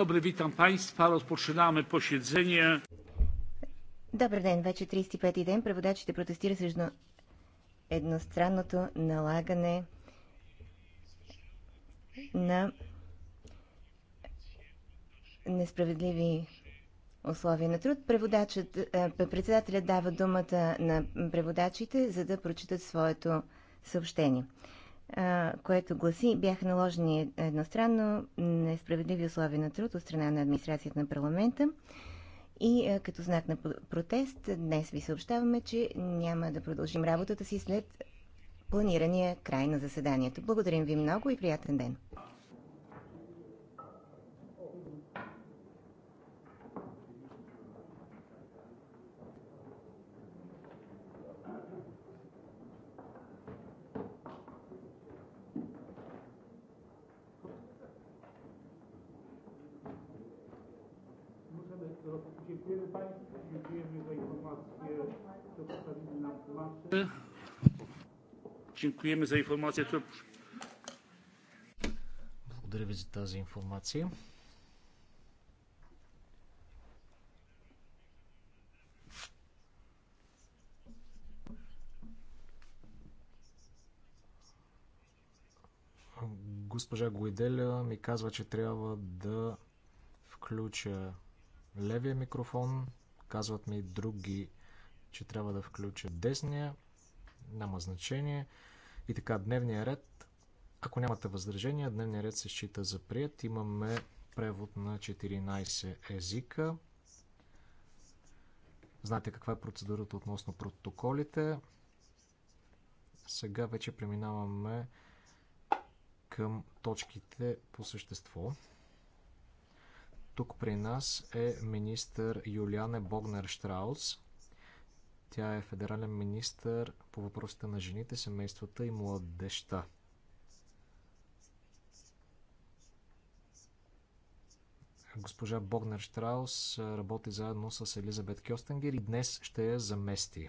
Dobry, witam Państwa. Rozpoczynamy posiedzenie. Добър ден, вече 35-ти ден преводачите протестира срещу едностранното налагане на несправедливи условия на труд. Преводачът, е, председателят дава думата на преводачите, за да прочитат своето съобщение което гласи, бяха наложени едностранно несправедливи условия на труд от страна на администрацията на парламента. И като знак на протест, днес ви съобщаваме, че няма да продължим работата си след планирания край на заседанието. Благодарим ви много и приятен ден! Dziękujemy za informację. Благодаря ви за тази информация. Госпожа Гойделя ми казва, че трябва да включа левия микрофон. Казват ми други че трябва да включа десния, няма значение. И така, дневния ред, ако нямате възражения, дневния ред се счита за прият. Имаме превод на 14 езика. Знаете каква е процедурата относно протоколите. Сега вече преминаваме към точките по същество. Тук при нас е министър Юлиане Богнер Штраус. Тя е федерален министр по въпросите на жените, семействата и младеща. Госпожа Богнер Штраус работи заедно с Елизабет Кьостенгер и днес ще я замести.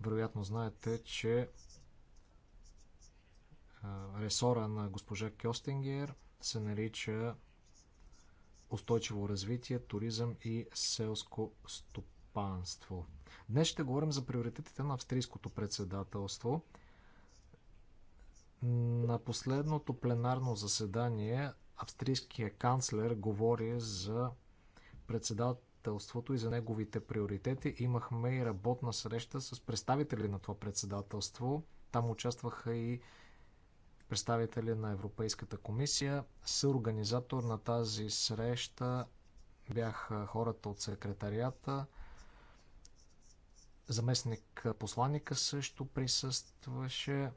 Вероятно знаете, че ресора на госпожа Кьостенгер се нарича устойчиво развитие, туризъм и селско стопанство. Днес ще говорим за приоритетите на австрийското председателство. На последното пленарно заседание австрийският канцлер говори за председателството и за неговите приоритети. Имахме и работна среща с представители на това председателство. Там участваха и представители на Европейската комисия. Съорганизатор на тази среща бяха хората от секретарията. Заместник посланника също присъстваше.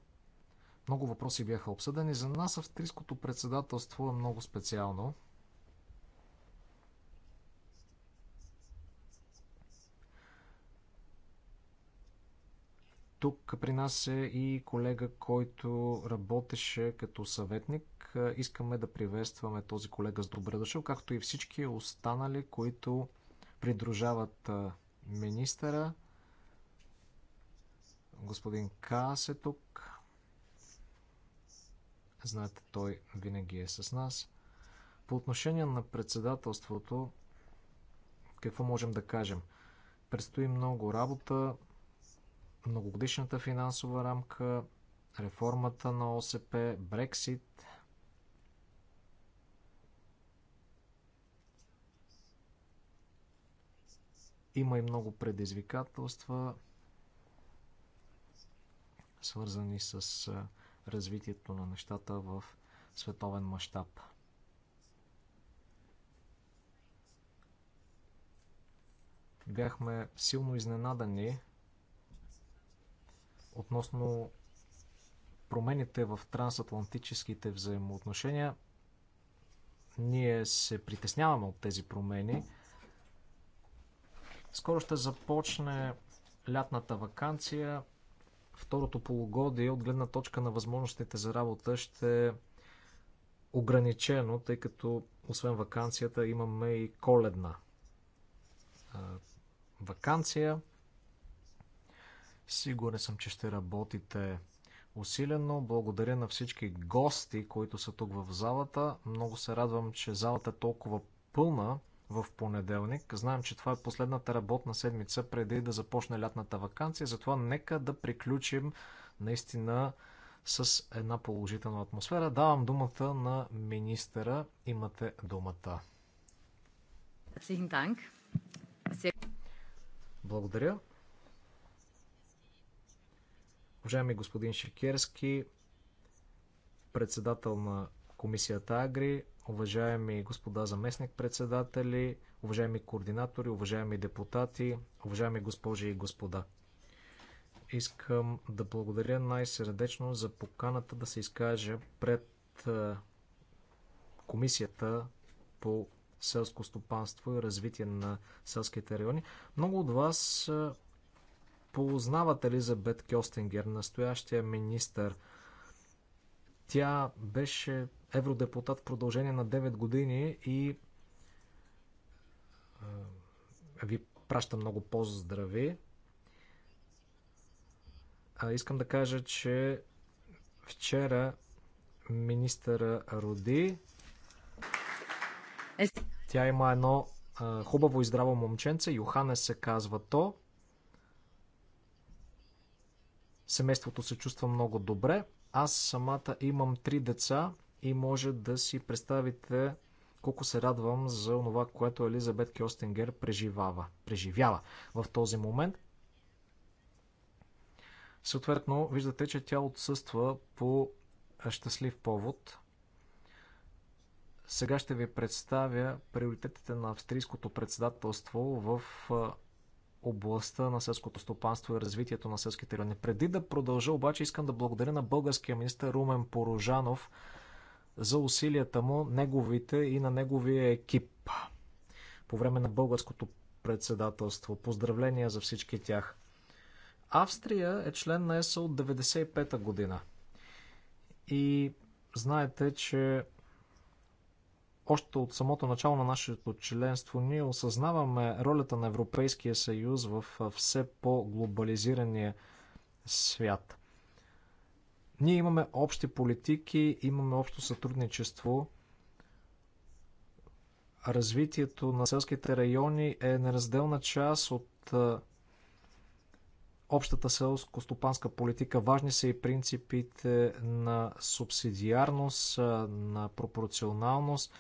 Много въпроси бяха обсъдени. За нас австрийското председателство е много специално. Тук при нас е и колега, който работеше като съветник. Е, искаме да приветстваме този колега с добре дошъл, както и всички останали, които придружават е, министъра. Господин Кас е тук. Знаете, той винаги е с нас. По отношение на председателството, какво можем да кажем? Предстои много работа многогодишната финансова рамка, реформата на ОСП, Брексит. Има и много предизвикателства, свързани с развитието на нещата в световен мащаб. Бяхме силно изненадани относно промените в трансатлантическите взаимоотношения. Ние се притесняваме от тези промени. Скоро ще започне лятната вакансия. Второто полугодие от гледна точка на възможностите за работа ще е ограничено, тъй като освен вакансията имаме и коледна вакансия. Сигурен съм, че ще работите усилено. Благодаря на всички гости, които са тук в залата. Много се радвам, че залата е толкова пълна в понеделник. Знаем, че това е последната работна седмица преди да започне лятната вакансия, затова нека да приключим наистина с една положителна атмосфера. Давам думата на министъра. Имате думата. Благодаря. Уважаеми господин Шекерски, председател на комисията Агри, уважаеми господа заместник-председатели, уважаеми координатори, уважаеми депутати, уважаеми госпожи и господа. Искам да благодаря най-сърдечно за поканата да се изкажа пред комисията по селско стопанство и развитие на селските райони. Много от вас познават Елизабет Кьостингер, настоящия министър. Тя беше евродепутат в продължение на 9 години и е, ви праща много поздрави. А, искам да кажа, че вчера министъра роди. Е, Тя има едно а, хубаво и здраво момченце. Йоханес се казва то. Семейството се чувства много добре. Аз самата имам три деца и може да си представите колко се радвам за това, което Елизабет Кьостенгер преживава, преживява в този момент. Съответно, виждате, че тя отсъства по щастлив повод. Сега ще ви представя приоритетите на австрийското председателство в областта на селското стопанство и развитието на селските райони. Преди да продължа, обаче искам да благодаря на българския министр Румен Порожанов за усилията му, неговите и на неговия екип по време на българското председателство. Поздравления за всички тях. Австрия е член на ЕСО от 1995 година. И знаете, че още от самото начало на нашето членство ние осъзнаваме ролята на Европейския съюз в все по-глобализирания свят. Ние имаме общи политики, имаме общо сътрудничество. Развитието на селските райони е неразделна част от общата селско-стопанска политика. Важни са и принципите на субсидиарност, на пропорционалност.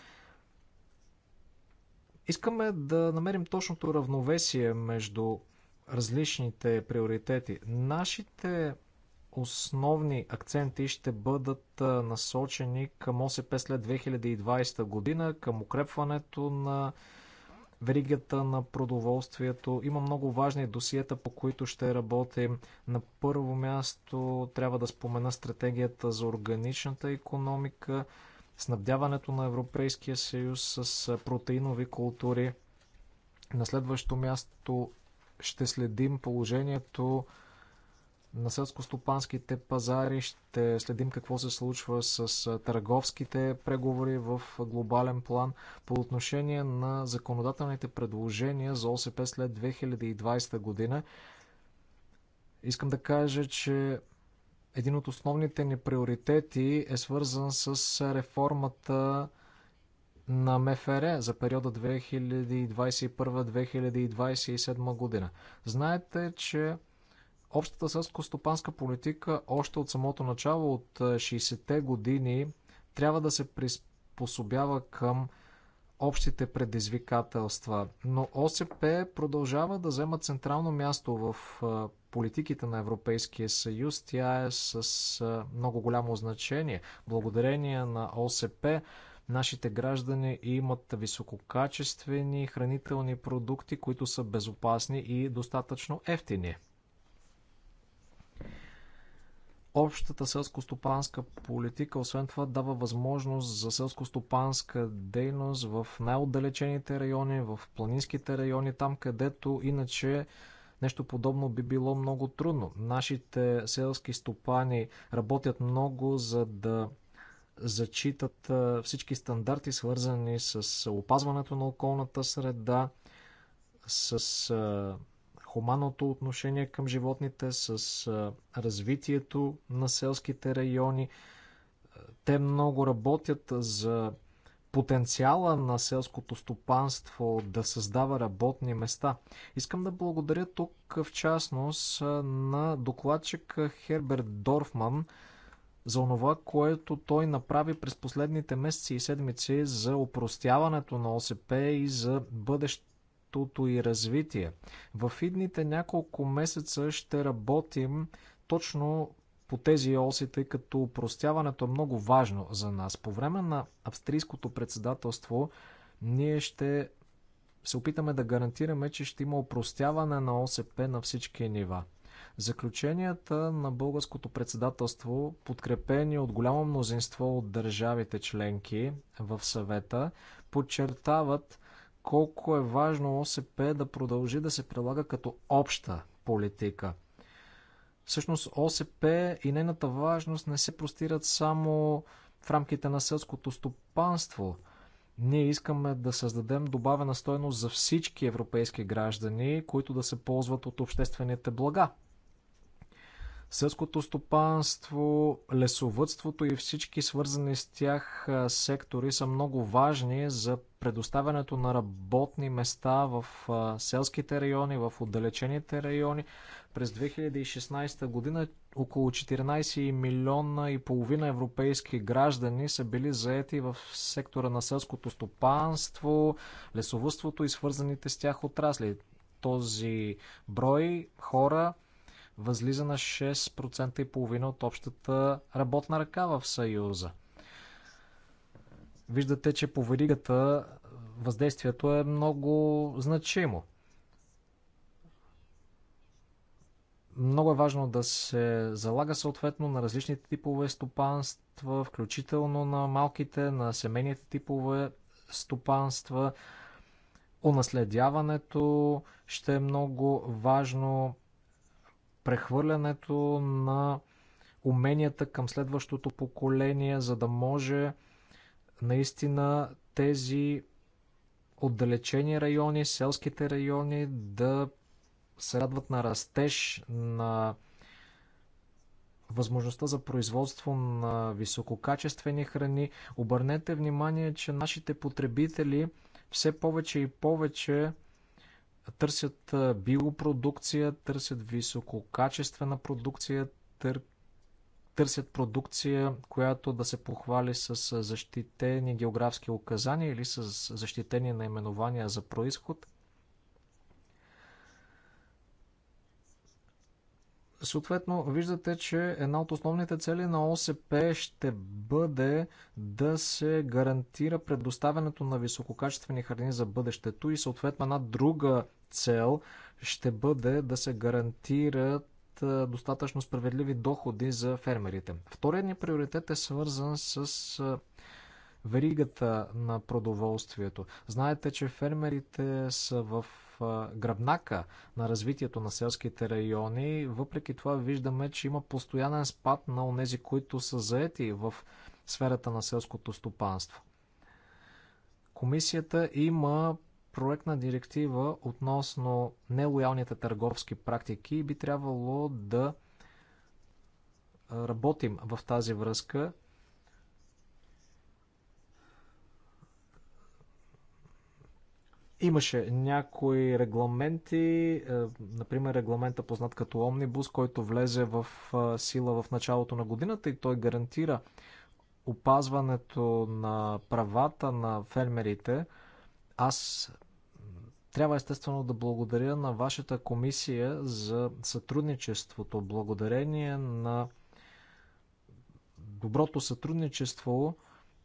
Искаме да намерим точното равновесие между различните приоритети. Нашите основни акценти ще бъдат насочени към ОСП след 2020 година, към укрепването на веригата на продоволствието. Има много важни досиета, по които ще работим. На първо място трябва да спомена стратегията за органичната економика снабдяването на Европейския съюз с протеинови култури. На следващо място ще следим положението на селскостопанските пазари, ще следим какво се случва с търговските преговори в глобален план по отношение на законодателните предложения за ОСП след 2020 година. Искам да кажа, че един от основните ни приоритети е свързан с реформата на МФР за периода 2021-2027 година. Знаете, че общата сълско стопанска политика още от самото начало от 60-те години трябва да се приспособява към общите предизвикателства. Но ОСП продължава да взема централно място в политиките на Европейския съюз. Тя е с много голямо значение. Благодарение на ОСП нашите граждани имат висококачествени хранителни продукти, които са безопасни и достатъчно ефтини. Общата селскостопанска политика, освен това, дава възможност за селскостопанска дейност в най-отдалечените райони, в планинските райони, там където иначе нещо подобно би било много трудно. Нашите селски стопани работят много, за да зачитат всички стандарти, свързани с опазването на околната среда, с хуманното отношение към животните, с развитието на селските райони. Те много работят за потенциала на селското стопанство да създава работни места. Искам да благодаря тук в частност на докладчик Херберт Дорфман за онова, което той направи през последните месеци и седмици за упростяването на ОСП и за бъдещ устойчивото и развитие. В идните няколко месеца ще работим точно по тези оси, тъй като упростяването е много важно за нас. По време на австрийското председателство ние ще се опитаме да гарантираме, че ще има упростяване на ОСП на всички нива. Заключенията на българското председателство, подкрепени от голямо мнозинство от държавите членки в съвета, подчертават колко е важно ОСП да продължи да се прилага като обща политика. Всъщност ОСП и нейната важност не се простират само в рамките на селското стопанство. Ние искаме да създадем добавена стоеност за всички европейски граждани, които да се ползват от обществените блага сълското стопанство, лесовътството и всички свързани с тях сектори са много важни за предоставянето на работни места в селските райони, в отдалечените райони. През 2016 година около 14 милиона и половина европейски граждани са били заети в сектора на селското стопанство, лесовътството и свързаните с тях отрасли. Този брой хора възлиза на 6% и половина от общата работна ръка в Съюза. Виждате, че по веригата въздействието е много значимо. Много е важно да се залага съответно на различните типове стопанства, включително на малките, на семейните типове стопанства. Унаследяването ще е много важно прехвърлянето на уменията към следващото поколение, за да може наистина тези отдалечени райони, селските райони да се радват на растеж, на възможността за производство на висококачествени храни. Обърнете внимание, че нашите потребители все повече и повече търсят биопродукция, търсят висококачествена продукция, тър... търсят продукция, която да се похвали с защитени географски указания или с защитени наименования за происход. Съответно, виждате, че една от основните цели на ОСП ще бъде да се гарантира предоставянето на висококачествени храни за бъдещето и съответно една друга цел ще бъде да се гарантират достатъчно справедливи доходи за фермерите. Вторият ни приоритет е свързан с веригата на продоволствието. Знаете, че фермерите са в гръбнака на развитието на селските райони. Въпреки това виждаме, че има постоянен спад на онези, които са заети в сферата на селското стопанство. Комисията има проектна директива относно нелоялните търговски практики и би трябвало да работим в тази връзка. Имаше някои регламенти, е, например регламента познат като Омнибус, който влезе в е, сила в началото на годината и той гарантира опазването на правата на фермерите. Аз трябва естествено да благодаря на вашата комисия за сътрудничеството. Благодарение на доброто сътрудничество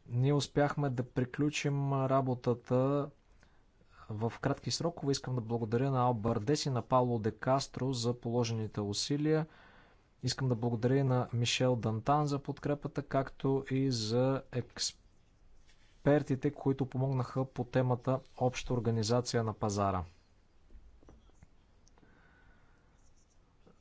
ние успяхме да приключим работата в кратки срокове. Искам да благодаря на Бардес и на Пауло Де Кастро за положените усилия. Искам да благодаря и на Мишел Дантан за подкрепата, както и за експертите, които помогнаха по темата Обща организация на пазара.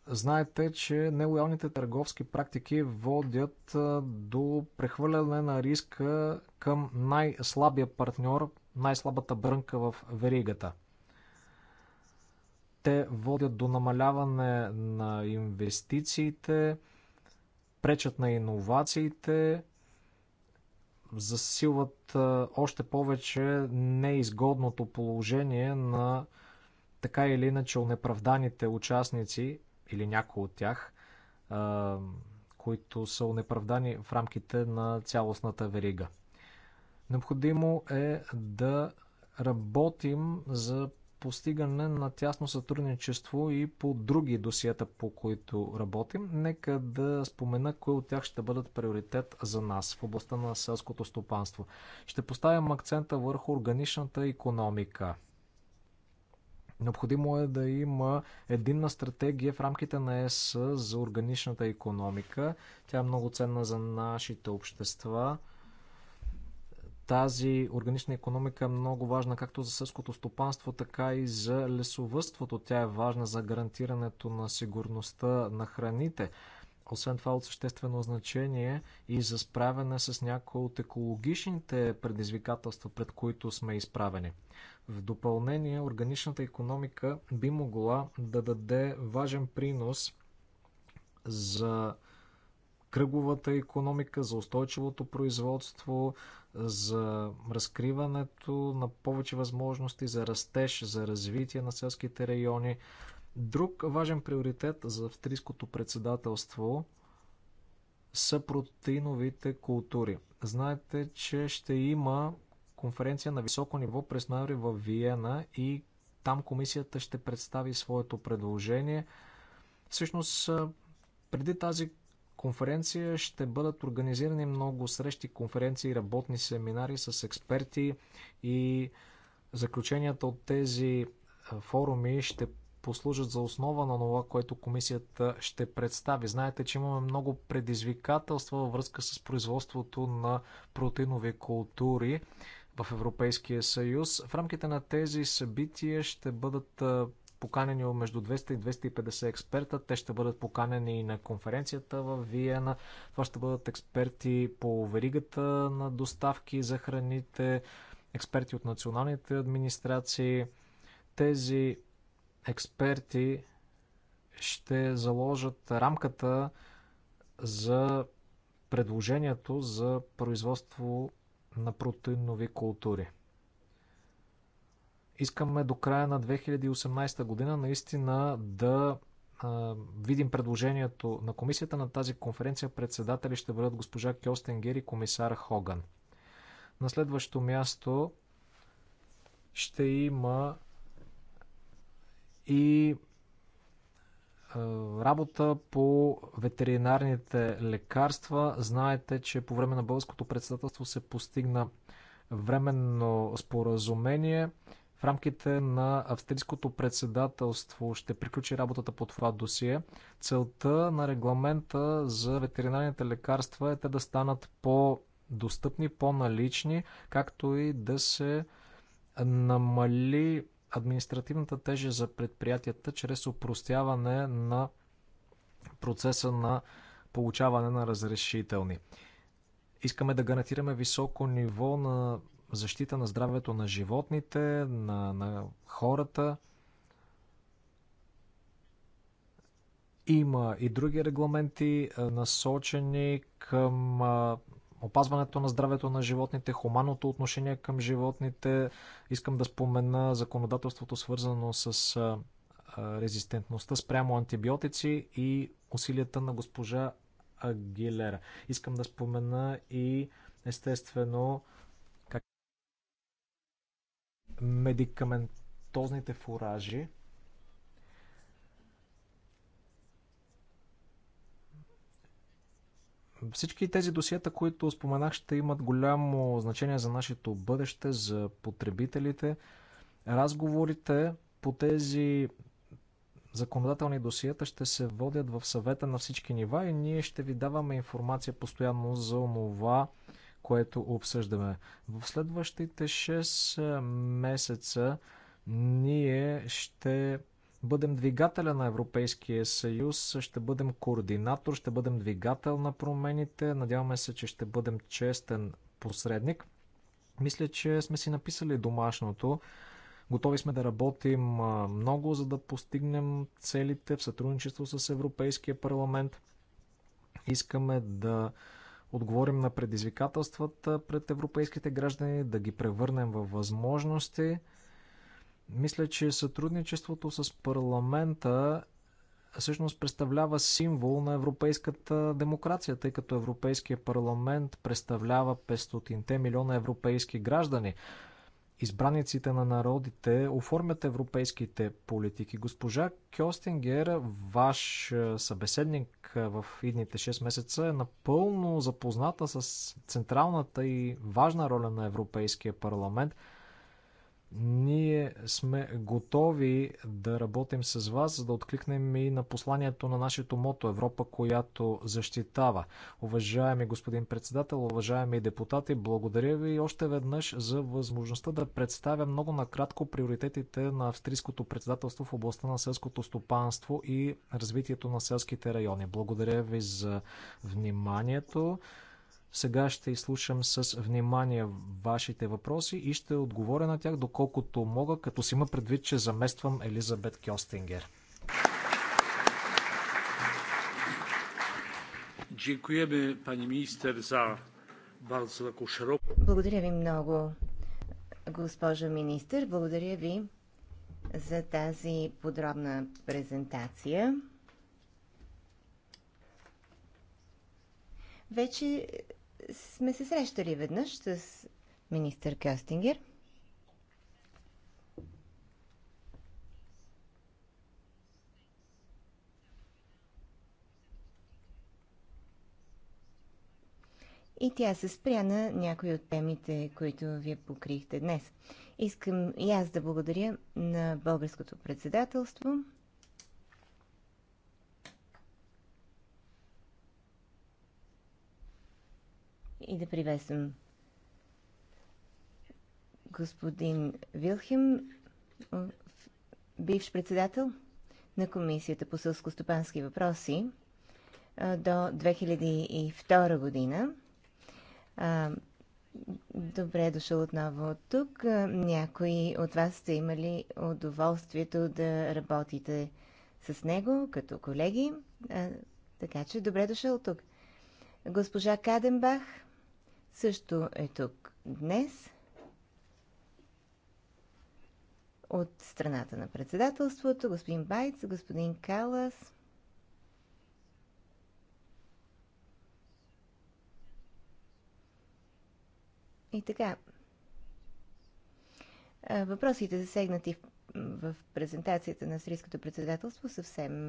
Знаете, че нелоялните търговски практики водят до прехвърляне на риска към най-слабия партньор, най-слабата брънка в веригата. Те водят до намаляване на инвестициите, пречат на иновациите, засилват още повече неизгодното положение на така или иначе онеправданите участници или някои от тях, които са унеправдани в рамките на цялостната верига. Необходимо е да работим за постигане на тясно сътрудничество и по други досиета, по които работим. Нека да спомена кои от тях ще бъдат приоритет за нас в областта на селското стопанство. Ще поставим акцента върху органичната економика. Необходимо е да има единна стратегия в рамките на ЕС за органичната економика. Тя е много ценна за нашите общества. Тази органична економика е много важна както за сърското стопанство, така и за лесовътството. Тя е важна за гарантирането на сигурността на храните. Освен това е от съществено значение и за справяне с някои от екологичните предизвикателства, пред които сме изправени. В допълнение, органичната економика би могла да даде важен принос за кръговата економика, за устойчивото производство, за разкриването на повече възможности за растеж, за развитие на селските райони. Друг важен приоритет за австрийското председателство са протеиновите култури. Знаете, че ще има конференция на високо ниво през ноември в Виена и там комисията ще представи своето предложение. Всъщност, преди тази конференция ще бъдат организирани много срещи, конференции, работни семинари с експерти и заключенията от тези форуми ще послужат за основа на това, което комисията ще представи. Знаете, че имаме много предизвикателства във връзка с производството на протеинови култури в Европейския съюз. В рамките на тези събития ще бъдат поканени между 200 и 250 експерта. Те ще бъдат поканени и на конференцията в Виена. Това ще бъдат експерти по веригата на доставки за храните, експерти от националните администрации. Тези експерти ще заложат рамката за предложението за производство на протеинови култури. Искаме до края на 2018 година наистина да видим предложението на комисията на тази конференция. Председатели ще бъдат госпожа Кьостенгер и комисар Хоган. На следващо място ще има и е, работа по ветеринарните лекарства. Знаете, че по време на българското председателство се постигна временно споразумение. В рамките на австрийското председателство ще приключи работата по това досие. Целта на регламента за ветеринарните лекарства е те да станат по-достъпни, по-налични, както и да се намали административната тежест за предприятията чрез упростяване на процеса на получаване на разрешителни. Искаме да гарантираме високо ниво на защита на здравето на животните, на, на хората. Има и други регламенти, насочени към опазването на здравето на животните, хуманното отношение към животните. Искам да спомена законодателството свързано с резистентността спрямо антибиотици и усилията на госпожа Агилера. Искам да спомена и естествено как медикаментозните фуражи, Всички тези досиета, които споменах, ще имат голямо значение за нашето бъдеще, за потребителите. Разговорите по тези законодателни досиета ще се водят в съвета на всички нива и ние ще ви даваме информация постоянно за това, което обсъждаме. В следващите 6 е, месеца ние ще бъдем двигателя на Европейския съюз, ще бъдем координатор, ще бъдем двигател на промените. Надяваме се, че ще бъдем честен посредник. Мисля, че сме си написали домашното. Готови сме да работим много, за да постигнем целите в сътрудничество с Европейския парламент. Искаме да отговорим на предизвикателствата пред европейските граждани, да ги превърнем във възможности. Мисля, че сътрудничеството с парламента всъщност представлява символ на европейската демокрация, тъй като Европейския парламент представлява 500-те милиона европейски граждани. Избраниците на народите оформят европейските политики. Госпожа Кьостингер, ваш събеседник в идните 6 месеца, е напълно запозната с централната и важна роля на Европейския парламент – ние сме готови да работим с вас, за да откликнем и на посланието на нашето мото Европа, която защитава. Уважаеми господин председател, уважаеми депутати, благодаря ви още веднъж за възможността да представя много накратко приоритетите на австрийското председателство в областта на селското стопанство и развитието на селските райони. Благодаря ви за вниманието. Сега ще изслушам с внимание вашите въпроси и ще отговоря на тях доколкото мога, като си има предвид, че замествам Елизабет Кьостингер. Благодаря ви много, госпожо министър. Благодаря ви за тази подробна презентация. Вече сме се срещали веднъж с министър Кастингер. И тя се спря на някои от темите, които вие покрихте днес. Искам и аз да благодаря на българското председателство, и да приветствам господин Вилхим, бивш председател на Комисията по сълско-стопански въпроси до 2002 година. Добре е дошъл отново тук. Някои от вас сте имали удоволствието да работите с него като колеги, така че добре е дошъл тук. Госпожа Каденбах – също е тук днес от страната на председателството, господин Байц, господин Калас, И така, въпросите засегнати в презентацията на Сирийското председателство съвсем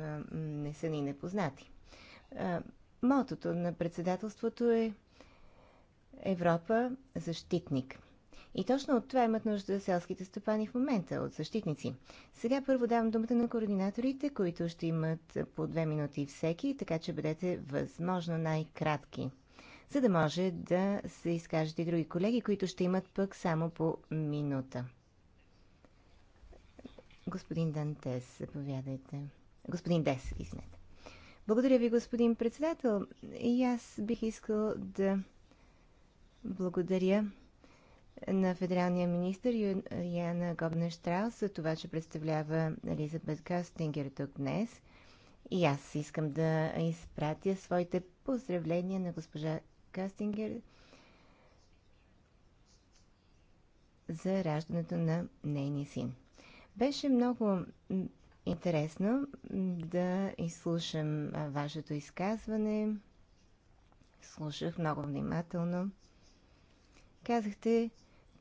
не са ни непознати. Мотото на председателството е Европа защитник. И точно от това имат нужда селските стопани в момента, от защитници. Сега първо давам думата на координаторите, които ще имат по две минути всеки, така че бъдете възможно най-кратки, за да може да се изкажат и други колеги, които ще имат пък само по минута. Господин Дантес, заповядайте. Господин Дес, извинете. Благодаря ви, господин председател. И аз бих искал да благодаря на федералния министр Яна Гобна Штраус за това, че представлява Елизабет Кастингер тук днес. И аз искам да изпратя своите поздравления на госпожа Гастингер за раждането на нейния син. Беше много интересно да изслушам вашето изказване. Слушах много внимателно. Казахте,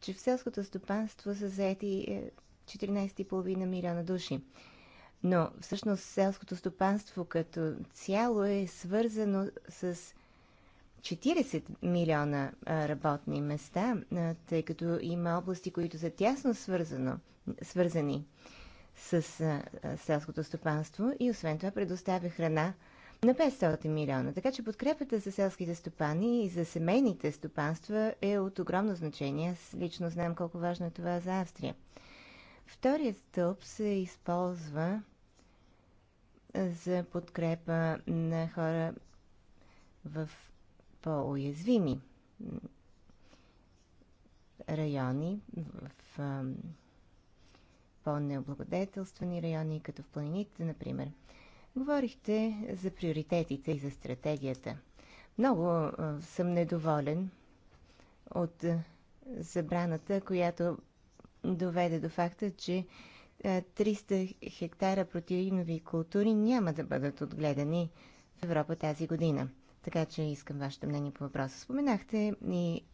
че в селското стопанство са заети 14,5 е, милиона души. Но всъщност селското стопанство като цяло е свързано с 40 милиона работни места, тъй като има области, които са тясно свързано, свързани с селското стопанство и освен това предоставя храна на 500 милиона. Така че подкрепата за селските стопани и за семейните стопанства е от огромно значение. Аз лично знам колко важно е това за Австрия. Вторият стълб се използва за подкрепа на хора в по-уязвими райони, в по-необлагодетелствани райони, като в планините, например. Говорихте за приоритетите и за стратегията. Много съм недоволен от забраната, която доведе до факта, че 300 хектара протеинови култури няма да бъдат отгледани в Европа тази година. Така че искам вашето мнение по въпроса. Споменахте и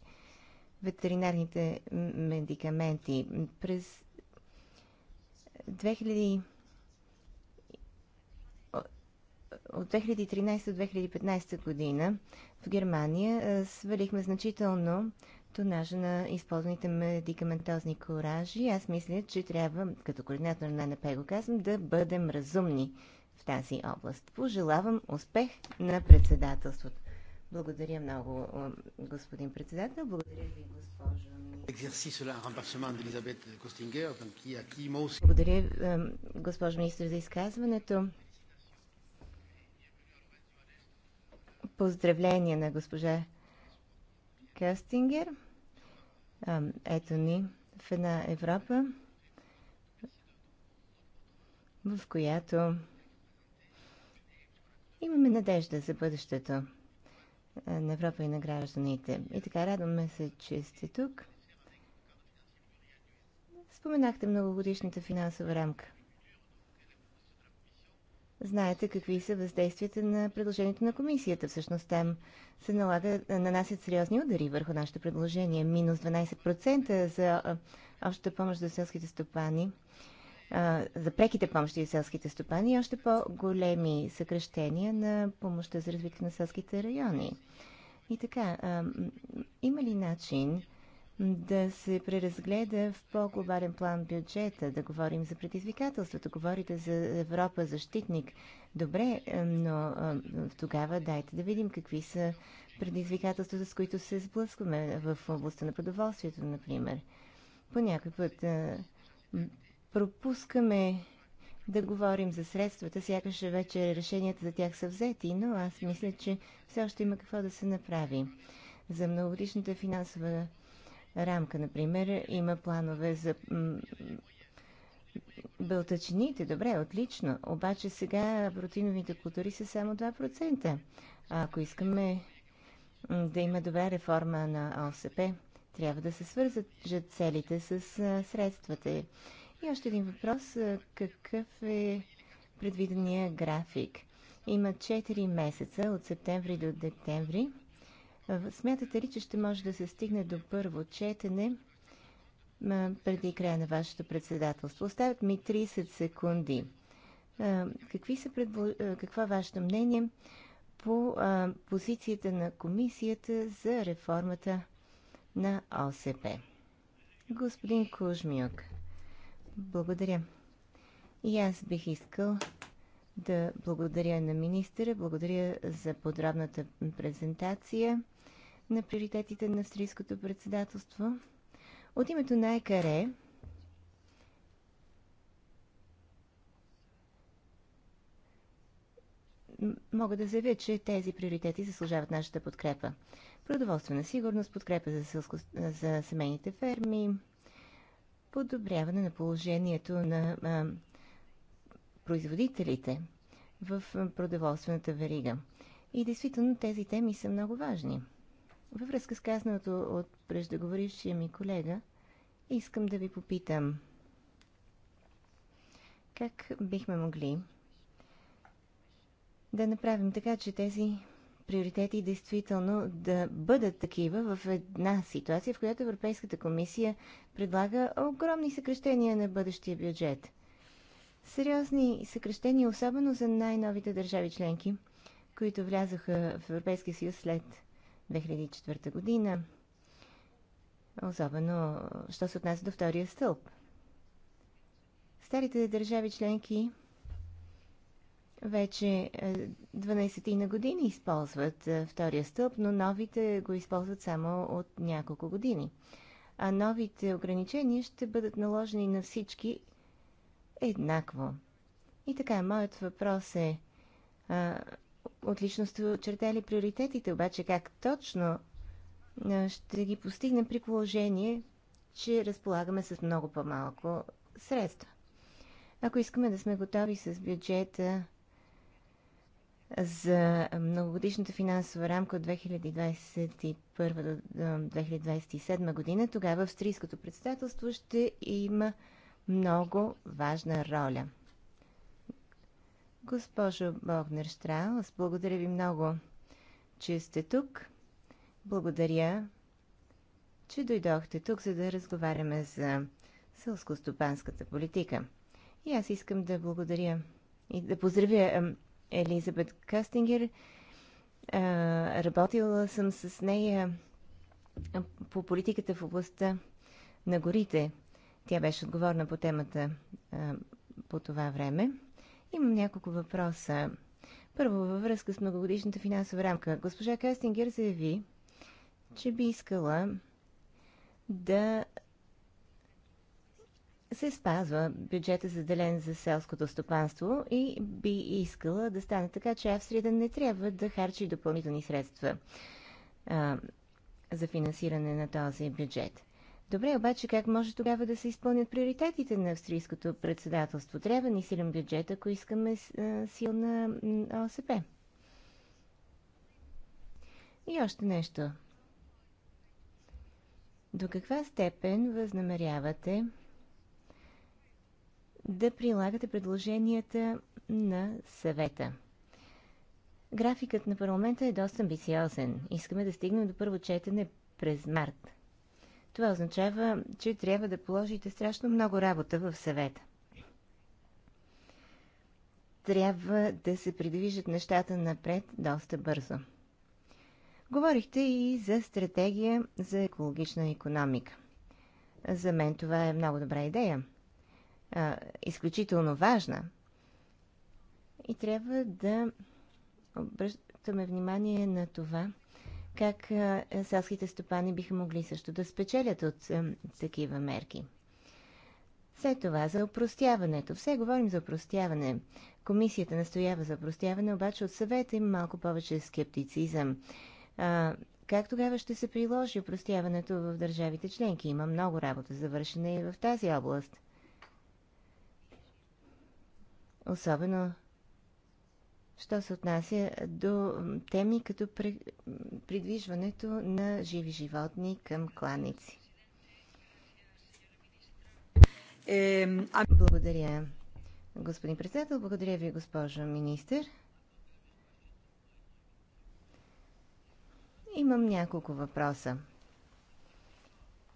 ветеринарните медикаменти. През от 2013 до 2015 година в Германия свалихме значително тонажа на използваните медикаментозни коражи. Аз мисля, че трябва, като координатор на НП го казвам, да бъдем разумни в тази област. Пожелавам успех на председателството. Благодаря много, господин председател. Благодаря ви, госпожо Благодаря, госпожо министр, за изказването. Поздравления на госпожа Кастингер. Ето ни в една Европа, в която имаме надежда за бъдещето на Европа и на гражданите. И така, радваме се, че сте тук. Споменахте многогодишната финансова рамка знаете какви са въздействията на предложението на комисията. Всъщност там се налага, нанасят сериозни удари върху нашето предложение. Минус 12% за общата помощ за селските стопани, за преките помощи за селските стопани и още по-големи съкрещения на помощта за развитие на селските райони. И така, има ли начин да се преразгледа в по-глобален план бюджета, да говорим за предизвикателствата, говорите за Европа защитник. Добре, е, но е, тогава дайте да видим какви са предизвикателствата, с които се сблъскваме в областта на продоволствието, например. По някой път е, пропускаме да говорим за средствата, сякаш вече решенията за тях са взети, но аз мисля, че все още има какво да се направи. За многогодишната финансова рамка, например, има планове за бълтачините. Добре, отлично. Обаче сега протеиновите култури са само 2%. А ако искаме да има добра реформа на ОСП, трябва да се свързат целите с средствата. И още един въпрос. Какъв е предвидения график? Има 4 месеца от септември до декември Смятате ли, че ще може да се стигне до първо четене преди края на вашето председателство? Оставят ми 30 секунди. Какви са предво... Какво е вашето мнение по позицията на комисията за реформата на ОСП? Господин Кужмюк, благодаря. И аз бих искал да благодаря на министъра, благодаря за подробната презентация на приоритетите на австрийското председателство. От името на ЕКАРЕ мога да заявя, че тези приоритети заслужават нашата подкрепа. Продоволствена сигурност, подкрепа за, сълско, за семейните ферми, подобряване на положението на а, производителите в продоволствената верига. И действително тези теми са много важни. Във връзка с казаното от преждеговорившия ми колега, искам да ви попитам как бихме могли да направим така, че тези приоритети действително да бъдат такива в една ситуация, в която Европейската комисия предлага огромни съкрещения на бъдещия бюджет. Сериозни съкрещения, особено за най-новите държави членки, които влязоха в Европейския съюз след 2004 година, особено, що се отнася до втория стълб. Старите държави членки вече 12 ти на години използват е, втория стълб, но новите го използват само от няколко години. А новите ограничения ще бъдат наложени на всички еднакво. И така, моят въпрос е, а, отлично сте очертали приоритетите, обаче как точно ще ги постигнем при положение, че разполагаме с много по-малко средства. Ако искаме да сме готови с бюджета за многогодишната финансова рамка от 2021 до 2027 година, тогава австрийското председателство ще има много важна роля – Госпожо Богнер Штраус, благодаря ви много, че сте тук. Благодаря, че дойдохте тук, за да разговаряме за сълско-стопанската политика. И аз искам да благодаря и да поздравя Елизабет Кастингер. Работила съм с нея по политиката в областта на горите. Тя беше отговорна по темата по това време. Имам няколко въпроса. Първо, във връзка с многогодишната финансова рамка. Госпожа Кастингер заяви, че би искала да се спазва бюджета заделен за селското стопанство и би искала да стане така, че Австрия да не трябва да харчи допълнителни средства а, за финансиране на този бюджет. Добре, обаче как може тогава да се изпълнят приоритетите на австрийското председателство? Трябва ни силен бюджет, ако искаме силна ОСП. И още нещо. До каква степен възнамерявате да прилагате предложенията на съвета? Графикът на парламента е доста амбициозен. Искаме да стигнем до първо четене през март. Това означава, че трябва да положите страшно много работа в съвета. Трябва да се придвижат нещата напред доста бързо. Говорихте и за стратегия за екологична економика. За мен това е много добра идея. А, изключително важна. И трябва да обръщаме внимание на това, как селските стопани биха могли също да спечелят от такива мерки. След това за опростяването. Все говорим за опростяване. Комисията настоява за опростяване, обаче от съвета има малко повече скептицизъм. А, как тогава ще се приложи опростяването в държавите членки? Има много работа за вършене и в тази област. Особено що се отнася до теми като придвижването на живи животни към кланици. Благодаря, господин председател. Благодаря ви, госпожо министър. Имам няколко въпроса.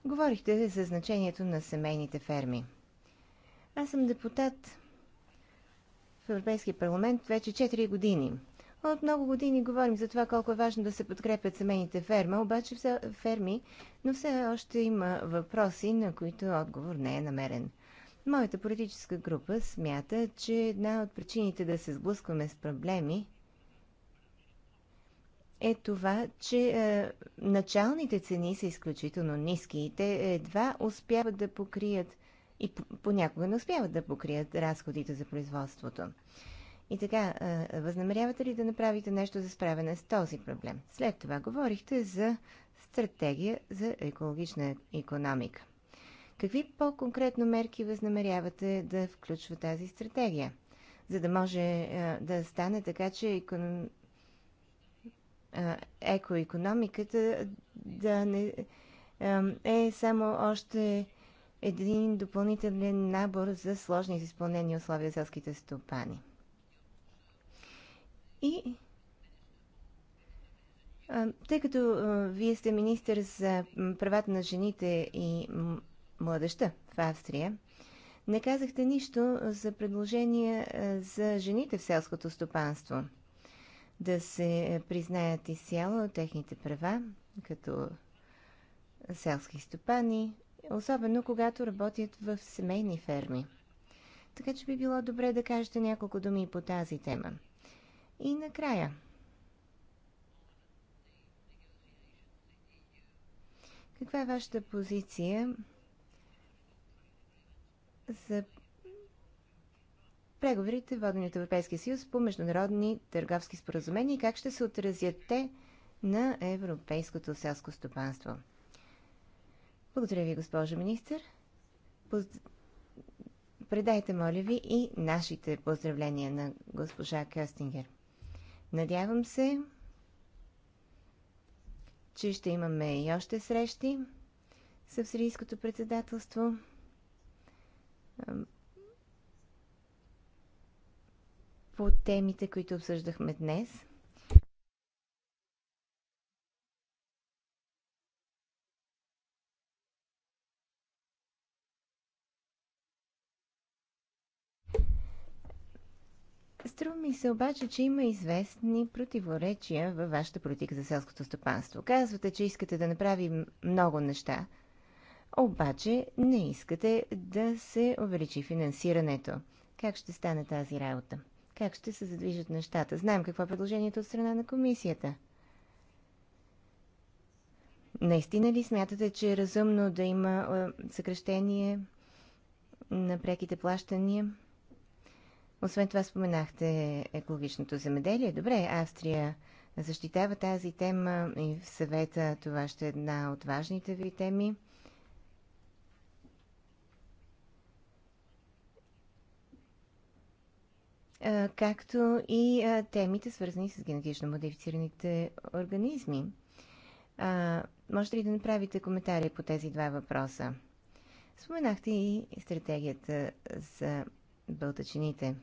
Говорихте за значението на семейните ферми. Аз съм депутат в Европейския парламент вече 4 години. От много години говорим за това колко е важно да се подкрепят семейните ферма, обаче все, ферми, но все още има въпроси, на които отговор не е намерен. Моята политическа група смята, че една от причините да се сблъскваме с проблеми е това, че е, началните цени са изключително ниски и те едва успяват да покрият и понякога не успяват да покрият разходите за производството. И така, възнамерявате ли да направите нещо за справяне с този проблем? След това говорихте за стратегия за екологична економика. Какви по-конкретно мерки възнамерявате да включва тази стратегия, за да може да стане така, че екоекономиката да не е само още един допълнителен набор за сложни за изпълнени условия за селските стопани. И тъй като вие сте министър за правата на жените и младеща в Австрия, не казахте нищо за предложения за жените в селското стопанство. Да се признаят изцяло техните права като селски стопани, особено когато работят в семейни ферми. Така че би било добре да кажете няколко думи по тази тема. И накрая. Каква е вашата позиция за преговорите, водени от Европейския съюз по международни търговски споразумения и как ще се отразят те на европейското селско стопанство? Благодаря ви, госпожо министър. Поз... Предайте, моля ви, и нашите поздравления на госпожа Кюстингер. Надявам се, че ще имаме и още срещи с австрийското председателство. По темите, които обсъждахме днес – Струва ми се обаче, че има известни противоречия във вашата политика за селското стопанство. Казвате, че искате да направим много неща, обаче не искате да се увеличи финансирането. Как ще стане тази работа? Как ще се задвижат нещата? Знаем какво е предложението от страна на комисията. Наистина ли смятате, че е разумно да има е, съкрещение на преките плащания? Освен това споменахте екологичното земеделие. Добре, Австрия защитава тази тема и в съвета това ще е една от важните ви теми. както и темите, свързани с генетично модифицираните организми. Можете ли да направите коментари по тези два въпроса? Споменахте и стратегията за бълтачините.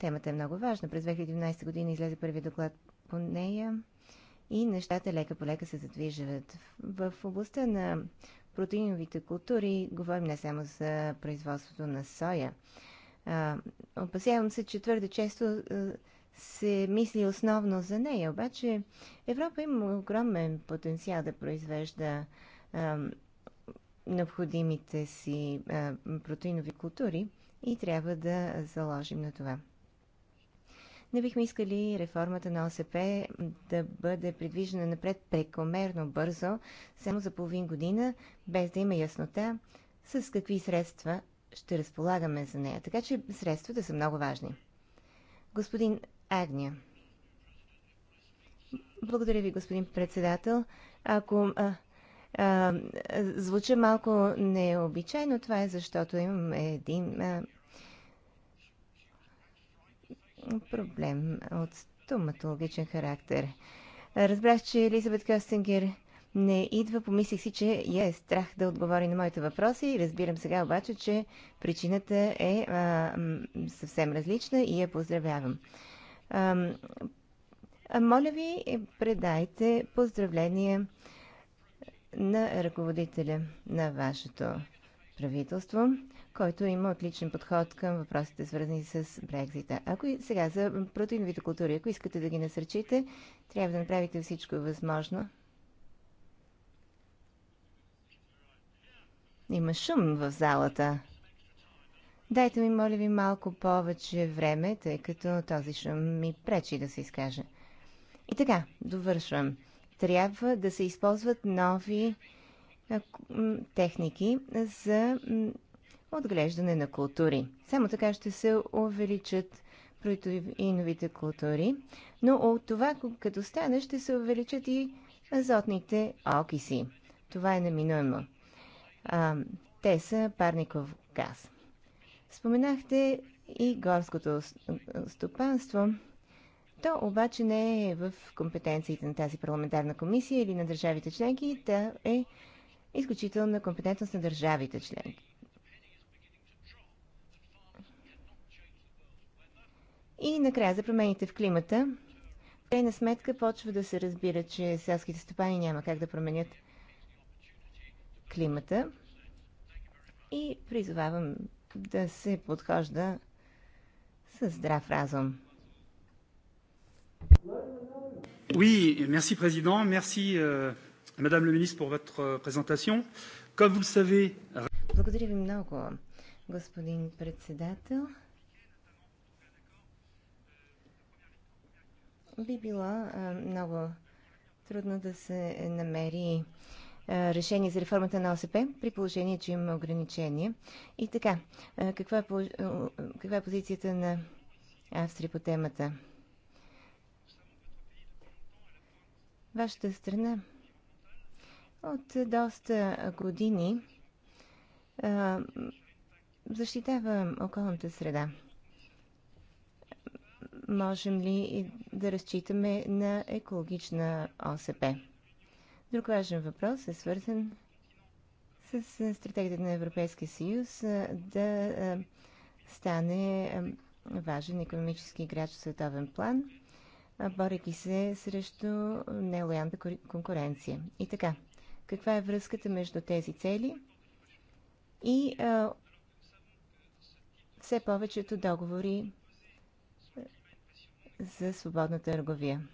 Темата е много важна. През 2011 година излезе първи доклад по нея и нещата лека по лека се задвижват. В областта на протеиновите култури говорим не само за производството на соя. А, опасявам се, че твърде често се мисли основно за нея. Обаче Европа има огромен потенциал да произвежда а, необходимите си а, протеинови култури и трябва да заложим на това. Не бихме искали реформата на ОСП да бъде придвижена напред прекомерно бързо, само за половин година, без да има яснота с какви средства ще разполагаме за нея. Така че средствата са много важни. Господин Агния. Благодаря ви, господин председател. Ако а, а, звуча малко необичайно, това е защото имам един а, проблем от стоматологичен характер. Разбрах, че Елизабет Костингер не идва. Помислих си, че я е страх да отговори на моите въпроси. Разбирам сега обаче, че причината е а, съвсем различна и я поздравявам. А, а моля ви, предайте поздравления на ръководителя на вашето правителство който има отличен подход към въпросите, свързани с Брекзита. Ако и сега за протеиновите култури, ако искате да ги насърчите, трябва да направите всичко възможно. Има шум в залата. Дайте ми, моля ви, малко повече време, тъй като този шум ми пречи да се изкаже. И така, довършвам. Трябва да се използват нови техники за отглеждане на култури. Само така ще се увеличат протеиновите култури, но от това, като стане, ще се увеличат и азотните окиси. Това е неминуемо. те са парников газ. Споменахте и горското стопанство. То обаче не е в компетенциите на тази парламентарна комисия или на държавите членки, Та е изключителна компетентност на държавите членки. И накрая за промените в климата. Те на сметка почва да се разбира, че селските стопани няма как да променят климата. И призовавам да се подхожда с здрав разум. Oui, merci Président, merci euh, Madame le Ministre pour votre euh, présentation. Comme vous le savez... Благодаря ви много, господин председател. би било много трудно да се намери решение за реформата на ОСП, при положение, че има ограничения. И така, каква е, каква е позицията на Австрия по темата? Вашата страна от доста години защитава околната среда можем ли да разчитаме на екологична ОСП? Друг важен въпрос е свързан с е, стратегията на Европейския съюз е, да е, стане важен економически играч в световен план, борейки се срещу нелоялната конкуренция. И така, каква е връзката между тези цели и а, все повечето договори за свободна търговия.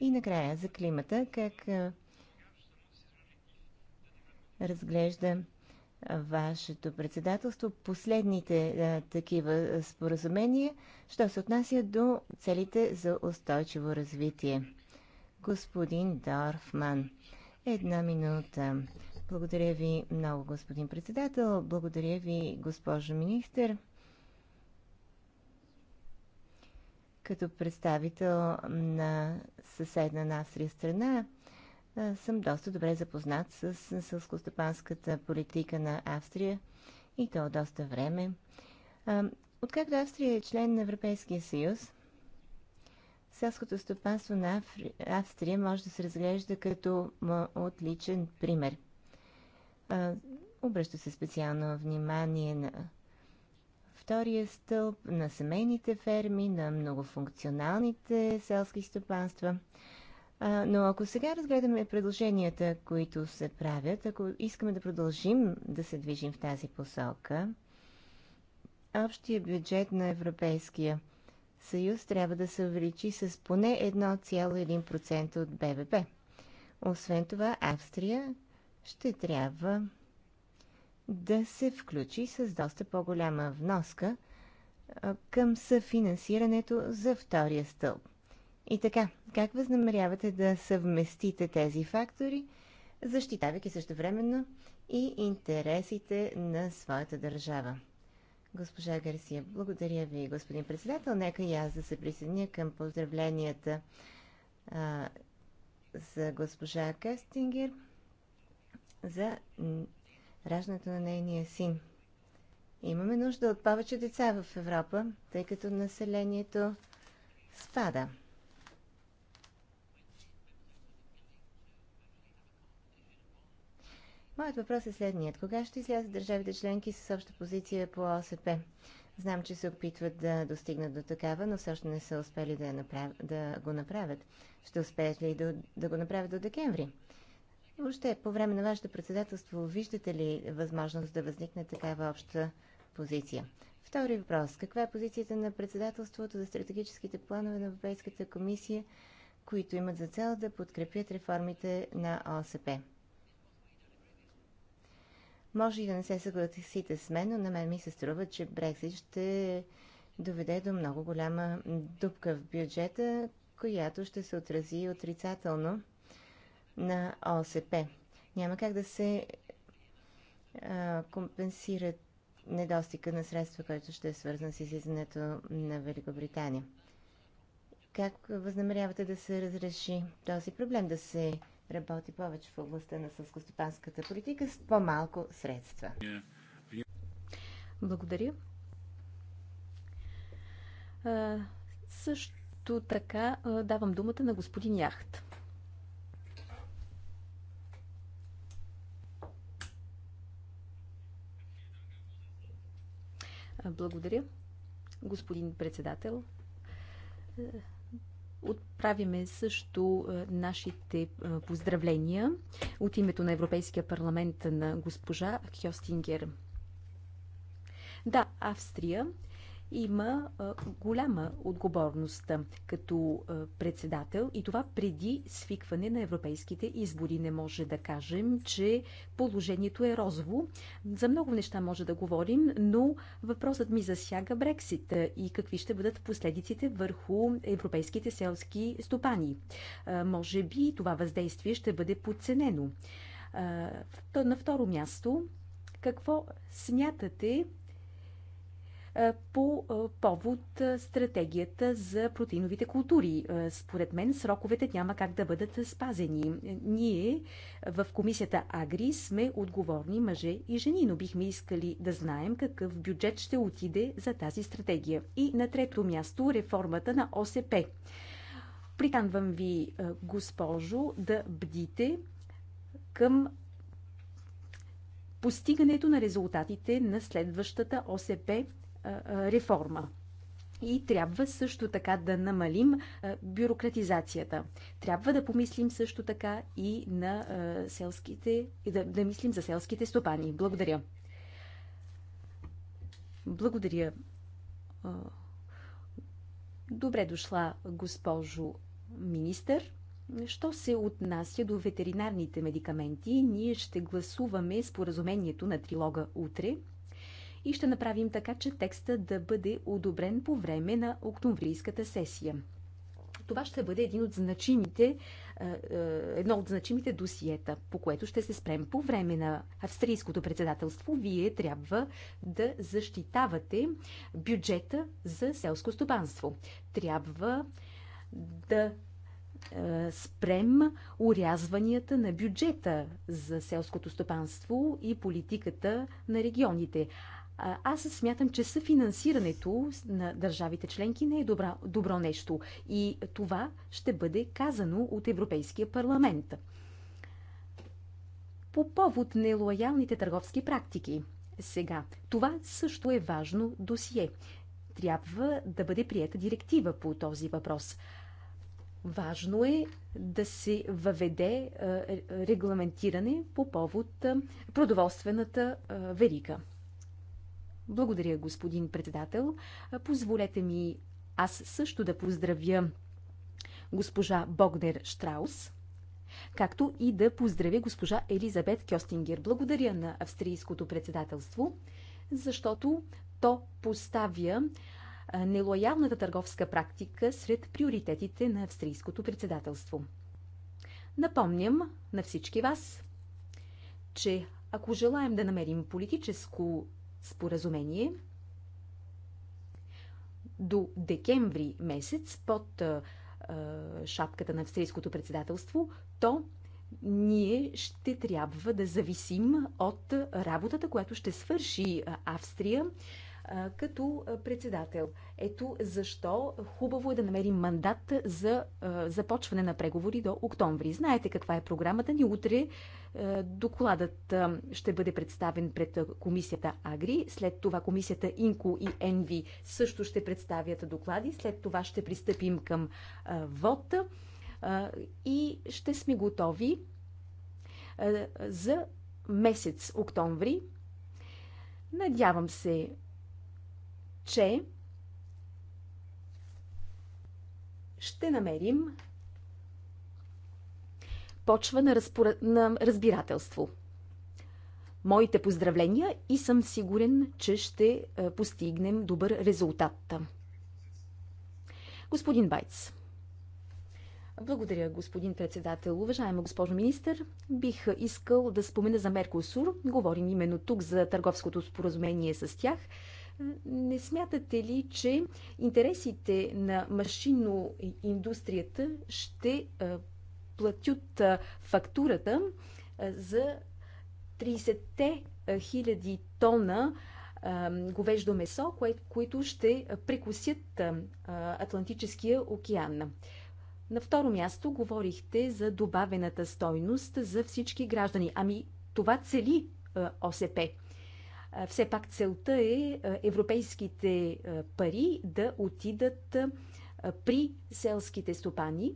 И накрая за климата, как разглежда вашето председателство последните а, такива споразумения, що се отнася до целите за устойчиво развитие. Господин Дорфман, една минута. Благодаря ви много, господин председател. Благодаря ви, госпожо министър. като представител на съседна на Австрия страна, съм доста добре запознат с сълскостопанската политика на Австрия и то доста време. Откакто Австрия е член на Европейския съюз, селското стопанство на Австрия може да се разглежда като отличен пример. Обръща се специално внимание на втория стълб, на семейните ферми, на многофункционалните селски стопанства. Но ако сега разгледаме предложенията, които се правят, ако искаме да продължим да се движим в тази посока, общия бюджет на Европейския съюз трябва да се увеличи с поне 1,1% от БВП. Освен това, Австрия ще трябва да се включи с доста по-голяма вноска към съфинансирането за втория стълб. И така, как възнамерявате да съвместите тези фактори, защитавайки също времено и интересите на своята държава? Госпожа Гарсия, благодаря ви, господин председател. Нека и аз да се присъединя към поздравленията а, за госпожа Кастингер за раждането на нейния син. Имаме нужда от повече деца в Европа, тъй като населението спада. Моят въпрос е следният. Кога ще излязат държавите членки с обща позиция по ОСП? Знам, че се опитват да достигнат до такава, но все още не са успели да, направ... да го направят. Ще успеят ли да, да го направят до декември? Въобще, по време на вашето председателство, виждате ли възможност да възникне такава обща позиция? Втори въпрос. Каква е позицията на председателството за стратегическите планове на Европейската комисия, които имат за цел да подкрепят реформите на ОСП? Може и да не се съгласите с мен, но на мен ми се струва, че Брексит ще доведе до много голяма дупка в бюджета, която ще се отрази отрицателно на ОСП. Няма как да се а, недостига на средства, който ще е свързан с излизането на Великобритания. Как възнамерявате да се разреши този проблем, да се работи повече в областта на сълскостопанската политика с по-малко средства? Благодаря. А, също така давам думата на господин Яхт. Благодаря, господин председател. Е, отправяме също е, нашите е, поздравления от името на Европейския парламент на госпожа Хьостингер. Да, Австрия има голяма отговорност като председател и това преди свикване на европейските избори. Не може да кажем, че положението е розово. За много неща може да говорим, но въпросът ми засяга Брексит и какви ще бъдат последиците върху европейските селски стопани. Може би това въздействие ще бъде подценено. На второ място, какво смятате е, по е, повод е, стратегията за протеиновите култури. Според мен сроковете няма как да бъдат спазени. Ние в комисията Агри сме отговорни мъже и жени, но бихме искали да знаем какъв бюджет ще отиде за тази стратегия. И на трето място реформата на ОСП. Приканвам ви, госпожо, да бдите към постигането на резултатите на следващата ОСП реформа. И трябва също така да намалим бюрократизацията. Трябва да помислим също така и на селските, и да, да мислим за селските стопани. Благодаря. Благодаря. Добре дошла, госпожо министър. Що се отнася до ветеринарните медикаменти, ние ще гласуваме споразумението на трилога утре и ще направим така, че текста да бъде одобрен по време на октомврийската сесия. Това ще бъде един от значимите, е, е, едно от значимите досиета, по което ще се спрем. По време на австрийското председателство вие трябва да защитавате бюджета за селско стопанство. Трябва да е, спрем урязванията на бюджета за селското стопанство и политиката на регионите. Аз смятам, че съфинансирането на държавите членки не е добра, добро нещо и това ще бъде казано от Европейския парламент. По повод нелоялните търговски практики. Сега, това също е важно досие. Трябва да бъде приета директива по този въпрос. Важно е да се въведе е, регламентиране по повод е, продоволствената е, верига. Благодаря, господин председател. Позволете ми аз също да поздравя госпожа Богнер Штраус, както и да поздравя госпожа Елизабет Кьостингер. Благодаря на австрийското председателство, защото то поставя нелоялната търговска практика сред приоритетите на австрийското председателство. Напомням на всички вас, че ако желаем да намерим политическо споразумение до декември месец под а, а, шапката на австрийското председателство, то ние ще трябва да зависим от работата, която ще свърши Австрия като председател. Ето защо хубаво е да намерим мандат за започване на преговори до октомври. Знаете каква е програмата ни. Утре докладът ще бъде представен пред комисията Агри, след това комисията Инко и Енви също ще представят доклади, след това ще пристъпим към ВОД и ще сме готови за месец октомври. Надявам се че ще намерим почва на, разпора... на разбирателство. Моите поздравления и съм сигурен, че ще е, постигнем добър резултат. Господин Байц. Благодаря, господин председател. Уважаема госпожо министър, бих искал да спомена за Меркосур. Говорим именно тук за търговското споразумение с тях. Не смятате ли, че интересите на машинно индустрията ще платят фактурата за 30-те хиляди тона говеждо месо, които ще прекусят Атлантическия океан? На второ място говорихте за добавената стойност за всички граждани. Ами това цели ОСП все пак целта е европейските пари да отидат при селските стопани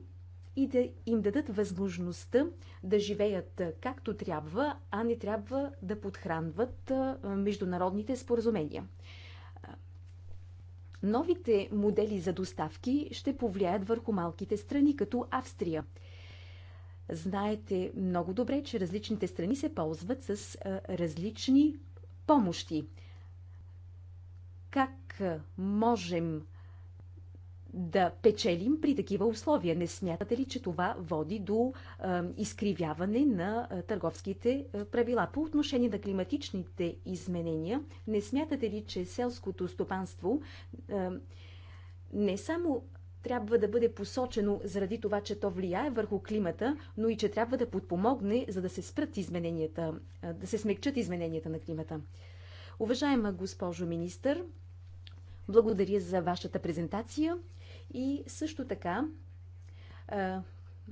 и да им дадат възможността да живеят както трябва, а не трябва да подхранват международните споразумения. Новите модели за доставки ще повлияят върху малките страни, като Австрия. Знаете много добре, че различните страни се ползват с различни помощи. Как можем да печелим при такива условия? Не смятате ли, че това води до е, изкривяване на търговските правила? По отношение на климатичните изменения, не смятате ли, че селското стопанство е, не само трябва да бъде посочено заради това, че то влияе върху климата, но и че трябва да подпомогне, за да се спрат измененията, да се смекчат измененията на климата. Уважаема госпожо министър, благодаря за вашата презентация и също така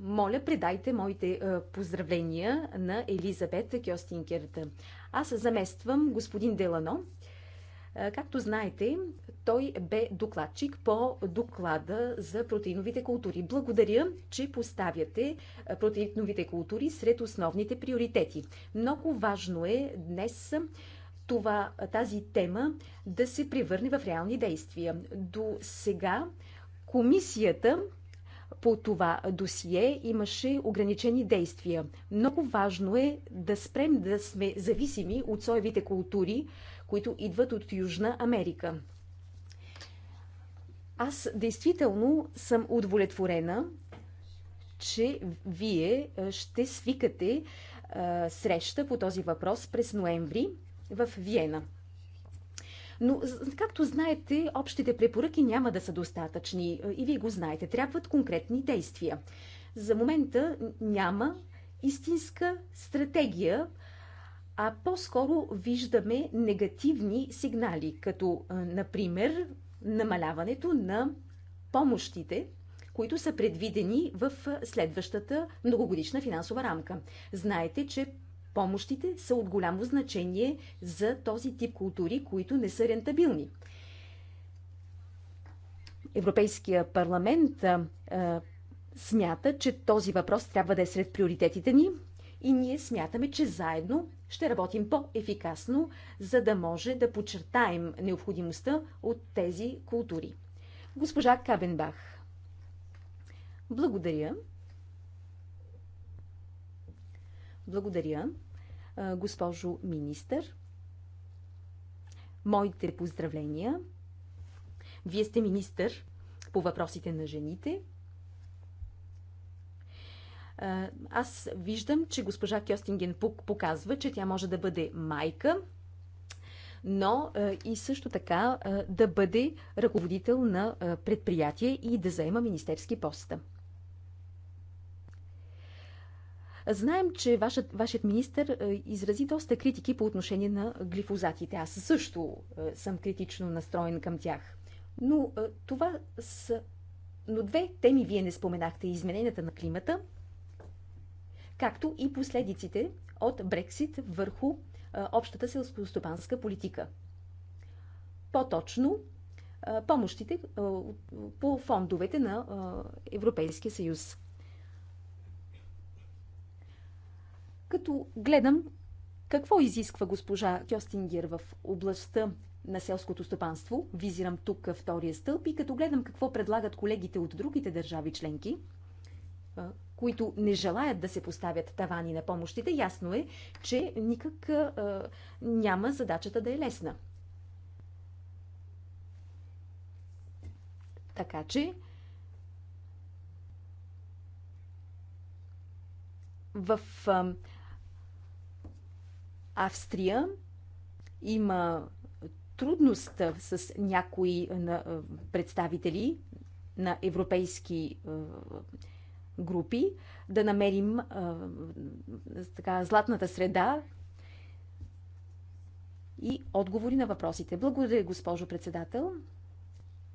моля, предайте моите поздравления на Елизабет Кьостинкерта. Аз замествам господин Делано, е, както знаете, той бе докладчик по доклада за протеиновите култури. Благодаря, че поставяте е, протеиновите култури сред основните приоритети. Много важно е днес това, е, тази тема да се превърне в реални действия. До сега комисията по това досие имаше ограничени действия. Много важно е да спрем да сме зависими от соевите култури, които идват от Южна Америка. Аз действително съм удовлетворена, че вие ще свикате а, среща по този въпрос през ноември в Виена. Но, както знаете, общите препоръки няма да са достатъчни и вие го знаете. Трябват конкретни действия. За момента няма истинска стратегия а по-скоро виждаме негативни сигнали, като, например, намаляването на помощите, които са предвидени в следващата многогодишна финансова рамка. Знаете, че помощите са от голямо значение за този тип култури, които не са рентабилни. Европейския парламент а, смята, че този въпрос трябва да е сред приоритетите ни и ние смятаме, че заедно ще работим по-ефикасно, за да може да подчертаем необходимостта от тези култури. Госпожа Кабенбах. Благодаря. Благодаря, госпожо министър. Моите поздравления. Вие сте министър по въпросите на жените аз виждам, че госпожа Кьостинген показва, че тя може да бъде майка, но и също така да бъде ръководител на предприятие и да заема министерски поста. Знаем, че вашът, вашият министр изрази доста критики по отношение на глифозатите. Аз също съм критично настроен към тях. Но това са... Но две теми вие не споменахте. Измененията на климата както и последиците от Брексит върху общата селскостопанска политика. По-точно, помощите по фондовете на Европейския съюз. Като гледам какво изисква госпожа Кьостингер в областта на селското стопанство, визирам тук втория стълб и като гледам какво предлагат колегите от другите държави членки, които не желаят да се поставят тавани на помощите, ясно е, че никак а, няма задачата да е лесна. Така че в а, Австрия има трудност с някои представители на европейски групи, да намерим а, така, златната среда и отговори на въпросите. Благодаря, госпожо председател.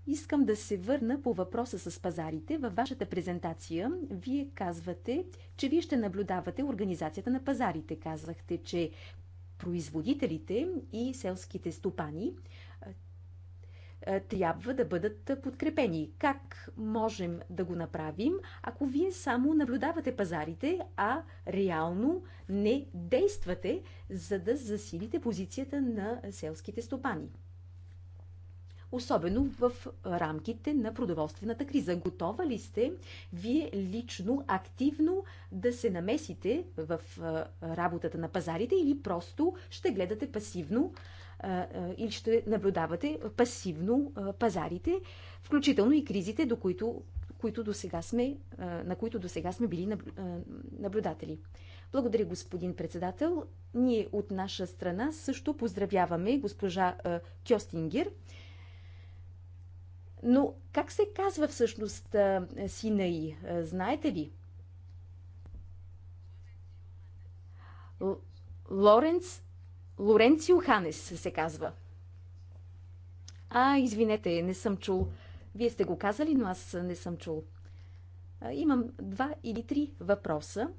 Искам да се върна по въпроса с пазарите. Във вашата презентация вие казвате, че вие ще наблюдавате организацията на пазарите. Казахте, че производителите и селските стопани е, трябва да бъдат подкрепени. Как можем да го направим, ако вие само наблюдавате пазарите, а реално не действате, за да засилите позицията на селските стопани? Особено в рамките на продоволствената криза. Готова ли сте вие лично, активно да се намесите в е, работата на пазарите или просто ще гледате пасивно или ще наблюдавате пасивно пазарите, включително и кризите, до които, които до сега сме, на които до сега сме били наблюдатели. Благодаря, господин председател. Ние от наша страна също поздравяваме госпожа Кьостингер. Но как се казва всъщност сина и? Знаете ли? Лоренц Лоренцио Ханес се казва. А, извинете, не съм чул. Вие сте го казали, но аз не съм чул. Имам два или три въпроса.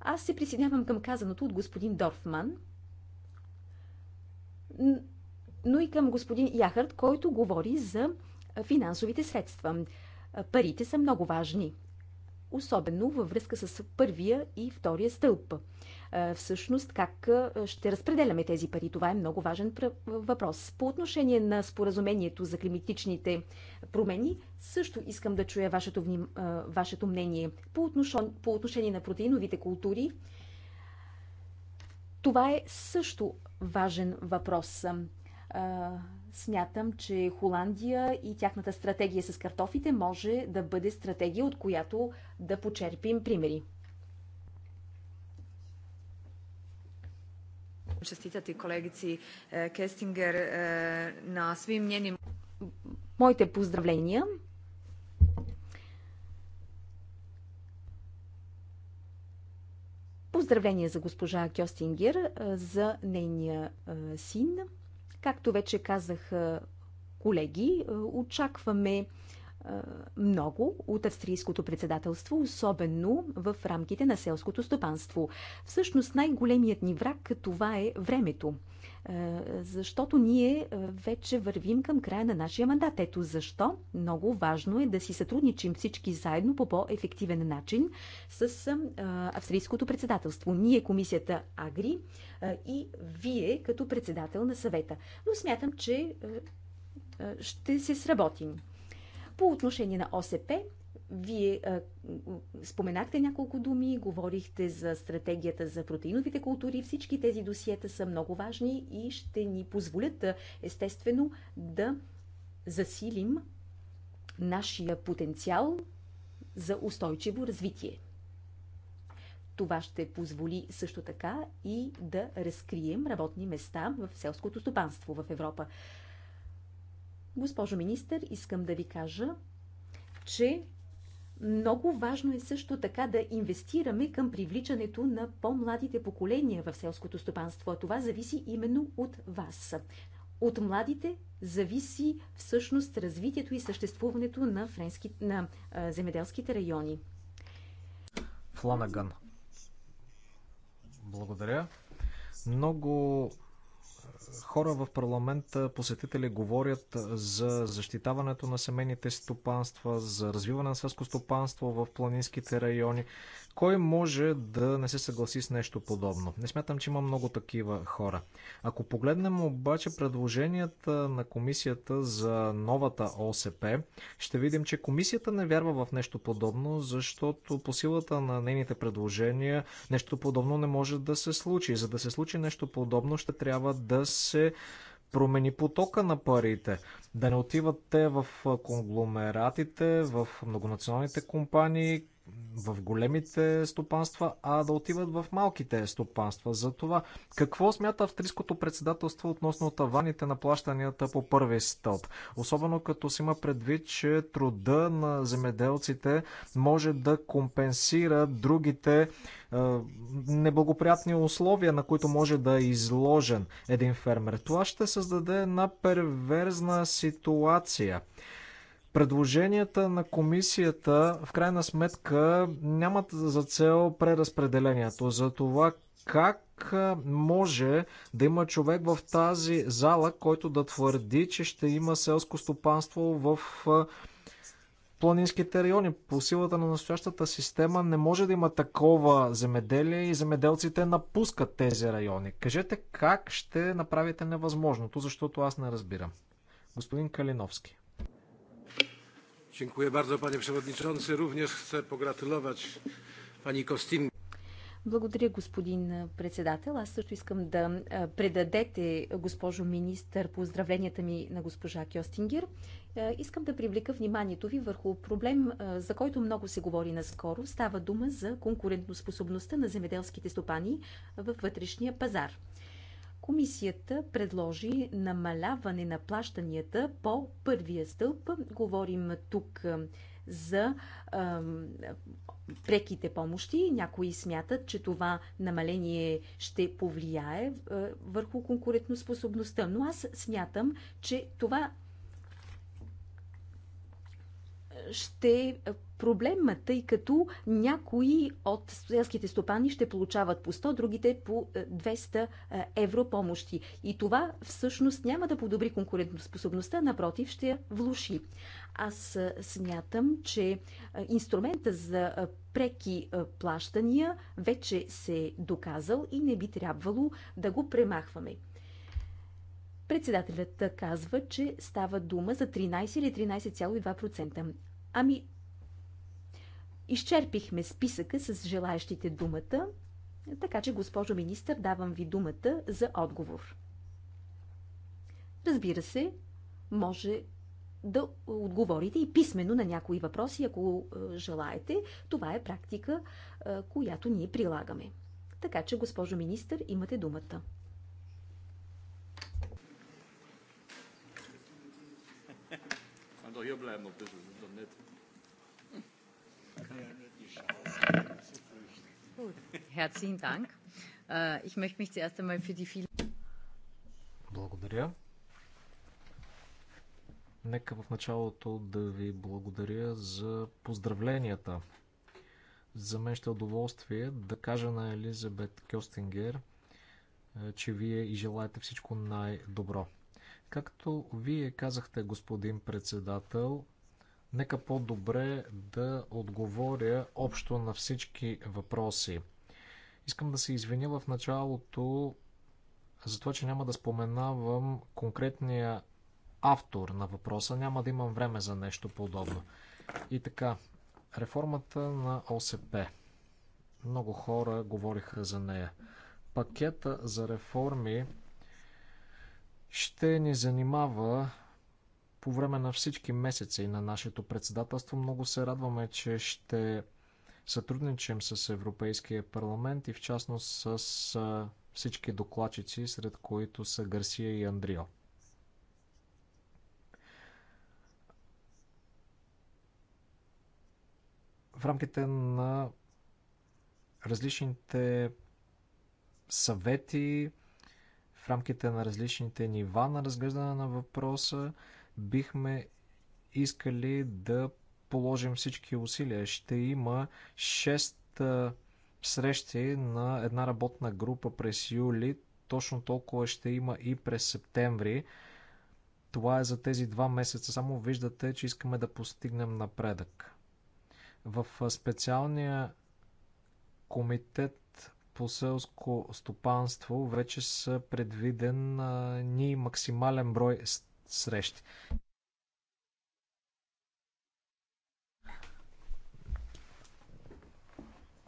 Аз се присъединявам към казаното от господин Дорфман, но и към господин Яхард, който говори за финансовите средства. Парите са много важни, особено във връзка с първия и втория стълб. Е, всъщност как е, ще разпределяме тези пари. Това е много важен въпрос. По отношение на споразумението за климатичните промени, също искам да чуя вашето, вним... Е, вашето мнение. По, отношение, по отношение на протеиновите култури, това е също важен въпрос. Смятам, че Холандия и тяхната стратегия с картофите може да бъде стратегия, от която да почерпим примери. čestitati kolegici Kestinger na svim njenim... Mojte pozdravljenja. Поздравление за госпожа Кьостингер, е, за нейния е, син. Както вече казах, колеги, е, очакваме много от австрийското председателство, особено в рамките на селското стопанство. Всъщност най-големият ни враг това е времето. Защото ние вече вървим към края на нашия мандат. Ето защо много важно е да си сътрудничим всички заедно по по-ефективен начин с австрийското председателство. Ние, комисията Агри и вие като председател на съвета. Но смятам, че ще се сработим. По отношение на ОСП, вие а, споменахте няколко думи, говорихте за стратегията за протеиновите култури. Всички тези досиета са много важни и ще ни позволят, естествено, да засилим нашия потенциал за устойчиво развитие. Това ще позволи също така и да разкрием работни места в селското стопанство в Европа. Госпожо министър, искам да ви кажа, че много важно е също така да инвестираме към привличането на по-младите поколения в селското стопанство. това зависи именно от вас. От младите зависи всъщност развитието и съществуването на, френски, на а, земеделските райони. Фланаган. Благодаря. Много хора в парламента, посетители говорят за защитаването на семейните стопанства, за развиване на селско стопанство в планинските райони. Кой може да не се съгласи с нещо подобно? Не смятам, че има много такива хора. Ако погледнем обаче предложенията на комисията за новата ОСП, ще видим, че комисията не вярва в нещо подобно, защото по силата на нейните предложения нещо подобно не може да се случи. За да се случи нещо подобно, ще трябва да се промени потока на парите, да не отиват те в конгломератите, в многонационалните компании, в големите стопанства, а да отиват в малките стопанства. За това, какво смята австрийското председателство относно таваните на плащанията по първи стълб? Особено като си има предвид, че труда на земеделците може да компенсира другите е, неблагоприятни условия, на които може да е изложен един фермер. Това ще създаде една перверзна ситуация. Предложенията на комисията в крайна сметка нямат за цел преразпределението. За това как може да има човек в тази зала, който да твърди, че ще има селско стопанство в планинските райони. По силата на настоящата система не може да има такова земеделие и земеделците напускат тези райони. Кажете как ще направите невъзможното, защото аз не разбирам. Господин Калиновски. Dziękuję bardzo, panie przewodniczący. Również chcę pogratulować pani Костин. Благодаря, господин председател. Аз също искам да предадете, госпожо министър, поздравленията ми на госпожа Кьостингер. Искам да привлека вниманието ви върху проблем, за който много се говори наскоро. Става дума за конкурентоспособността на земеделските стопани във вътрешния пазар. Комисията предложи намаляване на плащанията по първия стълб. Говорим тук за а, преките помощи. Някои смятат, че това намаление ще повлияе а, върху конкурентоспособността, но аз смятам, че това ще проблема, тъй като някои от селските стопани ще получават по 100, другите по 200 евро помощи. И това всъщност няма да подобри конкурентоспособността, напротив, ще я влуши. Аз смятам, че инструмента за преки плащания вече се е доказал и не би трябвало да го премахваме. Председателят казва, че става дума за 13 или 13,2%. Ами, изчерпихме списъка с желаящите думата, така че, госпожо министър, давам ви думата за отговор. Разбира се, може да отговорите и писменно на някои въпроси, ако е, желаете. Това е практика, е, която ние прилагаме. Така че, госпожо министър, имате думата. Ja jobbar jag mot det. Äh, благодаря. Нека в началото да ви благодаря за поздравленията. За мен ще е удоволствие да кажа на Елизабет Кьостингер, е, че вие и желаете всичко най-добро. Както вие казахте, господин председател, Нека по-добре да отговоря общо на всички въпроси. Искам да се извиня в началото за това, че няма да споменавам конкретния автор на въпроса. Няма да имам време за нещо подобно. И така, реформата на ОСП. Много хора говориха за нея. Пакета за реформи ще ни занимава по време на всички месеци на нашето председателство. Много се радваме, че ще сътрудничим с Европейския парламент и в частност с всички докладчици, сред които са Гарсия и Андрио. В рамките на различните съвети, в рамките на различните нива на разглеждане на въпроса, бихме искали да положим всички усилия. Ще има 6 срещи на една работна група през юли. Точно толкова ще има и през септември. Това е за тези два месеца. Само виждате, че искаме да постигнем напредък. В специалния комитет по селско стопанство вече са предвиден ни максимален брой срещи.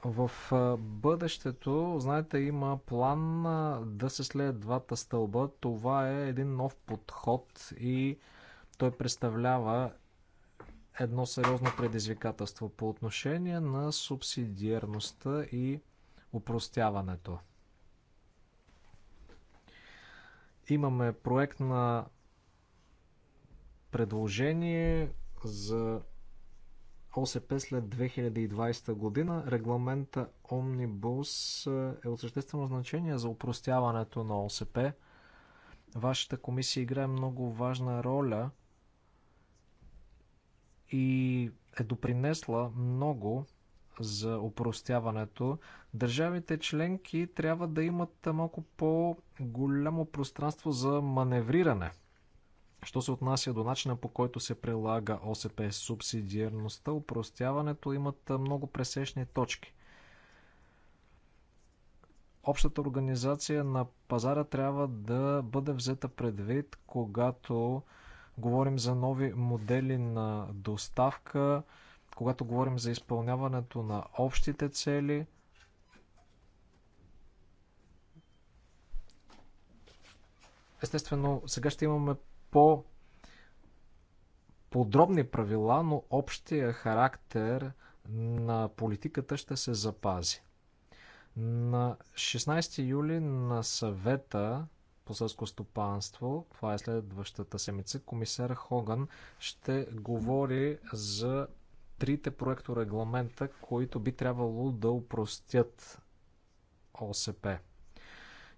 В бъдещето, знаете, има план да се следят двата стълба. Това е един нов подход и той представлява едно сериозно предизвикателство по отношение на субсидиарността и упростяването. Имаме проект на предложение за ОСП след 2020 година. Регламента Омнибус е от съществено значение за упростяването на ОСП. Вашата комисия играе много важна роля и е допринесла много за упростяването. Държавите членки трябва да имат малко по-голямо пространство за маневриране – Що се отнася до начина по който се прилага ОСП е субсидиарността, упростяването имат много пресечни точки. Общата организация на пазара трябва да бъде взета предвид, когато говорим за нови модели на доставка, когато говорим за изпълняването на общите цели. Естествено, сега ще имаме по подробни правила, но общия характер на политиката ще се запази. На 16 юли на съвета по сълско стопанство, това е следващата седмица, комисар Хоган ще говори за трите проекторегламента, които би трябвало да упростят ОСП.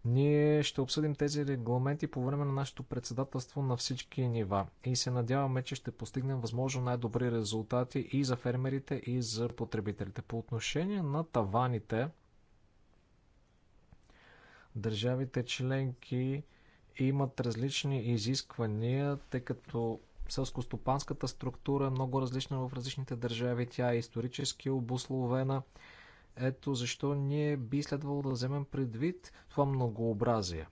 Ние ще обсъдим тези регламенти по време на нашето председателство на всички нива и се надяваме, че ще постигнем възможно най-добри резултати и за фермерите, и за потребителите. По отношение на таваните, държавите членки имат различни изисквания, тъй като селскостопанската структура е много различна в различните държави. Тя е исторически обусловена. Ето защо ние би следвало да вземем предвид това многообразие.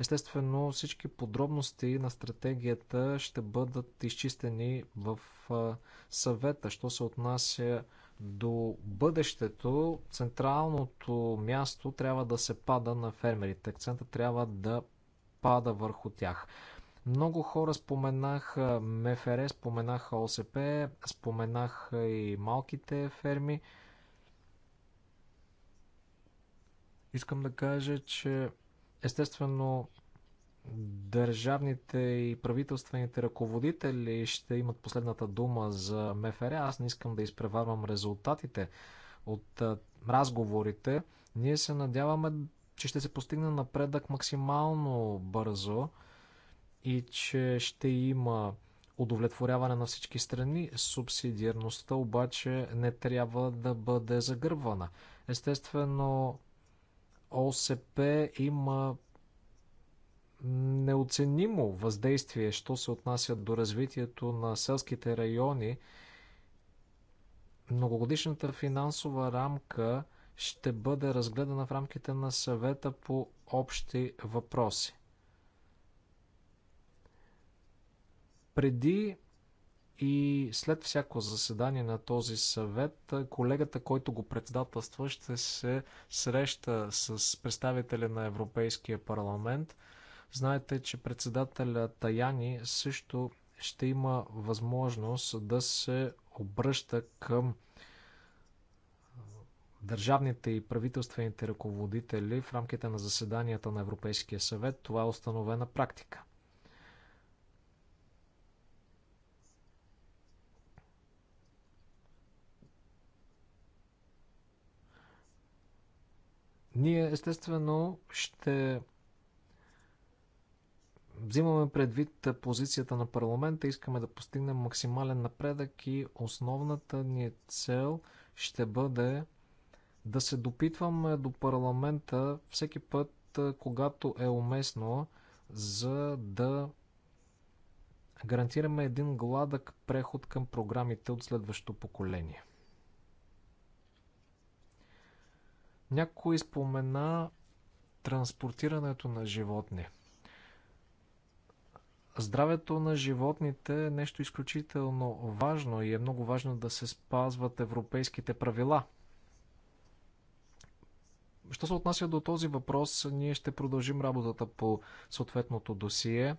Естествено, всички подробности на стратегията ще бъдат изчистени в съвета. Що се отнася до бъдещето, централното място трябва да се пада на фермерите. Акцента трябва да пада върху тях. Много хора споменаха МФР, споменаха ОСП, споменаха и малките ферми. Искам да кажа, че естествено държавните и правителствените ръководители ще имат последната дума за МФР. Аз не искам да изпреварвам резултатите от разговорите. Ние се надяваме, че ще се постигне напредък максимално бързо и че ще има удовлетворяване на всички страни. Субсидиарността обаче не трябва да бъде загърбвана. Естествено, ОСП има неоценимо въздействие, що се отнася до развитието на селските райони. Многогодишната финансова рамка ще бъде разгледана в рамките на съвета по общи въпроси. Преди и след всяко заседание на този съвет колегата, който го председателства, ще се среща с представителя на Европейския парламент. Знаете, че председателя Таяни също ще има възможност да се обръща към държавните и правителствените ръководители в рамките на заседанията на Европейския съвет. Това е установена практика. Ние естествено ще взимаме предвид позицията на парламента, искаме да постигнем максимален напредък и основната ни цел ще бъде да се допитваме до парламента всеки път, когато е уместно, за да гарантираме един гладък преход към програмите от следващото поколение. Някой спомена транспортирането на животни. Здравето на животните е нещо изключително важно и е много важно да се спазват европейските правила. Що се отнася до този въпрос, ние ще продължим работата по съответното досие.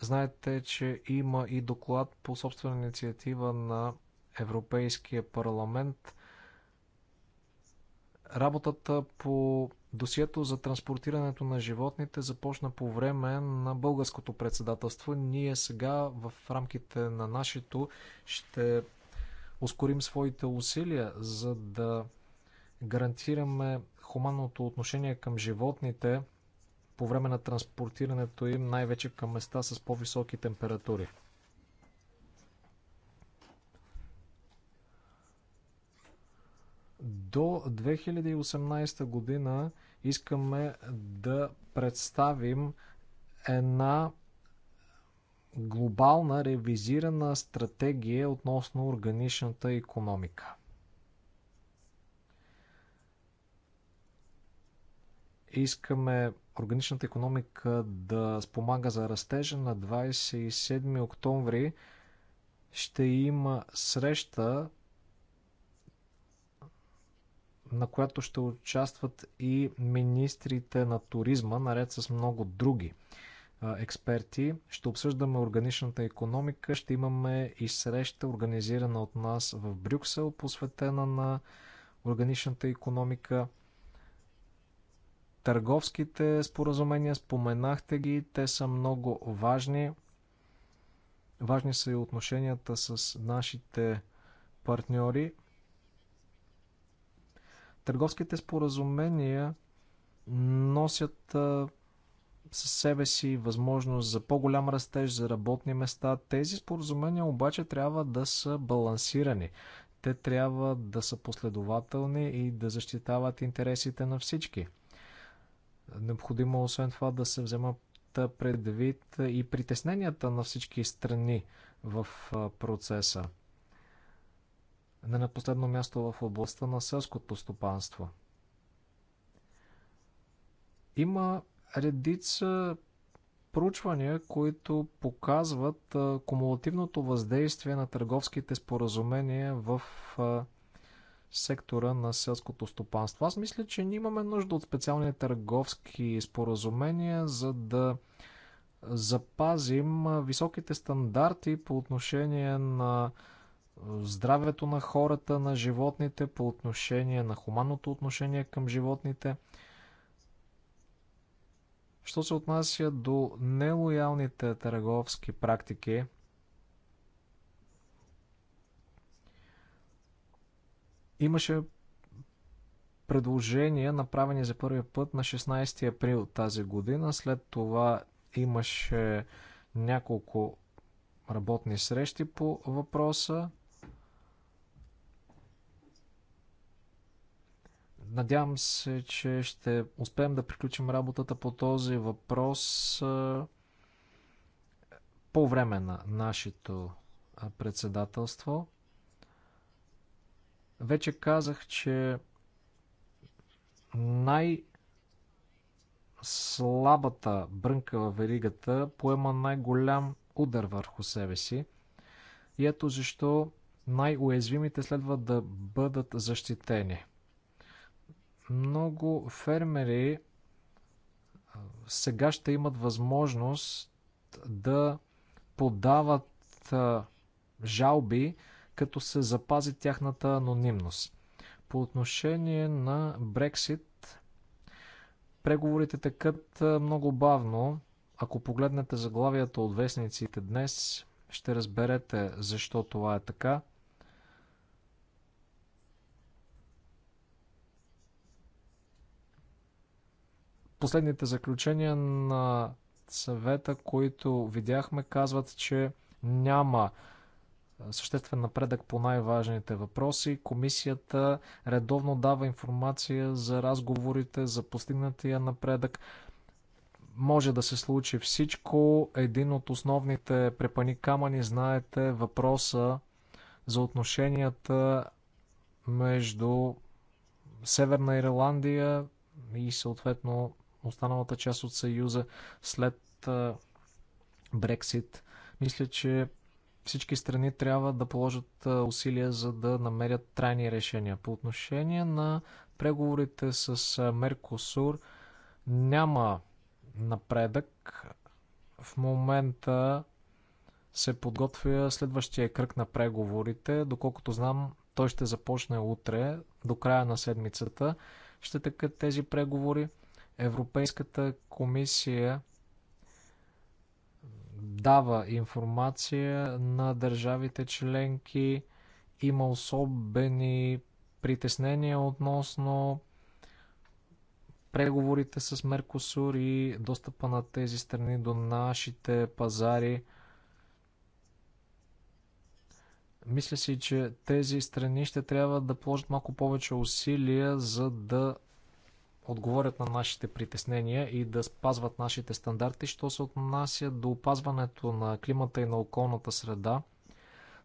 Знаете, че има и доклад по собствена инициатива на Европейския парламент Работата по досието за транспортирането на животните започна по време на българското председателство. Ние сега в рамките на нашето ще ускорим своите усилия, за да гарантираме хуманното отношение към животните по време на транспортирането им, най-вече към места с по-високи температури. До 2018 година искаме да представим една глобална ревизирана стратегия относно органичната економика. Искаме органичната економика да спомага за растежа на 27 октомври ще има среща на която ще участват и министрите на туризма, наред с много други експерти. Ще обсъждаме органичната економика, ще имаме и среща, организирана от нас в Брюксел, посветена на органичната економика. Търговските споразумения, споменахте ги, те са много важни. Важни са и отношенията с нашите партньори. Търговските споразумения носят със себе си възможност за по-голям растеж, за работни места. Тези споразумения обаче трябва да са балансирани. Те трябва да са последователни и да защитават интересите на всички. Необходимо е, освен това да се вземат предвид и притесненията на всички страни в процеса. Не на последно място в областта на селското стопанство. Има редица проучвания, които показват кумулативното въздействие на търговските споразумения в сектора на селското стопанство. Аз мисля, че ние имаме нужда от специални търговски споразумения, за да запазим високите стандарти по отношение на здравето на хората, на животните, по отношение на хуманното отношение към животните. Що се отнася до нелоялните търговски практики, имаше предложения, направени за първи път на 16 април тази година. След това имаше няколко работни срещи по въпроса. Надявам се, че ще успеем да приключим работата по този въпрос по време на нашето председателство. Вече казах, че най- слабата брънка във веригата поема най-голям удар върху себе си. И ето защо най-уязвимите следва да бъдат защитени. Много фермери сега ще имат възможност да подават жалби, като се запази тяхната анонимност. По отношение на Брексит, преговорите текат много бавно. Ако погледнете заглавията от вестниците днес, ще разберете защо това е така. Последните заключения на съвета, които видяхме, казват, че няма съществен напредък по най-важните въпроси. Комисията редовно дава информация за разговорите, за постигнатия напредък. Може да се случи всичко. Един от основните препани камъни, знаете, въпроса за отношенията между Северна Ирландия и съответно останалата част от Съюза след Брексит. Мисля, че всички страни трябва да положат усилия, за да намерят трайни решения. По отношение на преговорите с Меркосур няма напредък. В момента се подготвя следващия кръг на преговорите. Доколкото знам, той ще започне утре, до края на седмицата. Ще тъкат тези преговори. Европейската комисия дава информация на държавите членки. Има особени притеснения относно преговорите с Меркосур и достъпа на тези страни до нашите пазари. Мисля си, че тези страни ще трябва да положат малко повече усилия, за да отговорят на нашите притеснения и да спазват нашите стандарти, що се отнася до опазването на климата и на околната среда.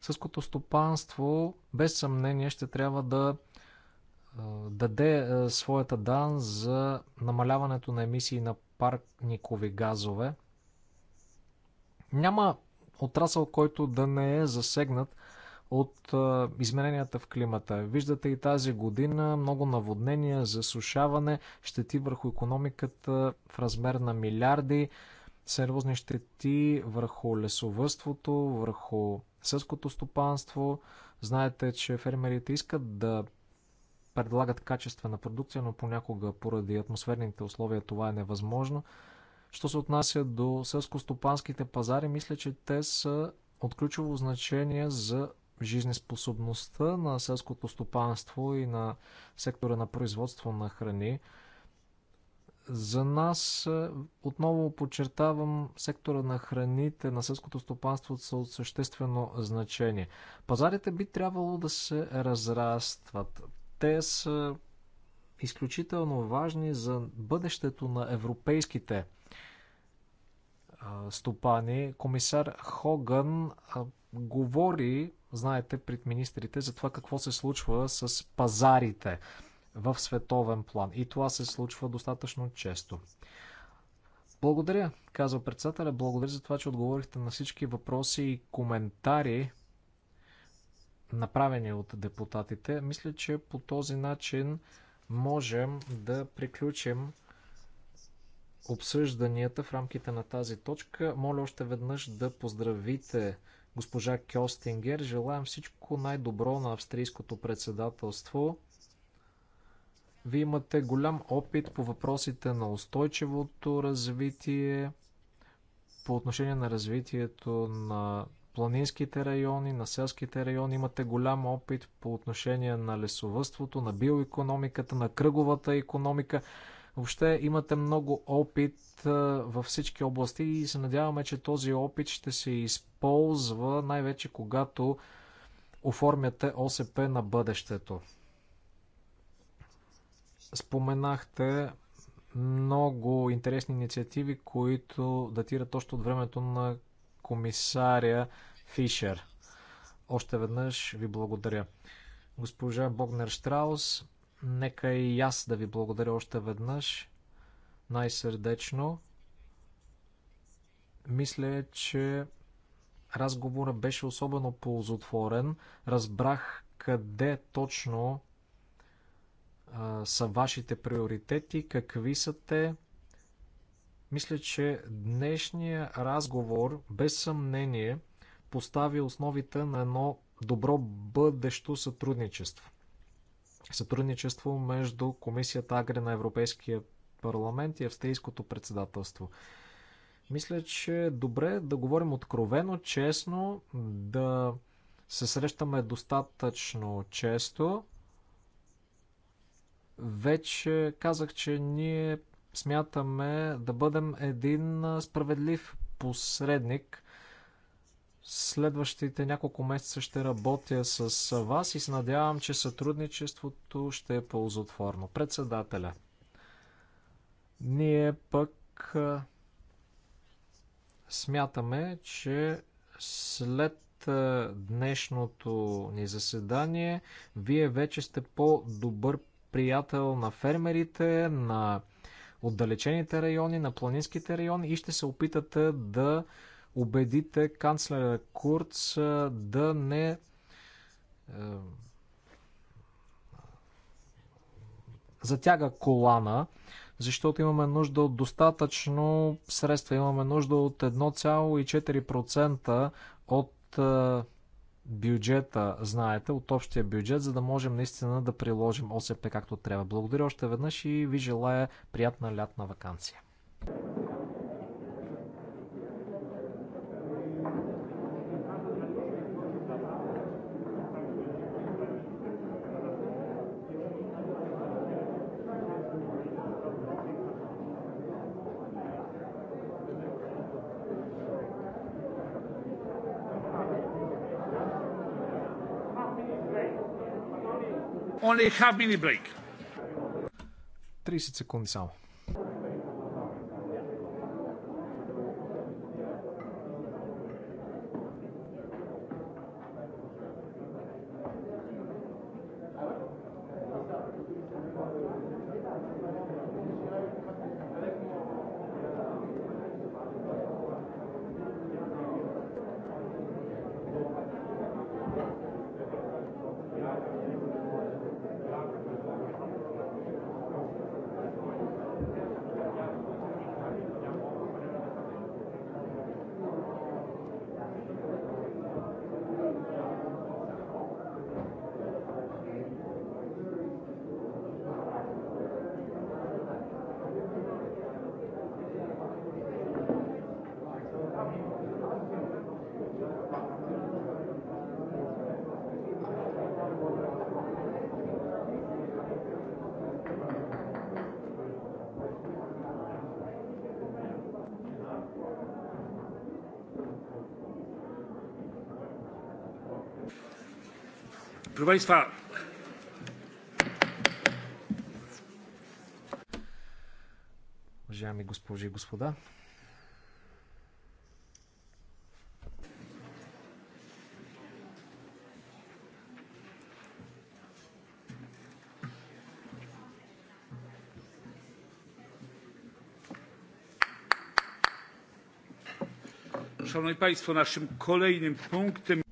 Съското стопанство без съмнение ще трябва да даде своята дан за намаляването на емисии на парникови газове. Няма отрасъл, който да не е засегнат от измененията в климата. Виждате и тази година много наводнения, засушаване, щети върху економиката в размер на милиарди, сериозни щети върху лесовътството, върху съското стопанство. Знаете, че фермерите искат да предлагат качествена продукция, но понякога поради атмосферните условия това е невъзможно. Що се отнася до сълскостопанските пазари, мисля, че те са от ключово значение за жизнеспособността на селското стопанство и на сектора на производство на храни. За нас, е, отново подчертавам, сектора на храните, на сълското стопанство са от съществено значение. Пазарите би трябвало да се разрастват. Те са изключително важни за бъдещето на европейските стопани. Комисар Хоган говори знаете, пред министрите за това какво се случва с пазарите в световен план. И това се случва достатъчно често. Благодаря, казва председателя. Благодаря за това, че отговорихте на всички въпроси и коментари, направени от депутатите. Мисля, че по този начин можем да приключим обсъжданията в рамките на тази точка. Моля още веднъж да поздравите госпожа Кьостингер. Желаем всичко най-добро на австрийското председателство. Вие имате голям опит по въпросите на устойчивото развитие, по отношение на развитието на планинските райони, на селските райони. Имате голям опит по отношение на лесовътството, на биоекономиката, на кръговата економика. Въобще имате много опит във всички области и се надяваме, че този опит ще се използва най-вече когато оформяте ОСП на бъдещето. Споменахте много интересни инициативи, които датират още от времето на комисаря Фишер. Още веднъж ви благодаря. Госпожа Богнер Штраус, Нека и аз да ви благодаря още веднъж най-сърдечно. Мисля, че разговорът беше особено ползотворен. Разбрах къде точно а, са вашите приоритети, какви са те. Мисля, че днешният разговор без съмнение постави основите на едно добро бъдещо сътрудничество сътрудничество между Комисията Агри на Европейския парламент и Австрийското председателство. Мисля, че е добре да говорим откровено, честно, да се срещаме достатъчно често. Вече казах, че ние смятаме да бъдем един справедлив посредник Следващите няколко месеца ще работя с вас и се надявам, че сътрудничеството ще е ползотворно. Председателя. Ние пък смятаме, че след днешното ни заседание, вие вече сте по-добър приятел на фермерите, на отдалечените райони, на планинските райони и ще се опитате да убедите канцлера Курц да не е, затяга колана, защото имаме нужда от достатъчно средства. Имаме нужда от 1,4% от бюджета, знаете, от общия бюджет, за да можем наистина да приложим ОСП както трябва. Благодаря още веднъж и ви желая приятна лятна вакансия. a half minute break. 30 секунди само. Proszę Państwa. Уважаеми госпожи и господа, Szanowni Państwo, naszym kolejnym punktem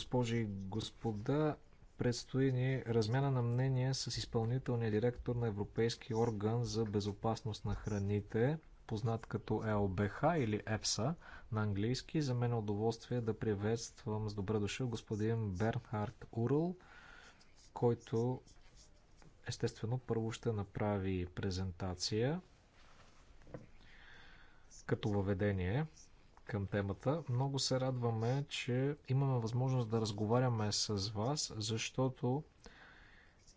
госпожи и господа, предстои ни размяна на мнение с изпълнителния директор на Европейски орган за безопасност на храните, познат като ЕОБХ или ЕПСА на английски. За мен е удоволствие да приветствам с добра душа, господин Бернхард Урл, който естествено първо ще направи презентация като въведение към темата. Много се радваме, че имаме възможност да разговаряме с вас, защото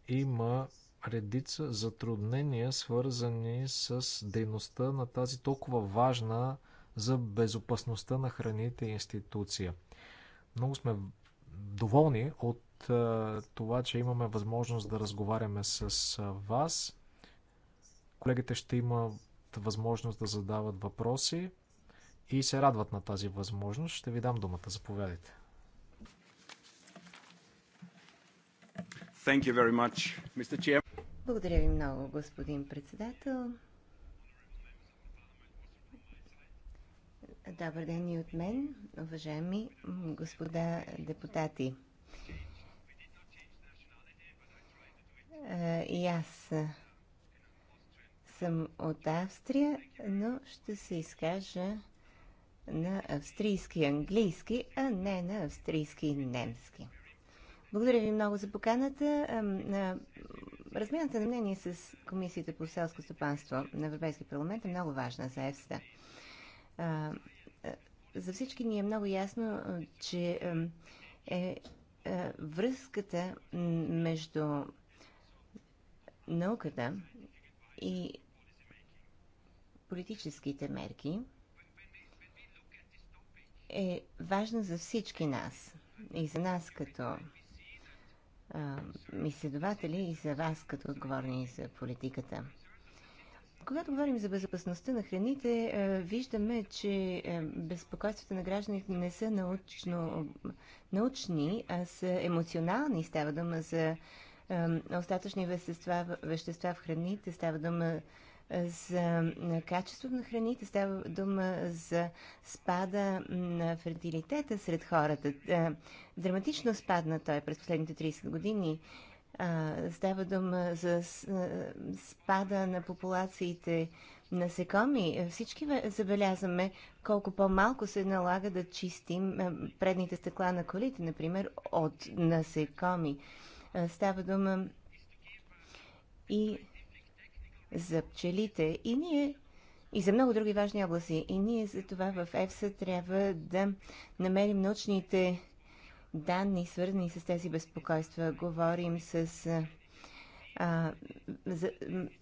има редица затруднения, свързани с дейността на тази толкова важна за безопасността на храните институция. Много сме доволни от това, че имаме възможност да разговаряме с вас. Колегите ще имат възможност да задават въпроси и се радват на тази възможност. Ще ви дам думата. Заповядайте. Thank you very much, Mr. Chair. Благодаря ви много, господин председател. Добър ден и от мен, уважаеми господа депутати. Е, и аз съм от Австрия, но ще се изкажа на австрийски английски, а не на австрийски немски. Благодаря ви много за поканата. Размяната на мнение с Комисията по селско стопанство на Европейския парламент е много важна за ЕФСА. За всички ни е много ясно, че е връзката между науката и политическите мерки – е важна за всички нас. И за нас като а, изследователи, и за вас като отговорни за политиката. Когато говорим за безопасността на храните, а, виждаме, че безпокойствата на гражданите не са научно, научни, а са емоционални. Става дума за а, остатъчни вещества, вещества в храните, става дума за качеството на храните, става дума за спада на фертилитета сред хората. Е, драматично спадна той през последните 30 години. Става дума за е, спада на популациите насекоми. Всички забелязваме колко по-малко се налага да чистим е, предните стъкла на колите, например, от насекоми. Става дума и за пчелите и ние и за много други важни области. И ние за това в ЕФСА трябва да намерим научните данни, свързани с тези безпокойства. Говорим с а, за,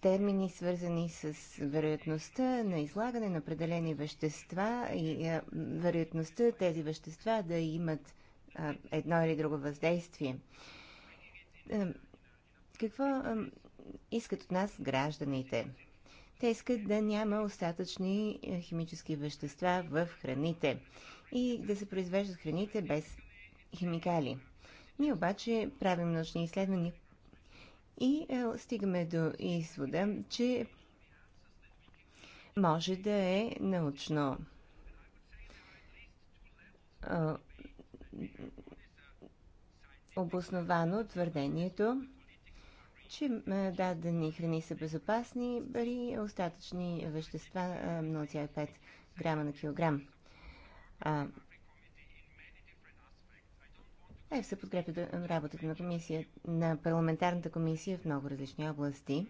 термини, свързани с вероятността на излагане на определени вещества и а, вероятността тези вещества да имат а, едно или друго въздействие. А, какво а, искат от нас гражданите. Те искат да няма остатъчни е, химически вещества в храните и да се произвеждат храните без химикали. Ние обаче правим научни изследвания и е, стигаме до извода, че може да е научно обосновано твърдението, че дадени храни са безопасни бари остатъчни вещества 0,5 грама на килограм. се подкрепя работата на, комисия, на парламентарната комисия в много различни области.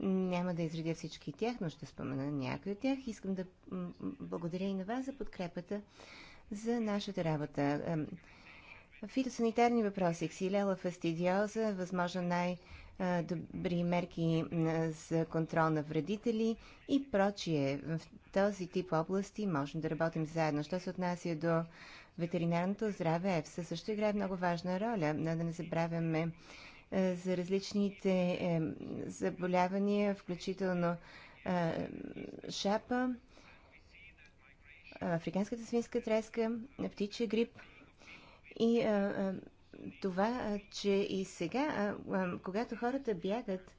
Няма да изредя всички тях, но ще спомена някои от тях. Искам да благодаря и на вас за подкрепата за нашата работа. Фитосанитарни въпроси. Ксилела фастидиоза, възможно най-добри мерки за контрол на вредители и прочие. В този тип области можем да работим заедно. Що се отнася до ветеринарното здраве, ЕФСА също играе много важна роля. Да не забравяме е, за различните е, заболявания, включително е, шапа, африканската свинска треска, птичия грип – и а, а, това, че и сега, а, а, когато хората бягат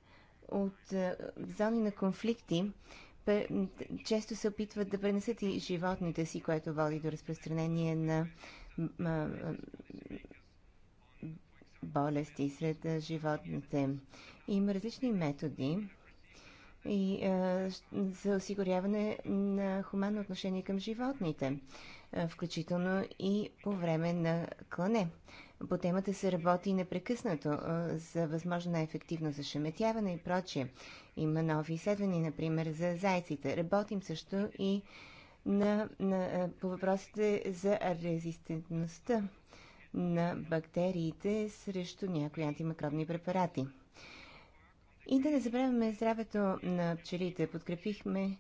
от а, зони на конфликти, често се опитват да пренесат и животните си, което води до разпространение на а, а, болести сред животните. Има различни методи и а, за осигуряване на хуманно отношение към животните включително и по време на клане. По темата се работи непрекъснато за възможно най-ефективно зашеметяване и прочие. Има нови изследвания, например, за зайците. Работим също и на, на, по въпросите за резистентността на бактериите срещу някои антимикробни препарати. И да не забравяме здравето на пчелите. Подкрепихме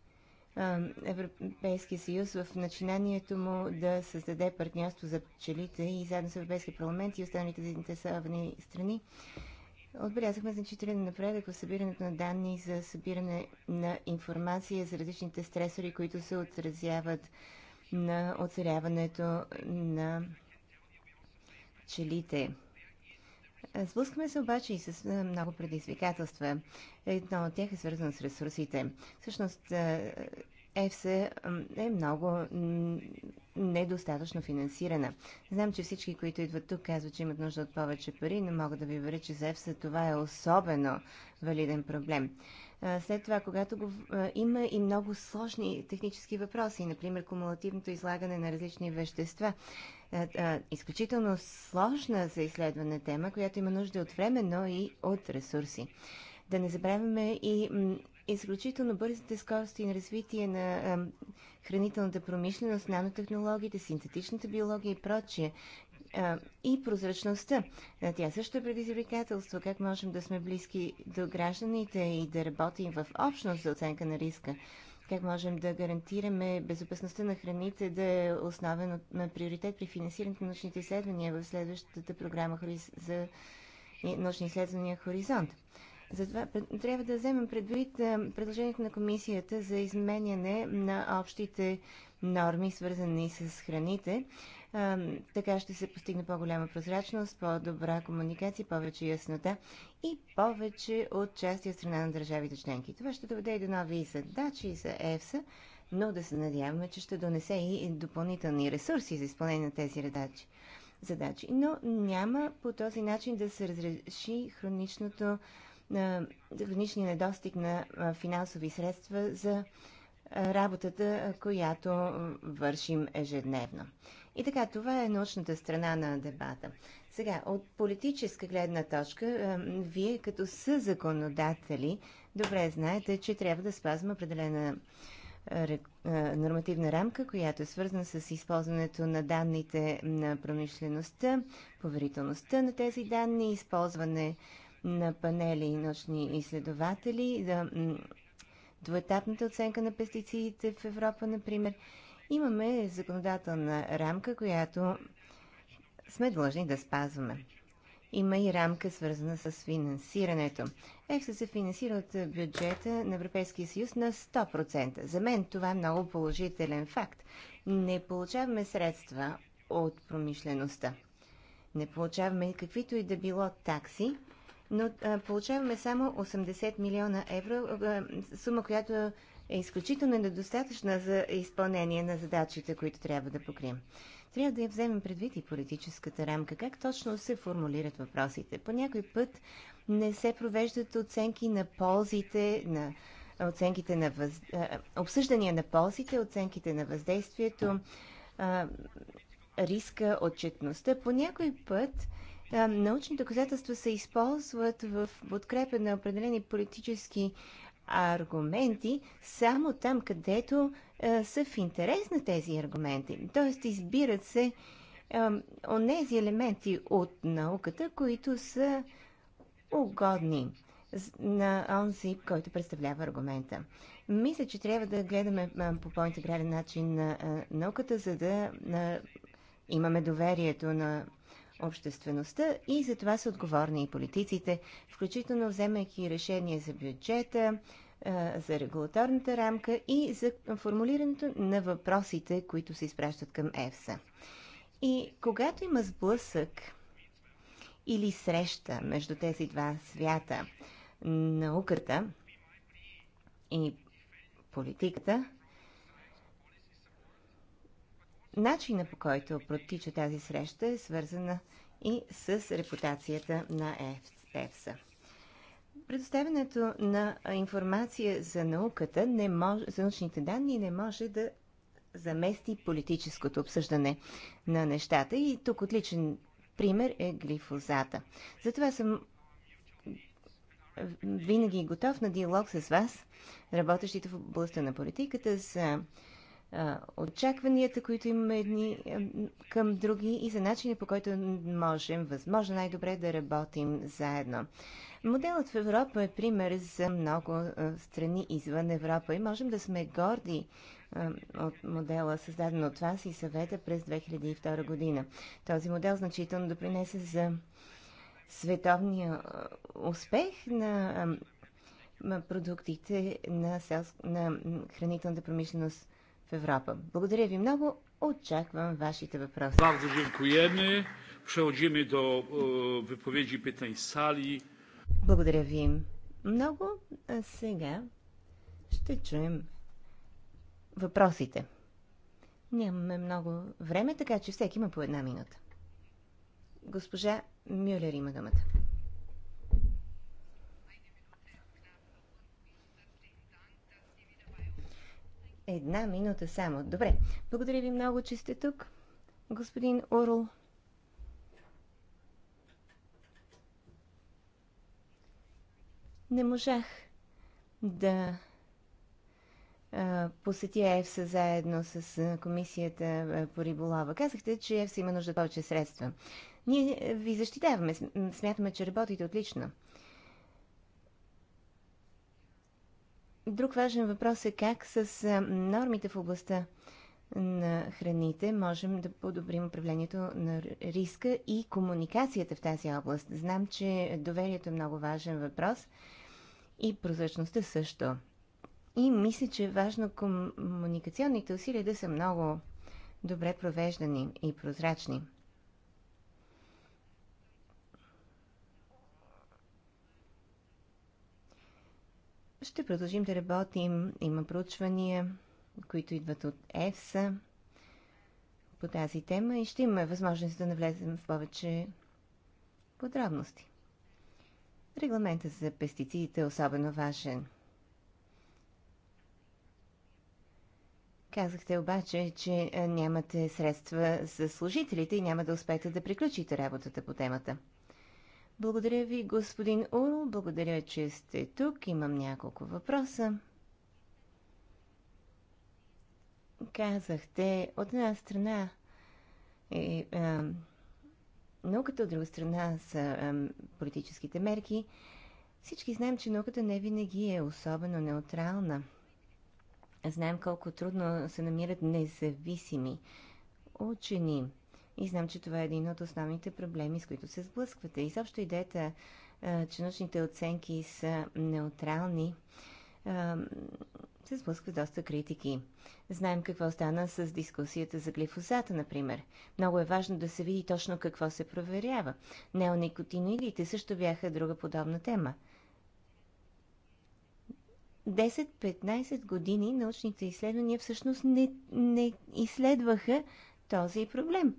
Европейския съюз в начинанието му да създаде партньорство за пчелите и заедно с Европейския парламент и останалите заинтересовани страни. Отбелязахме значителен напредък в събирането на данни за събиране на информация за различните стресори, които се отразяват на оцеляването на пчелите. Сблъскваме се обаче и с много предизвикателства. Едно от тях е свързано с ресурсите. Всъщност, ЕФСЕ е много недостатъчно финансирана. Знам, че всички, които идват тук, казват, че имат нужда от повече пари, но мога да ви уверя, че за ЕФСЕ това е особено валиден проблем. След това, когато го, има и много сложни технически въпроси, например кумулативното излагане на различни вещества, е, е, изключително сложна за изследване тема, която има нужда от време, но и от ресурси. Да не забравяме и изключително бързите скорости на развитие на хранителната промишленост, нанотехнологиите, синтетичната биология и прочие. И прозрачността. Е, тя също е предизвикателство. Как можем да сме близки до гражданите и да работим в общност за оценка на риска как можем да гарантираме безопасността на храните да е основен на приоритет при финансирането на научните изследвания в следващата програма за научни изследвания Хоризонт. Затова трябва да вземем предвид е, предложението на комисията за изменяне на общите норми, свързани с храните, така ще се постигне по-голяма прозрачност, по-добра комуникация, повече яснота и повече участие от страна на държавите членки. Това ще доведе и до нови задачи за ЕФСА, но да се надяваме, че ще донесе и допълнителни ресурси за изпълнение на тези задачи. задачи. Но няма по този начин да се разреши хроничното хроничния недостиг на финансови средства за работата, която вършим ежедневно. И така, това е научната страна на дебата. Сега, от политическа гледна точка, вие като са законодатели, добре знаете, че трябва да спазваме определена е, е, нормативна рамка, която е свързана с използването на данните на промишлеността, поверителността на тези данни, използване на панели и научни изследователи, да, двуетапната оценка на пестицидите в Европа, например. Имаме законодателна рамка, която сме длъжни да спазваме. Има и рамка, свързана с финансирането. ЕФСА се финансира от бюджета на Европейския съюз на 100%. За мен това е много положителен факт. Не получаваме средства от промишлеността. Не получаваме каквито и да било такси, но а, получаваме само 80 милиона евро, а, сума, която е изключително недостатъчна за изпълнение на задачите, които трябва да покрием. Трябва да я вземем предвид и политическата рамка. Как точно се формулират въпросите? По някой път не се провеждат оценки на ползите, на оценките на въз... обсъждания на ползите, оценките на въздействието, риска, отчетността. По някой път научни доказателства се използват в подкрепа на определени политически аргументи само там, където а, е, са в интерес на тези аргументи. Тоест избират се а, е, онези елементи от науката, които са угодни на онзи, който представлява аргумента. Мисля, че трябва да гледаме е, по по-интегрален начин на науката, за да имаме доверието на обществеността и за това са отговорни и политиците, включително вземайки решение за бюджета, за регулаторната рамка и за формулирането на въпросите, които се изпращат към ЕФСА. И когато има сблъсък или среща между тези два свята, науката и политиката, начина по който протича тази среща е свързана и с репутацията на ЕФСА. Предоставянето на информация за науката, не мож, за научните данни, не може да замести политическото обсъждане на нещата. И тук отличен пример е глифозата. Затова съм винаги готов на диалог с вас, работещите в областта на политиката, за очакванията, които имаме едни към други и за начина по който можем, възможно най-добре да работим заедно. Моделът в Европа е пример за много страни извън Европа и можем да сме горди от модела, създаден от вас и съвета през 2002 година. Този модел значително допринесе за световния успех на продуктите на, сел... на хранителната промишленост в Европа. Благодаря ви много. Очаквам вашите въпроси. Bardzo dziękujemy. Przechodzimy do e, wypowiedzi pytań z сали. Благодаря ви много. А сега ще чуем въпросите. Нямаме много време, така че всеки има по една минута. Госпожа Мюлер има думата. Една минута само. Добре. Благодаря ви много, че сте тук, господин Орл. Не можах да посетя ЕФСА заедно с комисията по риболова. Казахте, че ЕФСА има нужда повече средства. Ние ви защитаваме. Смятаме, че работите отлично. Друг важен въпрос е как с нормите в областта на храните можем да подобрим управлението на риска и комуникацията в тази област. Знам, че доверието е много важен въпрос и прозрачността също. И мисля, че е важно комуникационните усилия да са много добре провеждани и прозрачни. Ще продължим да работим. Има проучвания, които идват от ЕФСА по тази тема и ще имаме възможност да навлезем в повече подробности. Регламентът за пестицидите е особено важен. Казахте обаче, че нямате средства за служителите и няма да успеете да приключите работата по темата. Благодаря ви, господин Урл. Благодаря, че сте тук. Имам няколко въпроса. Казахте, от една страна е, е, науката, от друга страна са е, политическите мерки. Всички знаем, че науката не винаги е особено неутрална. Знаем колко трудно се намират независими учени. И знам, че това е един от основните проблеми, с които се сблъсквате. Изобщо идеята, че научните оценки са неутрални, се сблъсква доста критики. Знаем какво стана с дискусията за глифозата, например. Много е важно да се види точно какво се проверява. Неоникотиноидите също бяха друга подобна тема. 10-15 години научните изследвания всъщност не, не изследваха този проблем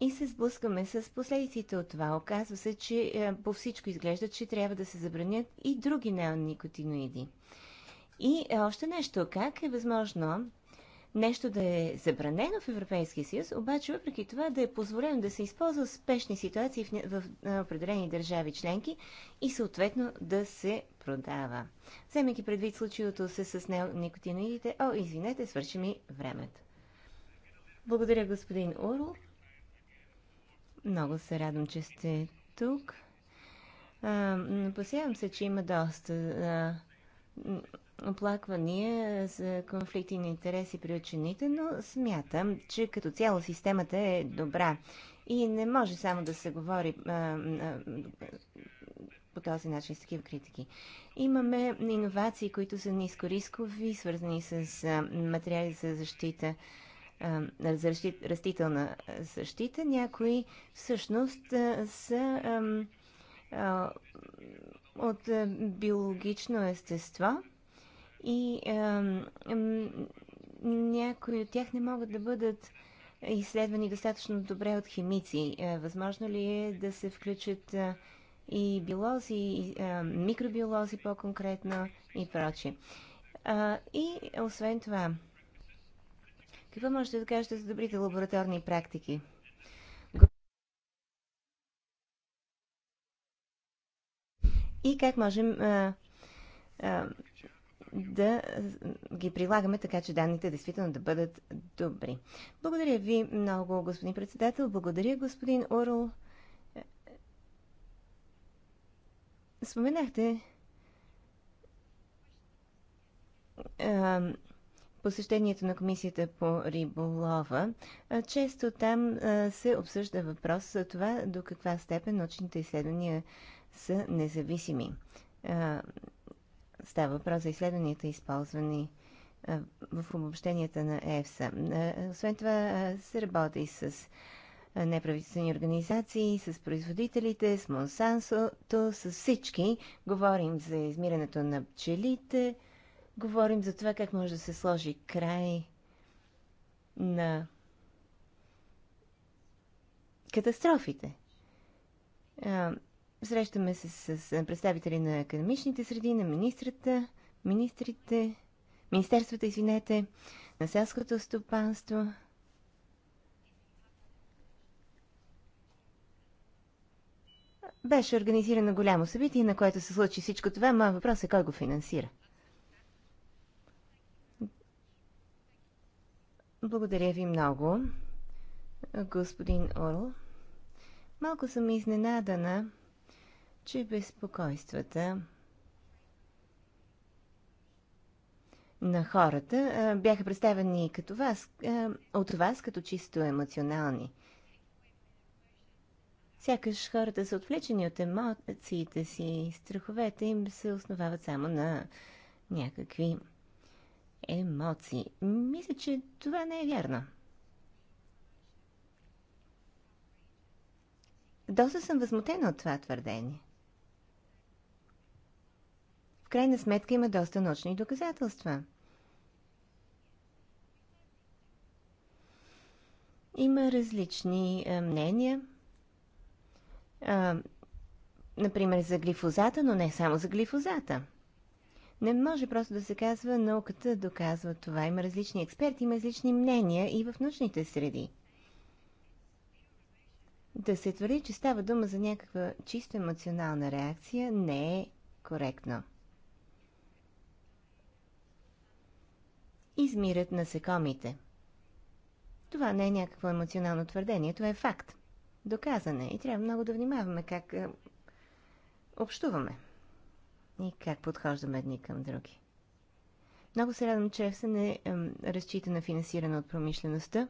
и се сблъскаме с последиците от това. Оказва се, че е, по всичко изглежда, че трябва да се забранят и други неоникотиноиди. И е, още нещо, как е възможно нещо да е забранено в Европейския съюз, обаче въпреки това да е позволено да се използва в спешни ситуации в, в е, определени държави членки и съответно да се продава. Вземайки предвид случилото се с неоникотиноидите, о, извинете, свърши ми времето. Благодаря, господин Орл. Много се радвам, че сте тук. Опасявам се, че има доста а, оплаквания за конфликти на интереси при учените, но смятам, че като цяло системата е добра и не може само да се говори а, а, по този начин с такива критики. Имаме иновации, които са нискорискови, свързани с материали за защита растителна защита, някои всъщност са от биологично естество и някои от тях не могат да бъдат изследвани достатъчно добре от химици. Възможно ли е да се включат и биолози, и микробиолози по-конкретно и прочие. И освен това, какво можете да кажете за добрите лабораторни практики? И как можем а, а, да ги прилагаме така, че данните действително да бъдат добри. Благодаря ви много, господин председател. Благодаря, господин Орл. Споменахте а, посещението на комисията по риболова. Често там се обсъжда въпрос за това до каква степен научните изследвания са независими. Става въпрос за изследванията, използвани в обобщенията на ЕФСА. Освен това се работи с неправителствени организации, с производителите, с Монсансото, с всички. Говорим за измирането на пчелите, Говорим за това как може да се сложи край на катастрофите. Срещаме се с представители на академичните среди, на министрата, министрите, министерствата, извинете, на селското стопанство. Беше организирано голямо събитие, на което се случи всичко това. Моя въпрос е кой го финансира. Благодаря ви много, господин Орл. Малко съм изненадана, че безпокойствата на хората бяха представени като вас, от вас като чисто емоционални. Сякаш хората са отвлечени от емоциите си и страховете им се основават само на някакви емоции. Мисля, че това не е вярно. Доста съм възмутена от това твърдение. В крайна сметка има доста научни доказателства. Има различни а, мнения. А, например, за глифозата, но не само за глифозата. Не може просто да се казва, науката доказва това. Има различни експерти, има различни мнения и в научните среди. Да се твърди, че става дума за някаква чисто емоционална реакция, не е коректно. Измират насекомите. Това не е някакво емоционално твърдение, това е факт. Доказане и трябва много да внимаваме как е, общуваме и как подхождаме едни към други. Много се радвам, че ЕФСА не е, разчита на финансиране от промишлеността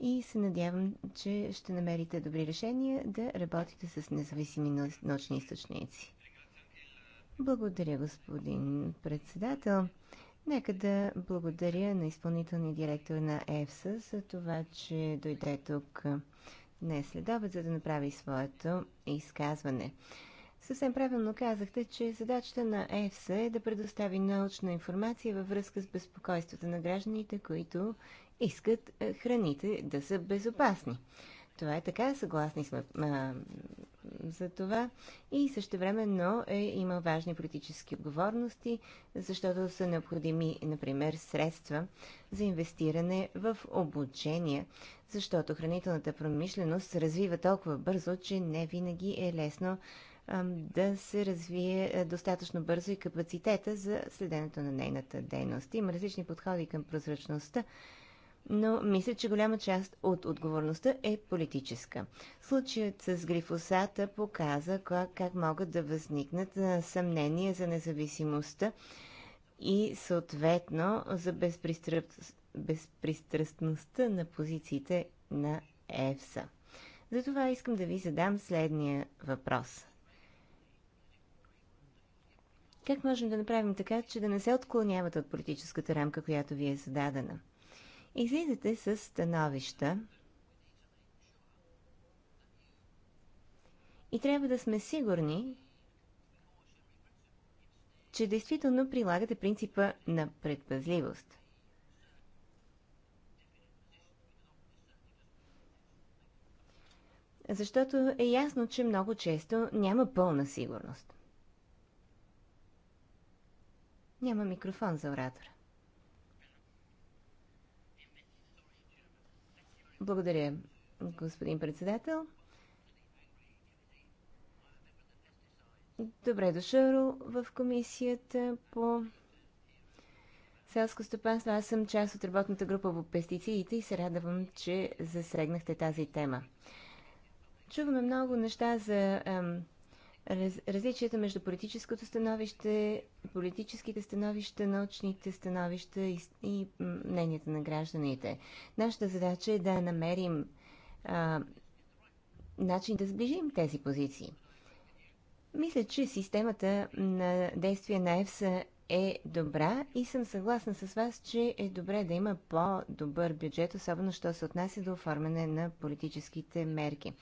и се надявам, че ще намерите добри решения да работите с независими научни източници. Благодаря, господин председател. Нека да благодаря на изпълнителния директор на ЕФСА за това, че дойде тук е, днес след обед, за да направи своето изказване. Съвсем правилно казахте, че задачата на ЕФСА е да предостави научна информация във връзка с безпокойството на гражданите, които искат е, храните да са безопасни. Това е така, съгласни сме а, за това. И но е, има важни политически отговорности, защото са необходими, например, средства за инвестиране в обучение, защото хранителната промишленост се развива толкова бързо, че не винаги е лесно да се развие е, достатъчно бързо и капацитета за следенето на нейната дейност. Има различни подходи към прозрачността, но мисля, че голяма част от отговорността е политическа. Случаят с грифосата показа как могат да възникнат е, съмнения за независимостта и съответно за безпристръп... безпристрастността на позициите на ЕФСА. Затова искам да ви задам следния въпрос. Как можем да направим така, че да не се отклонявате от политическата рамка, която ви е зададена? Излизате с становища и трябва да сме сигурни, че действително прилагате принципа на предпазливост. Защото е ясно, че много често няма пълна сигурност. Няма микрофон за оратора. Благодаря, господин председател. Добре дошъл в комисията по селско стопанство. Аз съм част от работната група по пестицидите и се радвам, че засегнахте тази тема. Чуваме много неща за ам, Раз, различията между политическото становище, политическите становища, научните становища и, и мненията на гражданите. Нашата задача е да намерим а, начин да сближим тези позиции. Мисля, че системата на действие на ЕФСА е добра и съм съгласна с вас, че е добре да има по-добър бюджет, особено що се отнася до оформяне на политическите мерки.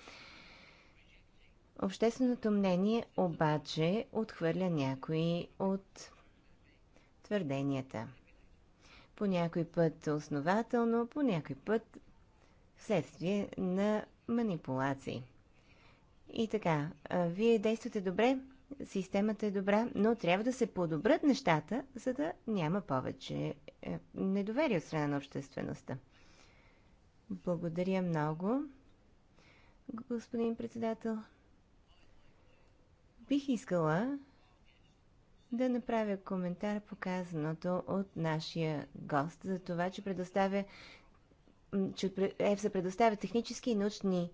Общественото мнение обаче отхвърля някои от твърденията. По някой път основателно, по някой път вследствие на манипулации. И така, вие действате добре, системата е добра, но трябва да се подобрят нещата, за да няма повече е, недоверие от страна на обществеността. Благодаря много, господин председател. Бих искала да направя коментар по казаното от нашия гост за това, че предоставя че ЕФСА предоставя технически и научни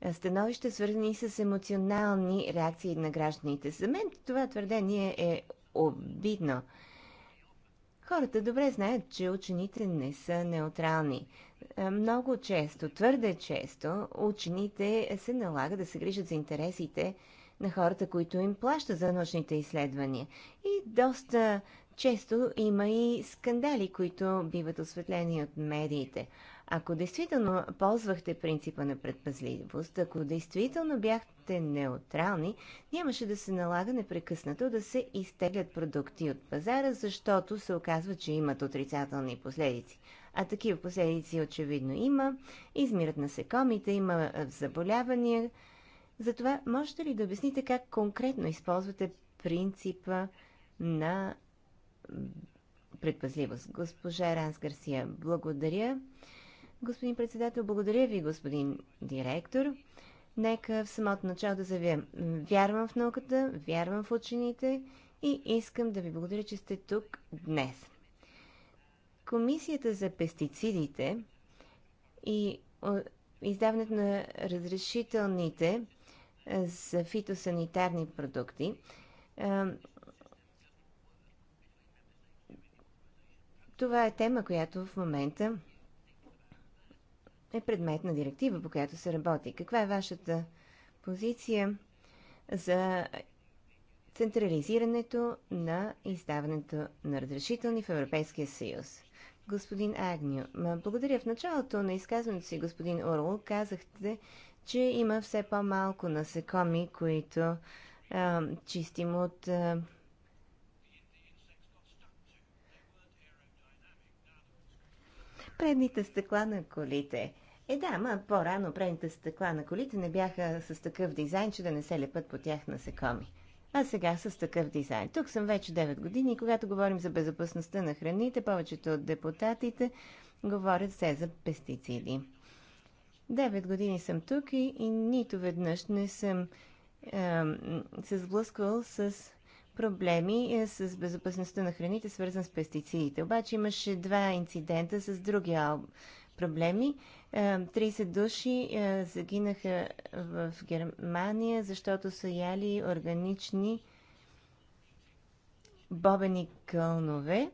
е, становища, свързани с емоционални реакции на гражданите. За мен това твърдение е обидно. Хората добре знаят, че учените не са неутрални. Е, много често, твърде често, учените се налага да се грижат за интересите на хората, които им плащат за научните изследвания. И доста често има и скандали, които биват осветлени от медиите. Ако действително ползвахте принципа на предпазливост, ако действително бяхте неутрални, нямаше да се налага непрекъснато да се изтеглят продукти от пазара, защото се оказва, че имат отрицателни последици. А такива последици очевидно има. Измират насекомите, има заболявания, затова можете ли да обясните как конкретно използвате принципа на предпазливост? Госпожа Ранс Гарсия, благодаря. Господин председател, благодаря ви, господин директор. Нека в самото начало да заявя. Вярвам в науката, вярвам в учените и искам да ви благодаря, че сте тук днес. Комисията за пестицидите и издаването на разрешителните с фитосанитарни продукти. Това е тема, която в момента е предмет на директива, по която се работи. Каква е вашата позиция за централизирането на издаването на разрешителни в Европейския съюз? Господин Агню, благодаря. В началото на изказването си, господин Орл, казахте, че има все по-малко насекоми, които а, чистим от а, предните стъкла на колите. Е да, ма по-рано предните стъкла на колите не бяха с такъв дизайн, че да не се лепат по тях насекоми. А сега с такъв дизайн. Тук съм вече 9 години и когато говорим за безопасността на храните, повечето от депутатите говорят все за пестициди. Девет години съм тук и, и нито веднъж не съм е, се сблъсквал с проблеми е, с безопасността на храните, свързан с пестицидите. Обаче имаше два инцидента с други проблеми. Е, 30 души е, загинаха в Германия, защото са яли органични бобени кълнове.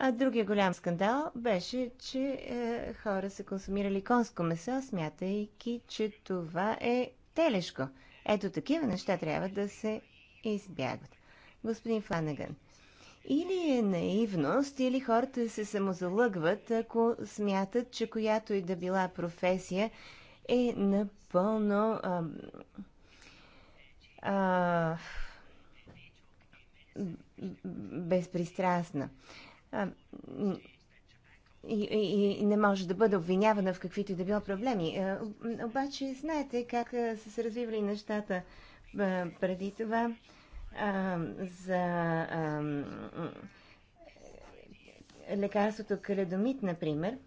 А другия голям скандал беше, че е, хора са консумирали конско месо, смятайки, че това е телешко. Ето такива неща трябва да се избягват. Господин Фанаган, или е наивност, или хората се самозалъгват, ако смятат, че която и да била професия е напълно а, а, безпристрастна и, и, и не може да бъде обвинявана в каквито и да било проблеми. обаче, знаете как са се развивали нещата преди това за лекарството каледомит, например.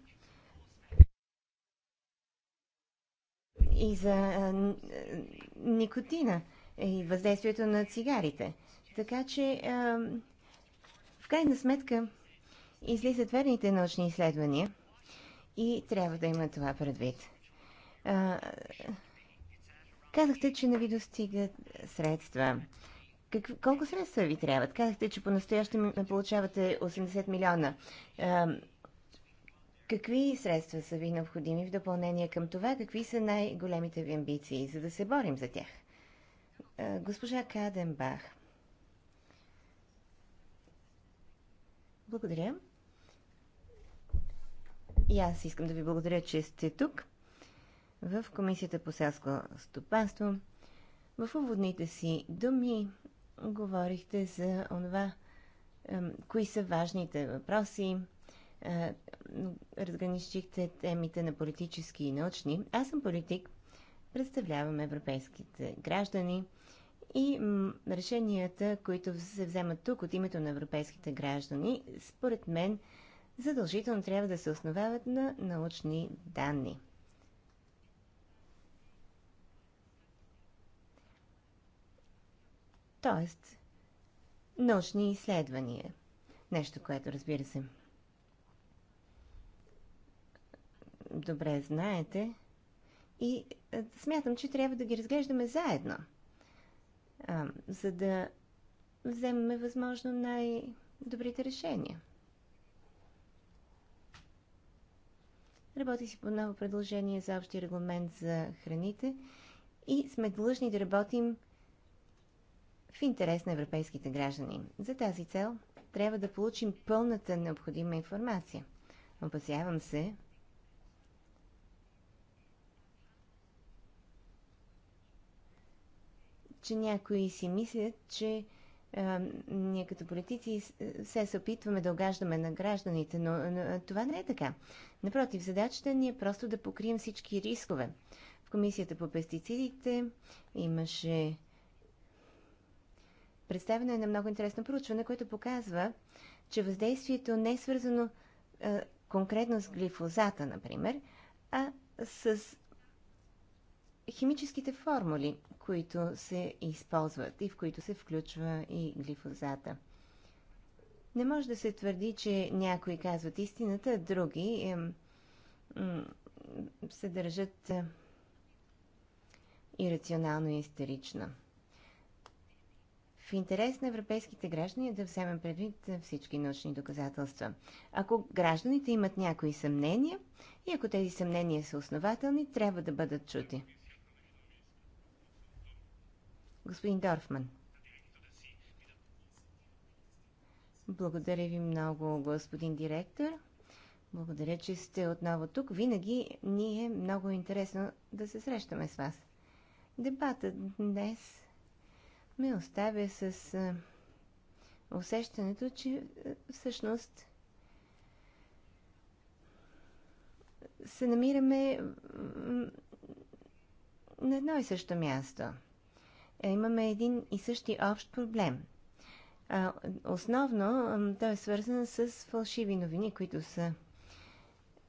И за никотина и въздействието на цигарите. Така че, в крайна сметка, излизат верните научни изследвания и трябва да има това предвид. А, казахте, че не ви достигат средства. Как, колко средства ви трябват? Казахте, че по-настоящем получавате 80 милиона. А, какви средства са ви необходими в допълнение към това? Какви са най-големите ви амбиции, за да се борим за тях? А, госпожа Каденбах. Благодаря. И аз искам да ви благодаря, че сте тук в Комисията по селско стопанство. В уводните си думи говорихте за онова, кои са важните въпроси, разграничихте темите на политически и научни. Аз съм политик, представлявам европейските граждани и решенията, които се вземат тук от името на европейските граждани, според мен – задължително трябва да се основават на научни данни. Тоест, научни изследвания. Нещо, което разбира се. Добре знаете. И смятам, че трябва да ги разглеждаме заедно. А, за да вземем възможно най-добрите решения. Работи си по ново предложение за общи регламент за храните и сме длъжни да работим в интерес на европейските граждани. За тази цел трябва да получим пълната необходима информация. Опасявам се, че някои си мислят, че е, ние като политици се се опитваме да огаждаме на гражданите, но, но това не е така. Напротив, задачата ни е просто да покрием всички рискове. В Комисията по пестицидите имаше представено е на много интересно проучване, което показва, че въздействието не е свързано а, конкретно с глифозата, например, а с химическите формули, които се използват и в които се включва и глифозата. Не може да се твърди, че някои казват истината, а други се държат е, ирационално и истерично. В интерес на европейските граждани е да вземем предвид е, всички научни доказателства. Ако гражданите имат някои съмнения и ако тези съмнения са основателни, трябва да бъдат чути. Господин Дорфман. Благодаря ви много, господин директор. Благодаря, че сте отново тук. Винаги ни е много интересно да се срещаме с вас. Дебатът днес ме оставя с усещането, че всъщност се намираме на едно и също място – е, имаме един и същи общ проблем. А, основно той е свързан с фалшиви новини, които са,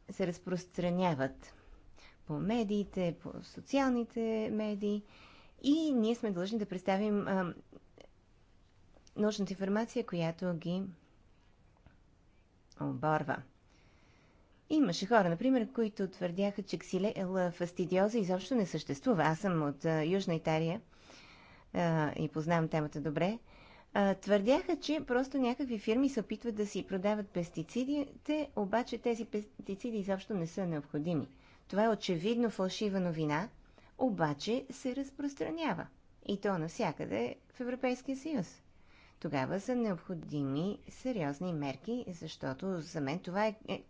се разпространяват по медиите, по социалните медии. И ние сме длъжни да представим а, научната информация, която ги оборва. Имаше хора, например, които твърдяха, че ксилела фастидиоза изобщо не съществува. Аз съм от а, Южна Италия а, и познавам темата добре, а, твърдяха, че просто някакви фирми се опитват да си продават пестицидите, обаче тези пестициди изобщо не са необходими. Това е очевидно фалшива новина, обаче се разпространява. И то навсякъде в Европейския съюз. Тогава са необходими сериозни мерки, защото за мен това е, е, е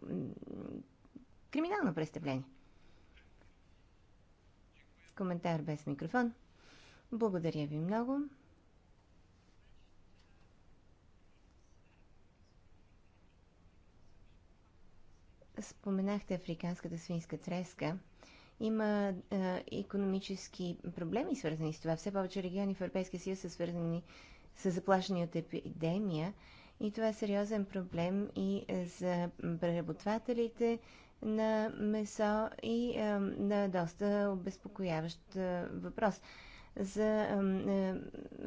криминално престъпление. Коментар без микрофон. Благодаря ви много. Споменахте африканската свинска треска. Има е, економически проблеми, свързани с това. Все повече региони в Европейския съюз са свързани с заплашени от епидемия. И това е сериозен проблем и за преработвателите на месо и е, на доста обезпокояващ въпрос за е,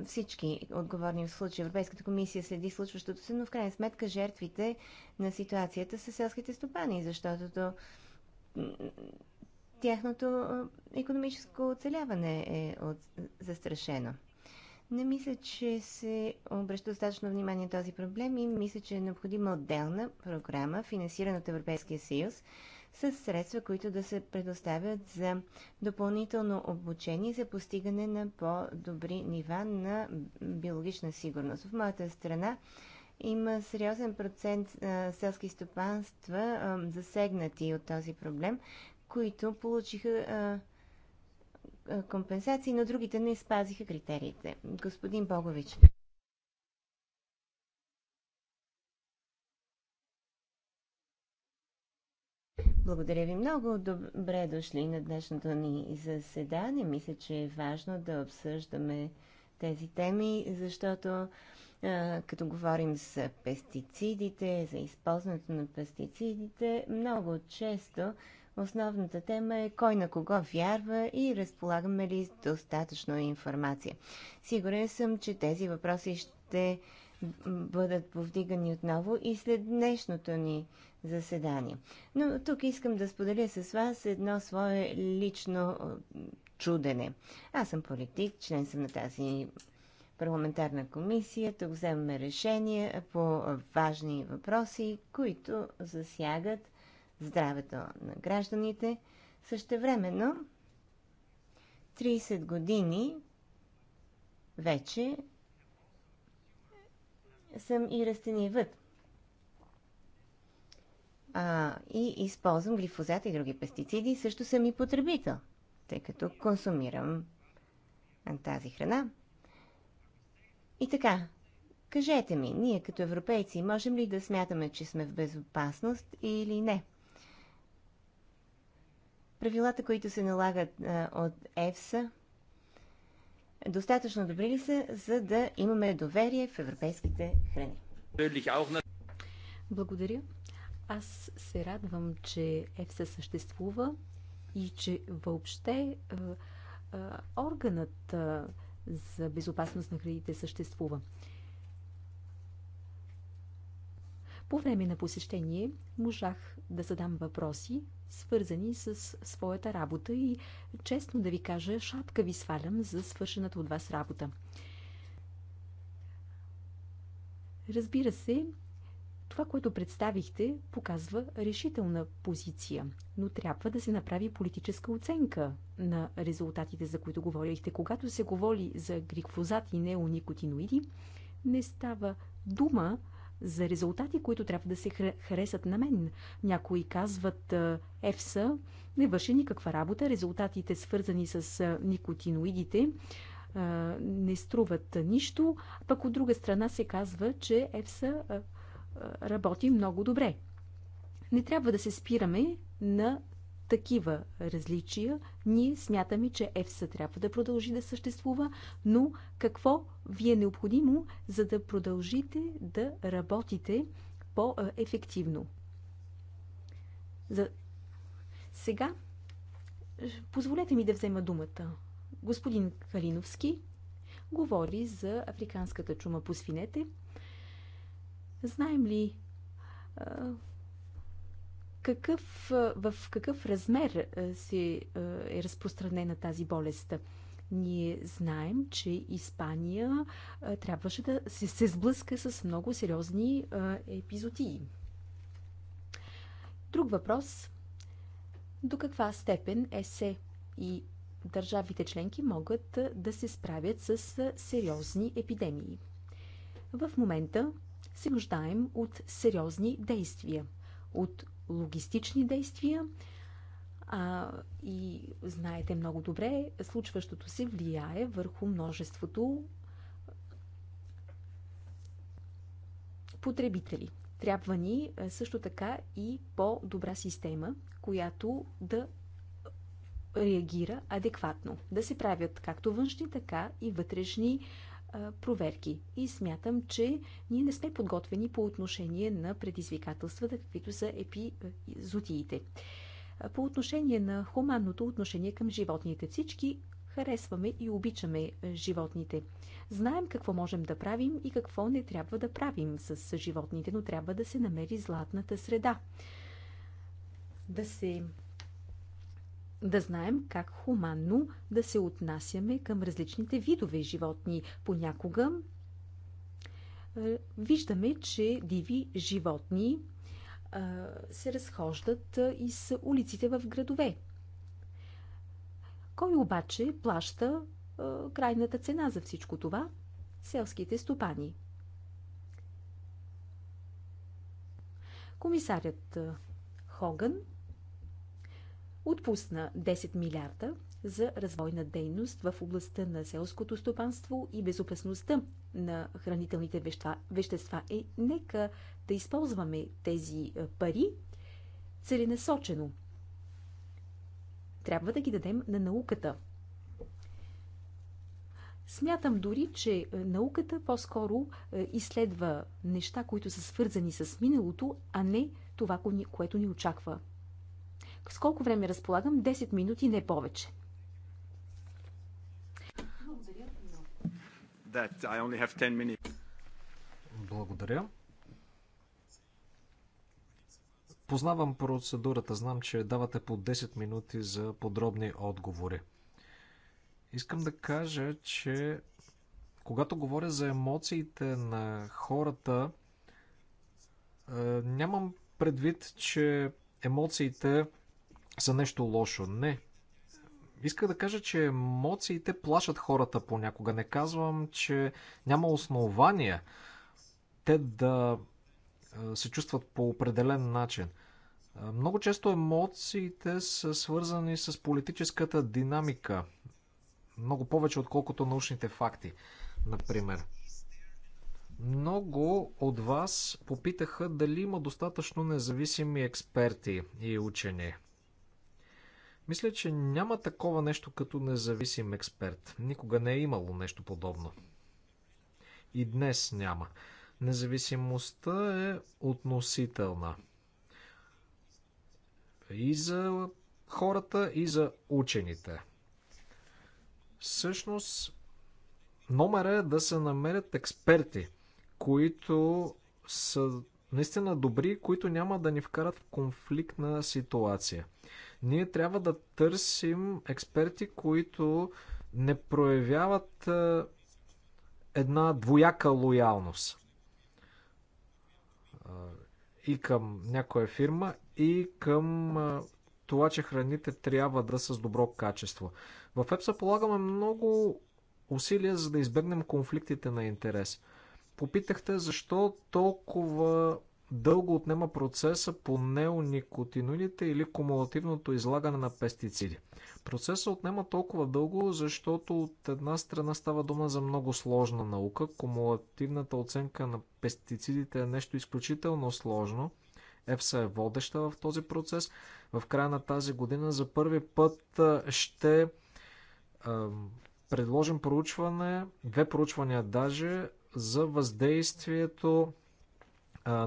всички отговорни в случая. Европейската комисия следи случващото се, но в крайна сметка жертвите на ситуацията са селските стопани, защото то, тяхното економическо оцеляване е от, застрашено. Не мисля, че се обръща достатъчно внимание на този проблем и мисля, че е необходима отделна програма, финансирана от Европейския съюз, с средства, които да се предоставят за допълнително обучение за постигане на по-добри нива на биологична сигурност. В моята страна има сериозен процент а, селски стопанства а, засегнати от този проблем, които получиха а, компенсации, но другите не спазиха критериите. Господин Богович. Благодаря ви много. Добре дошли на днешното ни заседание. Мисля, че е важно да обсъждаме тези теми, защото като говорим за пестицидите, за използването на пестицидите, много често основната тема е кой на кого вярва и разполагаме ли достатъчно информация. Сигурен съм, че тези въпроси ще бъдат повдигани отново и след днешното ни заседание. Но тук искам да споделя с вас едно свое лично чудене. Аз съм политик, член съм на тази парламентарна комисия. Тук вземаме решения по важни въпроси, които засягат здравето на гражданите. Същевременно, 30 години вече съм и растениевът а, и използвам глифозат и други пестициди също съм и потребител, тъй като консумирам тази храна. И така, кажете ми, ние като европейци можем ли да смятаме, че сме в безопасност или не? Правилата, които се налагат а, от ЕФСА, достатъчно добри ли са, за да имаме доверие в европейските храни? Благодаря. Аз се радвам, че ЕФСА съществува и че въобще е, е, органът е, за безопасност на храните съществува. По време на посещение можах да задам въпроси, свързани с своята работа и честно да ви кажа, шапка ви свалям за свършената от вас работа. Разбира се, това, което представихте, показва решителна позиция, но трябва да се направи политическа оценка на резултатите, за които говорихте. Когато се говори за глифозат и неоникотиноиди, не става дума за резултати, които трябва да се харесат на мен. Някои казват ЕФСА не върши никаква работа, резултатите свързани с никотиноидите не струват нищо, пък от друга страна се казва, че ЕФСА работи много добре. Не трябва да се спираме на такива различия. Ние смятаме, че ЕФСА трябва да продължи да съществува, но какво ви е необходимо, за да продължите да работите по-ефективно? За... Сега, позволете ми да взема думата. Господин Калиновски говори за африканската чума по свинете. Знаем ли какъв, в какъв размер се е разпространена тази болест? Ние знаем, че Испания трябваше да се, се сблъска с много сериозни епизодии. Друг въпрос. До каква степен ЕСЕ и държавите членки могат да се справят с сериозни епидемии? В момента се нуждаем от сериозни действия, от логистични действия а, и знаете много добре, случващото се влияе върху множеството потребители. Трябва ни също така и по-добра система, която да реагира адекватно. Да се правят както външни, така и вътрешни проверки. И смятам, че ние не сме подготвени по отношение на предизвикателствата, каквито са епизотиите. По отношение на хуманното отношение към животните, всички харесваме и обичаме животните. Знаем какво можем да правим и какво не трябва да правим с животните, но трябва да се намери златната среда. Да се да знаем как хуманно да се отнасяме към различните видове животни. Понякога виждаме, че диви животни се разхождат из улиците в градове. Кой обаче плаща крайната цена за всичко това? Селските стопани. Комисарят Хоган отпусна 10 милиарда за развойна дейност в областта на селското стопанство и безопасността на хранителните веща, вещества. Е, нека да използваме тези е, пари целенасочено. Трябва да ги дадем на науката. Смятам дори, че е, науката по-скоро е, изследва неща, които са свързани с миналото, а не това, което ни очаква с колко време разполагам? 10 минути, не повече. Благодаря. Познавам процедурата. Знам, че давате по 10 минути за подробни отговори. Искам да кажа, че когато говоря за емоциите на хората, е, нямам предвид, че емоциите са нещо лошо. Не. Иска да кажа, че емоциите плашат хората понякога. Не казвам, че няма основания те да се чувстват по определен начин. Много често емоциите са свързани с политическата динамика. Много повече, отколкото научните факти, например. Много от вас попитаха дали има достатъчно независими експерти и учени. Мисля, че няма такова нещо като независим експерт. Никога не е имало нещо подобно. И днес няма. Независимостта е относителна. И за хората, и за учените. Всъщност, номера е да се намерят експерти, които са наистина добри, които няма да ни вкарат в конфликтна ситуация. Ние трябва да търсим експерти, които не проявяват е, една двояка лоялност е, и към някоя фирма, и към е, това, че храните трябва да са с добро качество. В ЕПСА полагаме много усилия, за да избегнем конфликтите на интерес. Попитахте защо толкова дълго отнема процеса по неоникотиноидите или кумулативното излагане на пестициди. Процесът отнема толкова дълго, защото от една страна става дума за много сложна наука. Кумулативната оценка на пестицидите е нещо изключително сложно. ЕФСА е водеща в този процес. В края на тази година за първи път ще предложим проучване, две проучвания даже, за въздействието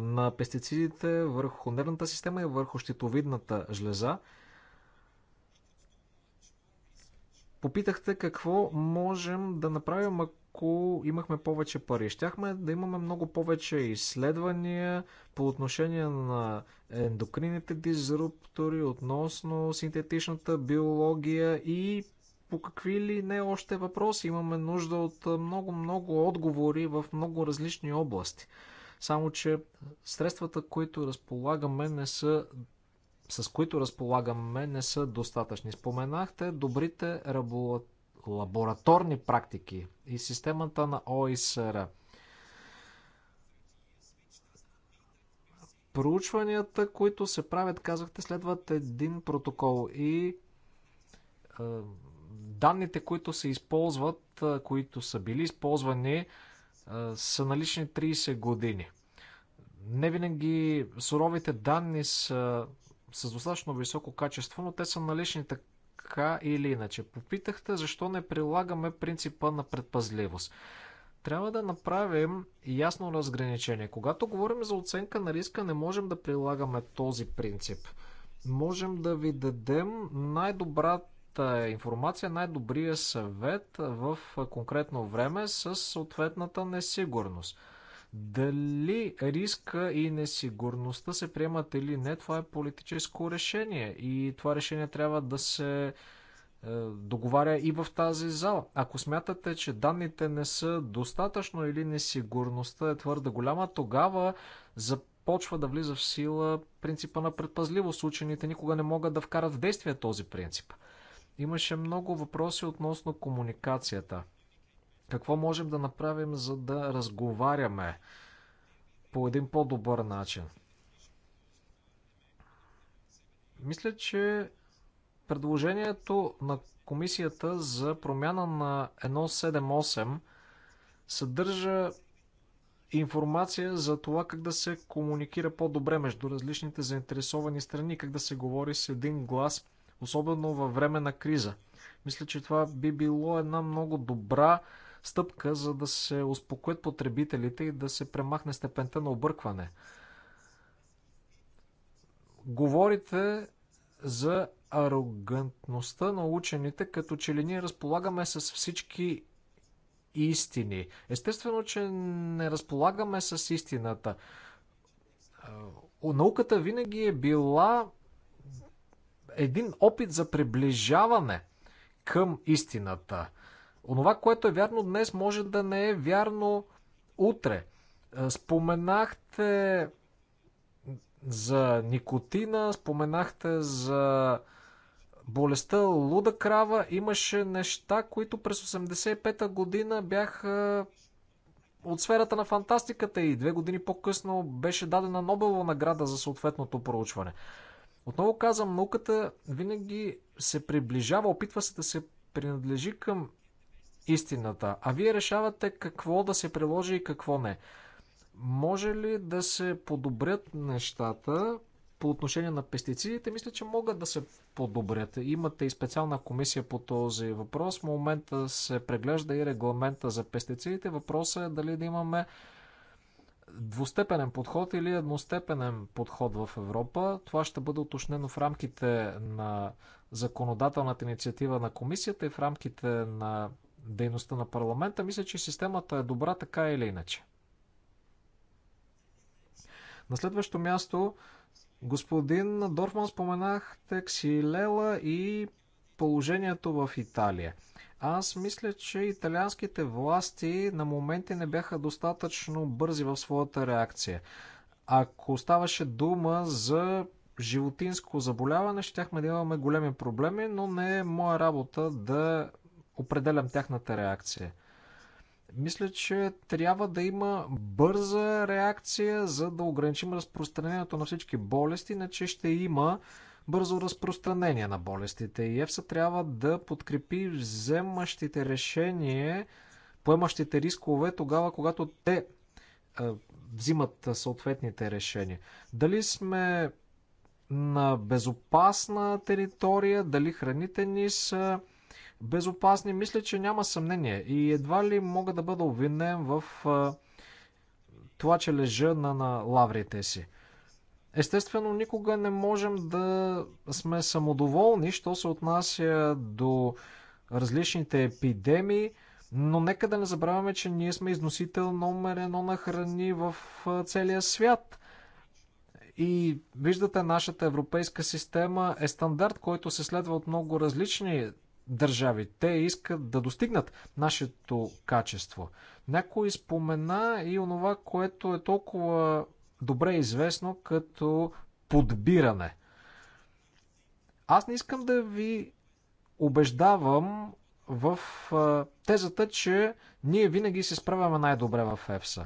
на пестицидите върху нервната система и върху щитовидната жлеза. Попитахте какво можем да направим, ако имахме повече пари. Щяхме да имаме много повече изследвания по отношение на ендокрините дизруптори, относно синтетичната биология и по какви ли не още въпроси. Имаме нужда от много-много отговори в много различни области. Само, че средствата, които разполагаме, не са с които разполагаме, не са достатъчни. Споменахте добрите рабо... лабораторни практики и системата на ОИСР. Проучванията, които се правят, казахте, следват един протокол и е, данните, които се използват, е, които са били използвани, са налични 30 години. Не винаги суровите данни са с достатъчно високо качество, но те са налични така или иначе. Попитахте защо не прилагаме принципа на предпазливост. Трябва да направим ясно разграничение. Когато говорим за оценка на риска, не можем да прилагаме този принцип. Можем да ви дадем най-добрата информация, е най-добрия съвет в конкретно време с съответната несигурност. Дали риска и несигурността се приемат или не, това е политическо решение и това решение трябва да се е, договаря и в тази зала. Ако смятате, че данните не са достатъчно или несигурността е твърде голяма, тогава започва да влиза в сила принципа на предпазливост. Учените никога не могат да вкарат в действие този принцип. Имаше много въпроси относно комуникацията. Какво можем да направим, за да разговаряме по един по-добър начин? Мисля, че предложението на комисията за промяна на 178 съдържа информация за това как да се комуникира по-добре между различните заинтересовани страни, как да се говори с един глас особено във време на криза. Мисля, че това би било една много добра стъпка, за да се успокоят потребителите и да се премахне степента на объркване. Говорите за арогантността на учените, като че ли ние разполагаме с всички истини. Естествено, че не разполагаме с истината. Е, науката винаги е била един опит за приближаване към истината. Онова, което е вярно днес, може да не е вярно утре. Е, споменахте за никотина, споменахте за болестта луда крава. Имаше неща, които през 85-та година бяха от сферата на фантастиката и две години по-късно беше дадена Нобелова награда за съответното проучване. Отново казвам, науката винаги се приближава, опитва се да се принадлежи към истината, а вие решавате какво да се приложи и какво не. Може ли да се подобрят нещата по отношение на пестицидите? Мисля, че могат да се подобрят. Имате и специална комисия по този въпрос. В момента се преглежда и регламента за пестицидите. Въпросът е дали да имаме двустепенен подход или едностепенен подход в Европа. Това ще бъде уточнено в рамките на законодателната инициатива на комисията и в рамките на дейността на парламента. Мисля, че системата е добра така или иначе. На следващо място, господин Дорфман споменахте Ксилела и положението в Италия. Аз мисля, че италианските власти на моменти не бяха достатъчно бързи в своята реакция. Ако ставаше дума за животинско заболяване, щяхме да имаме големи проблеми, но не е моя работа да определям тяхната реакция. Мисля, че трябва да има бърза реакция, за да ограничим разпространението на всички болести, иначе ще има бързо разпространение на болестите и ЕФСА трябва да подкрепи вземащите решение, поемащите рискове тогава, когато те е, взимат съответните решения. Дали сме на безопасна територия, дали храните ни са безопасни, мисля, че няма съмнение. И едва ли мога да бъда обвинен в е, това, че лежа на, на лаврите си. Естествено, никога не можем да сме самодоволни, що се отнася до различните епидемии, но нека да не забравяме, че ние сме износител номер едно на храни в целия свят. И виждате, нашата европейска система е стандарт, който се следва от много различни държави. Те искат да достигнат нашето качество. Някой спомена и онова, което е толкова добре известно като подбиране. Аз не искам да ви убеждавам в тезата, че ние винаги се справяме най-добре в ЕФСА.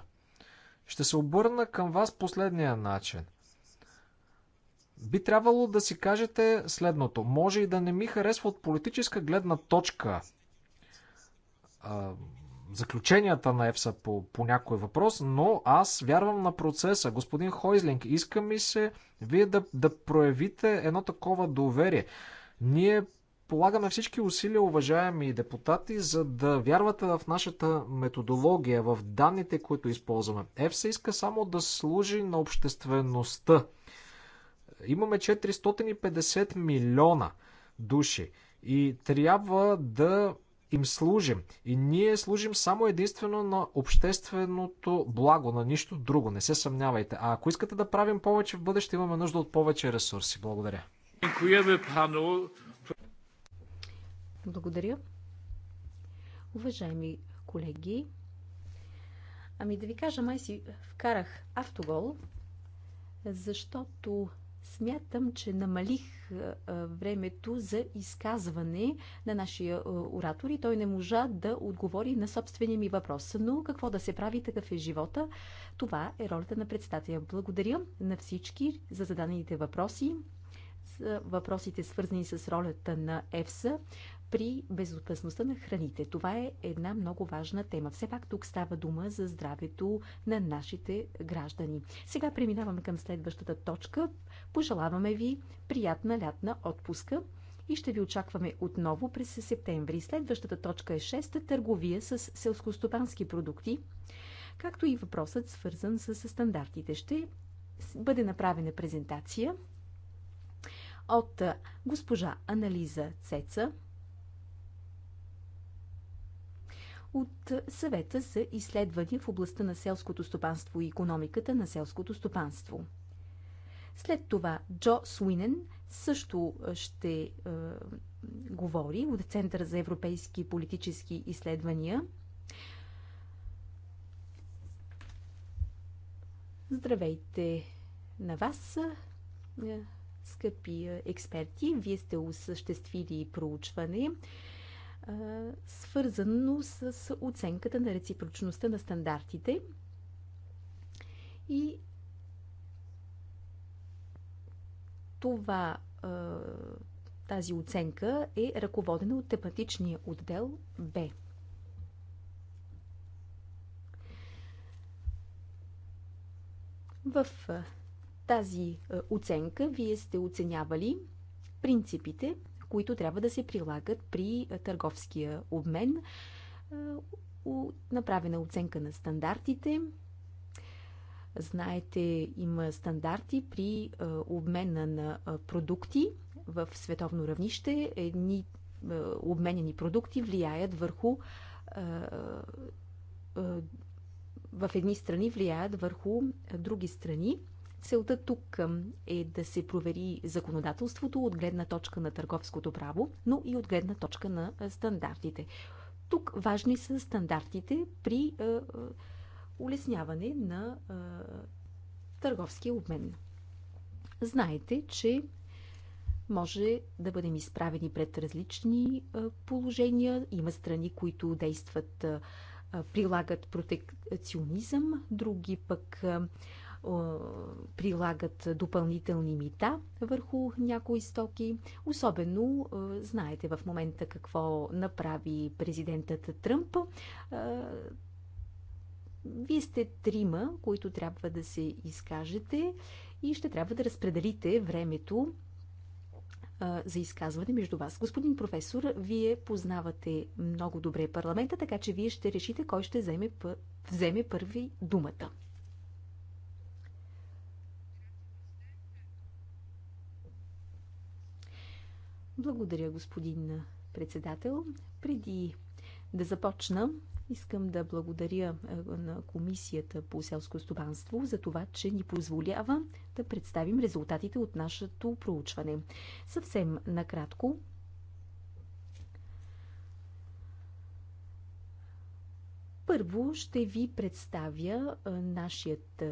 Ще се обърна към вас последния начин. Би трябвало да си кажете следното. Може и да не ми харесва от политическа гледна точка заключенията на ЕФСА по, по някой въпрос, но аз вярвам на процеса. Господин Хойзлинг, иска ми се вие да, да проявите едно такова доверие. Ние полагаме всички усилия, уважаеми депутати, за да вярвате в нашата методология, в данните, които използваме. ЕФСА иска само да служи на обществеността. Имаме 450 милиона души и трябва да им служим. И ние служим само единствено на общественото благо, на нищо друго. Не се съмнявайте. А ако искате да правим повече в бъдеще, имаме нужда от повече ресурси. Благодаря. Благодаря. Уважаеми колеги, ами да ви кажа, май си вкарах автогол, защото Смятам, че намалих времето за изказване на нашия оратор и той не можа да отговори на собствения ми въпрос. Но какво да се прави, такъв е живота. Това е ролята на председателя. Благодаря на всички за зададените въпроси, за въпросите свързани с ролята на ЕФСА при безопасността на храните. Това е една много важна тема. Все пак тук става дума за здравето на нашите граждани. Сега преминаваме към следващата точка. Пожелаваме ви приятна лятна отпуска и ще ви очакваме отново през септември. Следващата точка е 6 търговия с селскостопански продукти, както и въпросът свързан с стандартите. Ще бъде направена презентация от госпожа Анализа Цеца, от съвета за изследвания в областта на селското стопанство и економиката на селското стопанство. След това Джо Суинен също ще е, говори от Центъра за европейски политически изследвания. Здравейте на вас, скъпи експерти. Вие сте осъществили проучване свързано с оценката на реципрочността на стандартите и това, тази оценка е ръководена от тематичния отдел Б. В тази оценка вие сте оценявали принципите, които трябва да се прилагат при търговския обмен. Направена оценка на стандартите. Знаете, има стандарти при обмена на продукти в световно равнище. Едни обменени продукти влияят върху в едни страни влияят върху други страни Целта тук е да се провери законодателството от гледна точка на търговското право, но и от гледна точка на стандартите. Тук важни са стандартите при е, е, улесняване на е, търговския обмен. Знаете, че може да бъдем изправени пред различни положения. Има страни, които действат, прилагат протекционизъм, други пък прилагат допълнителни мита върху някои стоки. Особено знаете в момента какво направи президентът Тръмп. Вие сте трима, които трябва да се изкажете и ще трябва да разпределите времето за изказване между вас. Господин професор, вие познавате много добре парламента, така че вие ще решите кой ще вземе, вземе първи думата. Благодаря, господин председател. Преди да започна, искам да благодаря на Комисията по селско стопанство за това, че ни позволява да представим резултатите от нашето проучване. Съвсем накратко, Първо ще ви представя нашият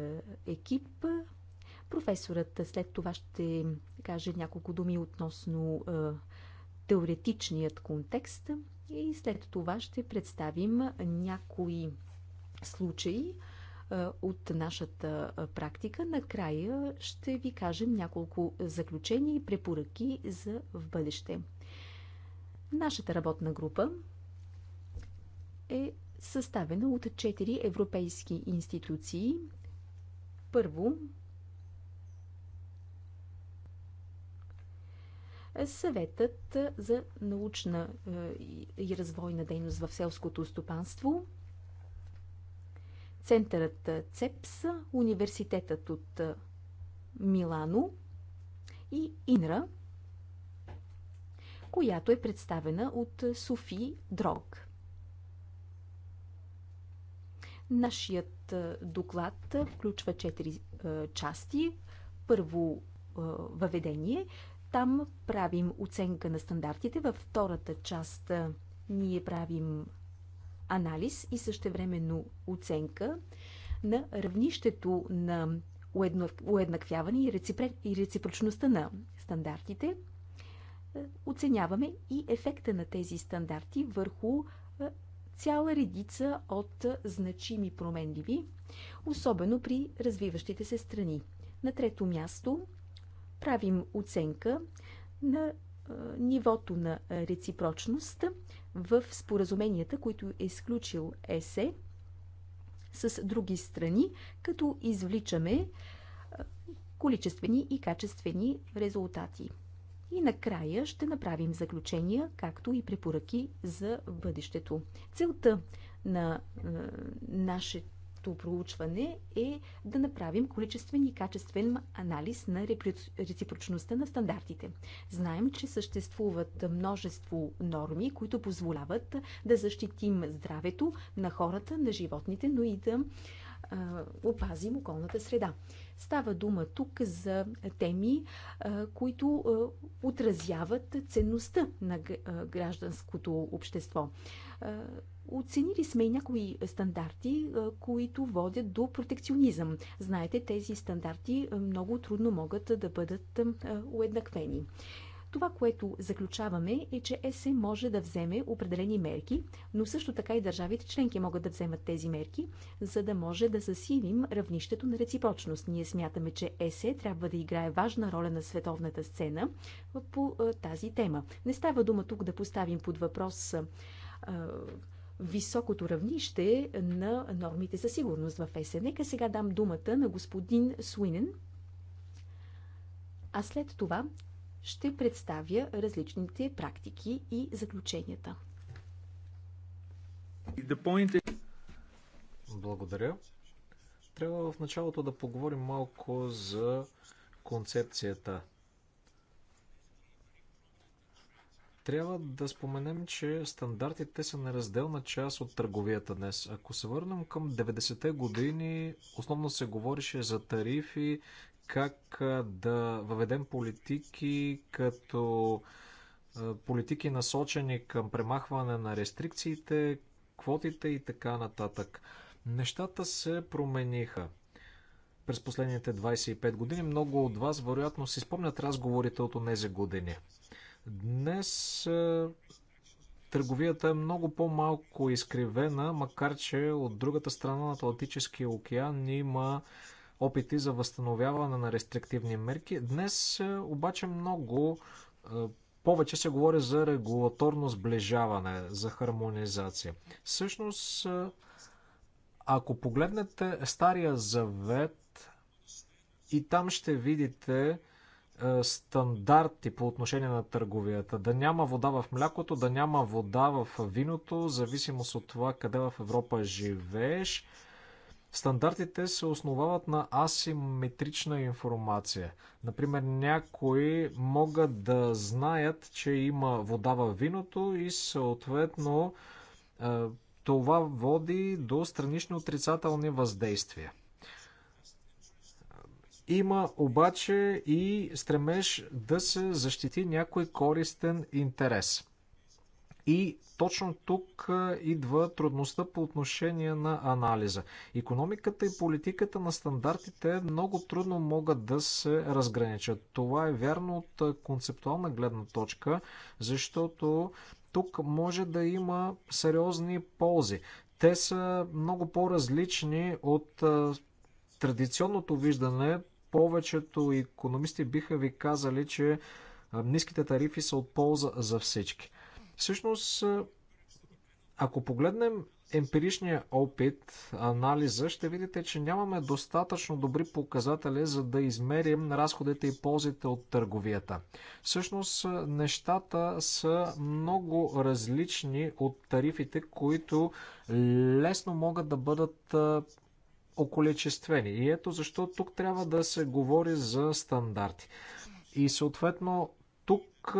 екип, Професорът след това ще каже няколко думи относно е, теоретичният контекст и след това ще представим някои случаи е, от нашата практика. Накрая ще ви кажем няколко заключения и препоръки за в бъдеще. Нашата работна група е съставена от четири европейски институции. Първо, съветът за научна е, и развойна дейност в селското стопанство, центърът е, ЦЕПС, университетът от е, Милано и ИНРА, която е представена от Софи Дрог. Нашият доклад включва четири части. Първо въведение, там правим оценка на стандартите. Във втората част ние правим анализ и същевременно оценка на равнището на уеднаквяване и, и реципрочността на стандартите. Оценяваме и ефекта на тези стандарти върху цяла редица от значими променливи, особено при развиващите се страни. На трето място правим оценка на нивото на реципрочност в споразуменията, които е сключил ЕСЕ с други страни, като извличаме количествени и качествени резултати. И накрая ще направим заключения, както и препоръки за бъдещето. Целта на нашето нашето проучване е да направим количествен и качествен анализ на реципрочността на стандартите. Знаем, че съществуват множество норми, които позволяват да защитим здравето на хората, на животните, но и да опазим околната среда. Става дума тук за теми, които отразяват ценността на гражданското общество. Оценили сме и някои стандарти, които водят до протекционизъм. Знаете, тези стандарти много трудно могат да бъдат уеднаквени. Това, което заключаваме е, че ЕСЕ може да вземе определени мерки, но също така и държавите членки могат да вземат тези мерки, за да може да засилим равнището на реципрочност. Ние смятаме, че ЕСЕ трябва да играе важна роля на световната сцена по тази тема. Не става дума тук да поставим под въпрос високото равнище на нормите за сигурност в ЕСЕ. Нека сега дам думата на господин Суинен, а след това ще представя различните практики и заключенията. Благодаря. Трябва в началото да поговорим малко за концепцията Трябва да споменем, че стандартите са неразделна част от търговията днес. Ако се върнем към 90-те години, основно се говореше за тарифи, как да въведем политики като политики насочени към премахване на рестрикциите, квотите и така нататък. Нещата се промениха през последните 25 години. Много от вас, вероятно, си спомнят разговорите от тези години. Днес е, търговията е много по-малко изкривена, макар че от другата страна на Атлантическия океан има опити за възстановяване на рестриктивни мерки. Днес е, обаче много е, повече се говори за регулаторно сближаване, за хармонизация. Всъщност, ако погледнете Стария завет, и там ще видите е, стандарти по отношение на търговията. Да няма вода в млякото, да няма вода в виното, зависимост от това къде в Европа живееш. Стандартите се основават на асиметрична информация. Например, някои могат да знаят, че има вода в виното и съответно е, това води до странични отрицателни въздействия. Има обаче и стремеж да се защити някой користен интерес. И точно тук идва трудността по отношение на анализа. Економиката и политиката на стандартите много трудно могат да се разграничат. Това е вярно от концептуална гледна точка, защото тук може да има сериозни ползи. Те са много по-различни от традиционното виждане повечето економисти биха ви казали, че ниските тарифи са от полза за всички. Всъщност, ако погледнем емпиричния опит, анализа, ще видите, че нямаме достатъчно добри показатели, за да измерим разходите и ползите от търговията. Всъщност, нещата са много различни от тарифите, които лесно могат да бъдат Околечествени. И ето защо тук трябва да се говори за стандарти. И съответно тук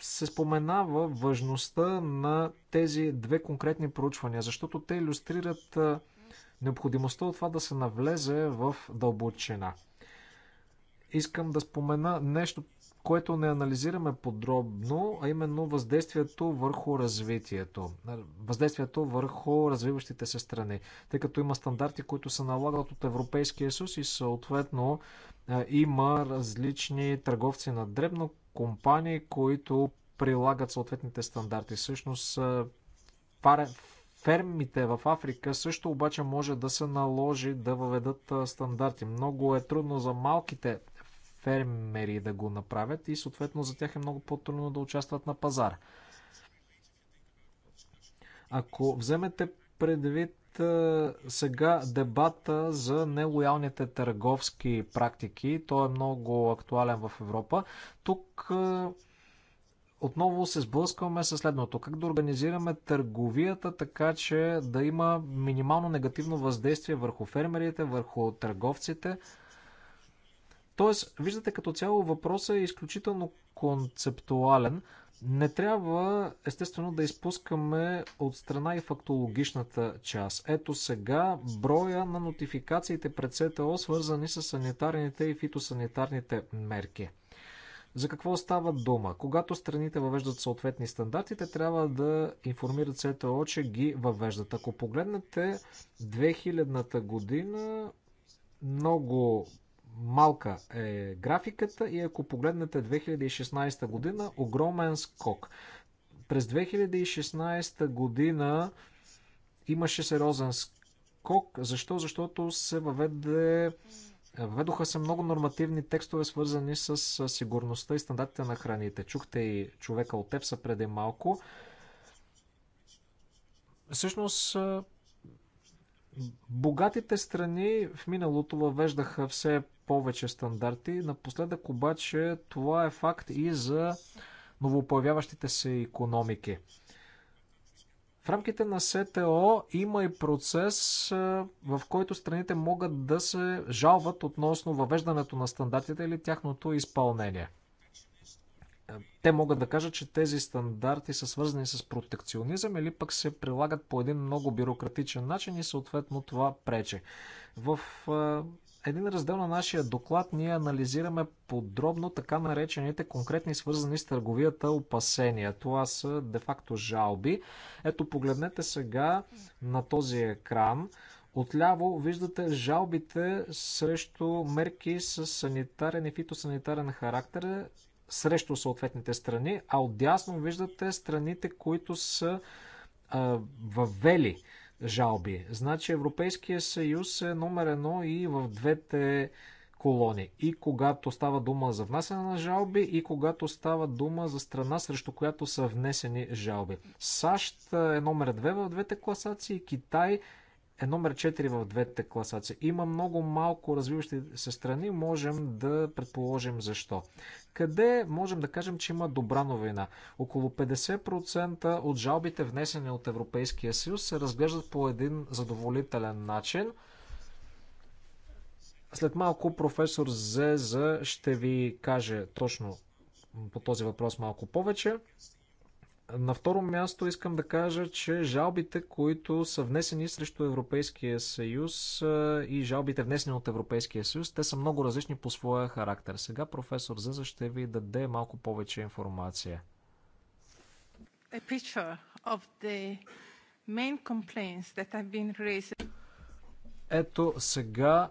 се споменава важността на тези две конкретни проучвания, защото те иллюстрират необходимостта от това да се навлезе в дълбочина. Искам да спомена нещо което не анализираме подробно, а именно въздействието върху развитието, въздействието върху развиващите се страни, тъй като има стандарти, които се налагат от Европейския съюз и съответно има различни търговци на дребно, компании, които прилагат съответните стандарти. Всъщност фермите в Африка също обаче може да се наложи да въведат стандарти. Много е трудно за малките фермери да го направят и съответно за тях е много по-трудно да участват на пазара. Ако вземете предвид сега дебата за нелоялните търговски практики, то е много актуален в Европа, тук отново се сблъскваме с следното. Как да организираме търговията така, че да има минимално негативно въздействие върху фермерите, върху търговците – Тоест, виждате като цяло въпросът е изключително концептуален. Не трябва, естествено, да изпускаме от страна и фактологичната част. Ето сега броя на нотификациите пред СТО, свързани с санитарните и фитосанитарните мерки. За какво става дума? Когато страните въвеждат съответни стандарти, те трябва да информират СТО, че ги въвеждат. Ако погледнете 2000-та година, много малка е графиката и ако погледнете 2016 година, огромен скок. През 2016 година имаше сериозен скок. Защо? Защото се въведе Въведоха се много нормативни текстове, свързани с сигурността и стандартите на храните. Чухте и човека от Тепса преди малко. Всъщност, Богатите страни в миналото въвеждаха все повече стандарти. Напоследък обаче това е факт и за новопоявяващите се економики. В рамките на СТО има и процес, в който страните могат да се жалват относно въвеждането на стандартите или тяхното изпълнение те могат да кажат, че тези стандарти са свързани с протекционизъм или пък се прилагат по един много бюрократичен начин и съответно това прече. В един раздел на нашия доклад ние анализираме подробно така наречените конкретни свързани с търговията опасения. Това са де-факто жалби. Ето погледнете сега на този екран. Отляво виждате жалбите срещу мерки с санитарен и фитосанитарен характер срещу съответните страни, а отдясно виждате страните, които са а, въвели жалби. Значи Европейския съюз е номер едно и в двете колони. И когато става дума за внасяне на жалби, и когато става дума за страна, срещу която са внесени жалби. САЩ е номер две в двете класации, Китай е номер 4 в двете класации. Има много малко развиващи се страни, можем да предположим защо. Къде можем да кажем, че има добра новина? Около 50% от жалбите, внесени от Европейския съюз, се разглеждат по един задоволителен начин. След малко професор Зеза ще ви каже точно по този въпрос малко повече. На второ място искам да кажа, че жалбите, които са внесени срещу Европейския съюз и жалбите внесени от Европейския съюз, те са много различни по своя характер. Сега професор Зъза ще ви даде малко повече информация. Ето сега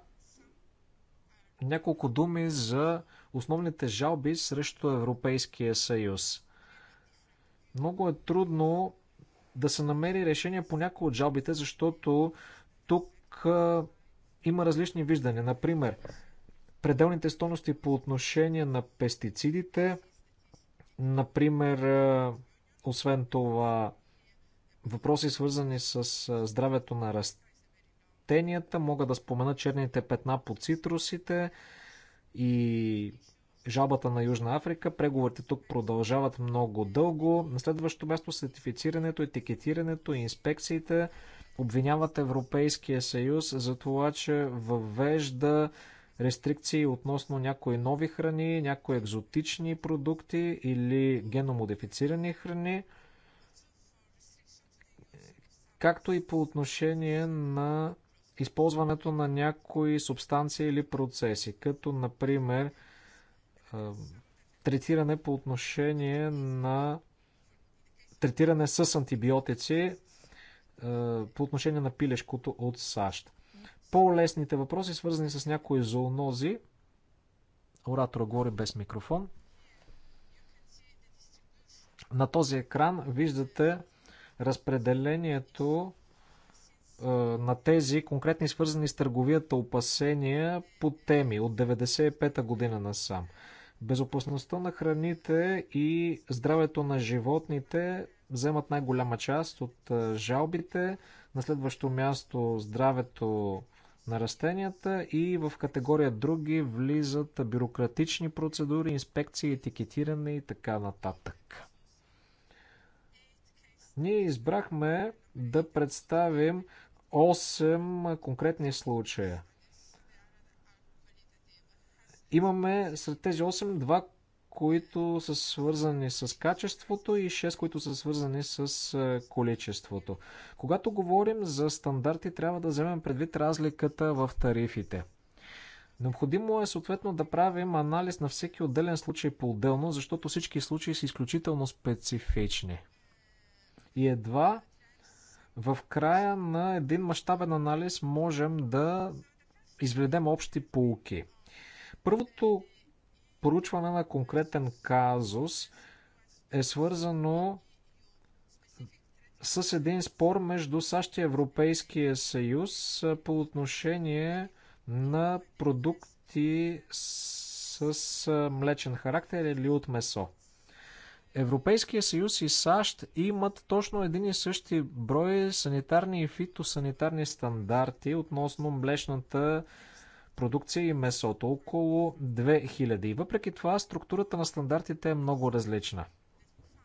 няколко думи за основните жалби срещу Европейския съюз. Много е трудно да се намери решение по някои от жалбите, защото тук има различни виждания. Например, пределните стоености по отношение на пестицидите, например, освен това, въпроси свързани с здравето на растенията, мога да спомена черните петна по цитрусите и жалбата на Южна Африка. Преговорите тук продължават много дълго. На следващото място сертифицирането, етикетирането, инспекциите обвиняват Европейския съюз за това, че въвежда рестрикции относно някои нови храни, някои екзотични продукти или геномодифицирани храни, както и по отношение на използването на някои субстанции или процеси, като например третиране по отношение на третиране с антибиотици по отношение на пилешкото от САЩ. По-лесните въпроси, свързани с някои зоонози, оратора говори без микрофон. На този екран виждате разпределението на тези конкретни свързани с търговията опасения по теми от 95-та година насам. Безопасността на храните и здравето на животните вземат най-голяма част от е, жалбите. На следващо място здравето на растенията и в категория други влизат бюрократични процедури, инспекции, етикетиране и така нататък. Ние избрахме да представим 8 конкретни случая. Имаме сред тези 8 два, които са свързани с качеството и 6, които са свързани с е, количеството. Когато говорим за стандарти, трябва да вземем предвид разликата в тарифите. Необходимо е съответно да правим анализ на всеки отделен случай по-отделно, защото всички случаи са изключително специфични. И едва в края на един мащабен анализ можем да изведем общи полуки – Първото проучване на конкретен казус е свързано с един спор между САЩ и Европейския съюз по отношение на продукти с млечен характер или от месо. Европейския съюз и САЩ имат точно един и същи брой санитарни и фитосанитарни стандарти относно млечната продукция и месото, около 2000. И въпреки това структурата на стандартите е много различна.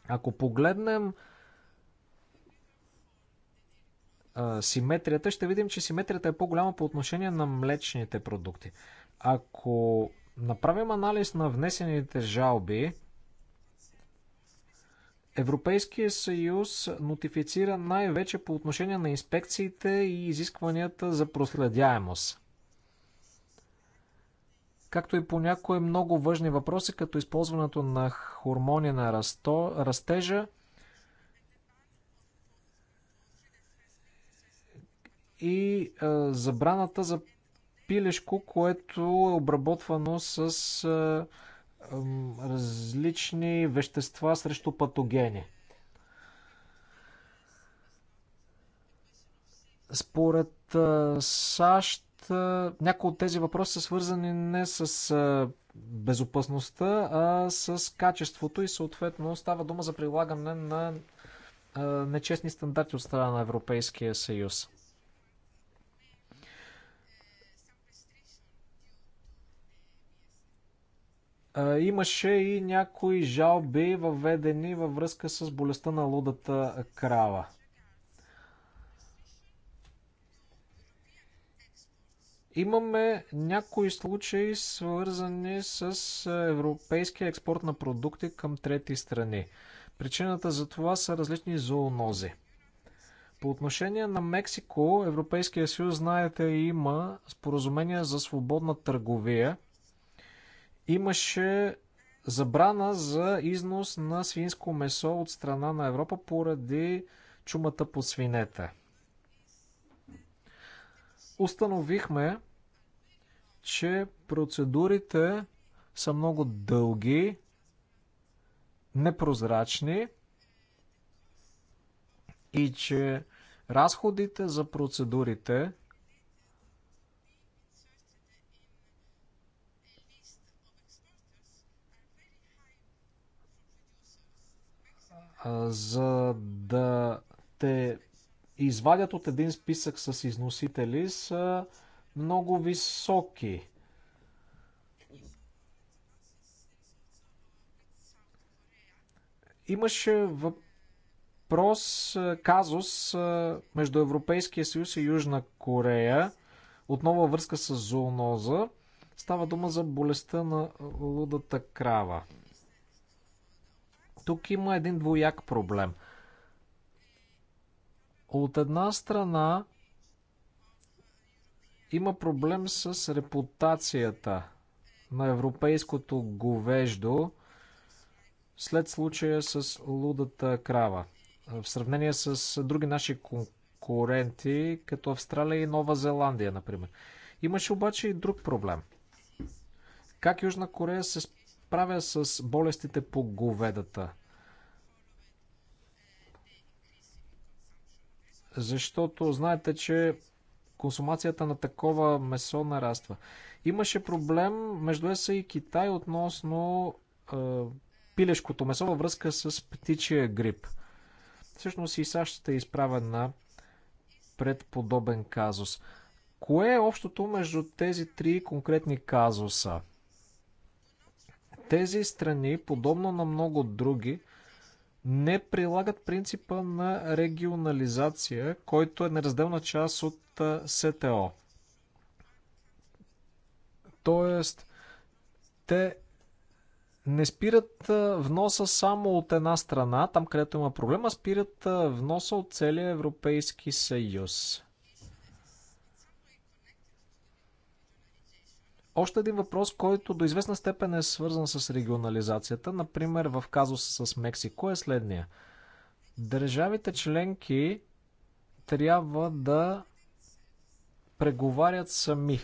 Ако погледнем а, симетрията, ще видим, че симетрията е по-голяма по отношение на млечните продукти. Ако направим анализ на внесените жалби, Европейския съюз нотифицира най-вече по отношение на инспекциите и изискванията за проследяемост както и по някои много важни въпроси, като използването на хормони на расто, растежа и забраната за пилешко, което е обработвано с различни вещества срещу патогени. Според САЩ някои от тези въпроси са свързани не с безопасността, а с качеството и съответно става дума за прилагане на нечестни стандарти от страна на Европейския съюз. Имаше и някои жалби въведени във връзка с болестта на лудата крава. Имаме някои случаи свързани с е, европейския експорт на продукти към трети страни. Причината за това са различни зоонози. По отношение на Мексико, Европейския съюз, знаете, има споразумение за свободна търговия. Имаше забрана за износ на свинско месо от страна на Европа поради чумата по свинете. Установихме, че процедурите са много дълги, непрозрачни и че разходите за процедурите за да те извадят от един списък с износители са много високи. Имаше въпрос, казус между Европейския съюз и Южна Корея, отново връзка с зооноза. Става дума за болестта на лудата крава. Тук има един двояк проблем – от една страна има проблем с репутацията на европейското говеждо след случая с лудата крава. В сравнение с други наши конкуренти, като Австралия и Нова Зеландия, например. Имаше обаче и друг проблем. Как Южна Корея се справя с болестите по говедата? защото знаете, че консумацията на такова месо нараства. Имаше проблем между ЕСА и Китай относно е, пилешкото месо във връзка с птичия грип. Всъщност и САЩ е изправена пред подобен казус. Кое е общото между тези три конкретни казуса? Тези страни, подобно на много други, не прилагат принципа на регионализация, който е неразделна част от СТО. Тоест, те не спират вноса само от една страна, там където има проблема, спират вноса от целия Европейски съюз. Още един въпрос, който до известна степен е свързан с регионализацията, например в казуса с Мексико, е следния. Държавите членки трябва да преговарят сами.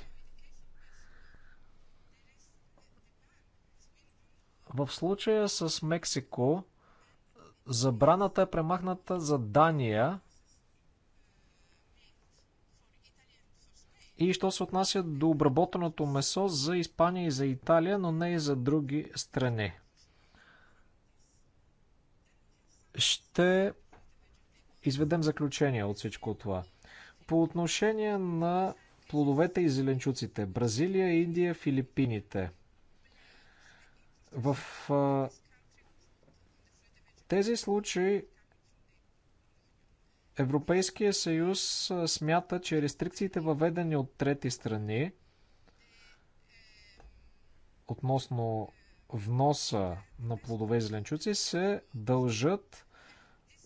В случая с Мексико, забраната е премахната за Дания, И що се отнася до обработеното месо за Испания и за Италия, но не и за други страни. Ще изведем заключение от всичко това. По отношение на плодовете и зеленчуците, Бразилия, Индия, Филипините. В тези случаи Европейския съюз смята, че рестрикциите въведени от трети страни относно вноса на плодове и зеленчуци се дължат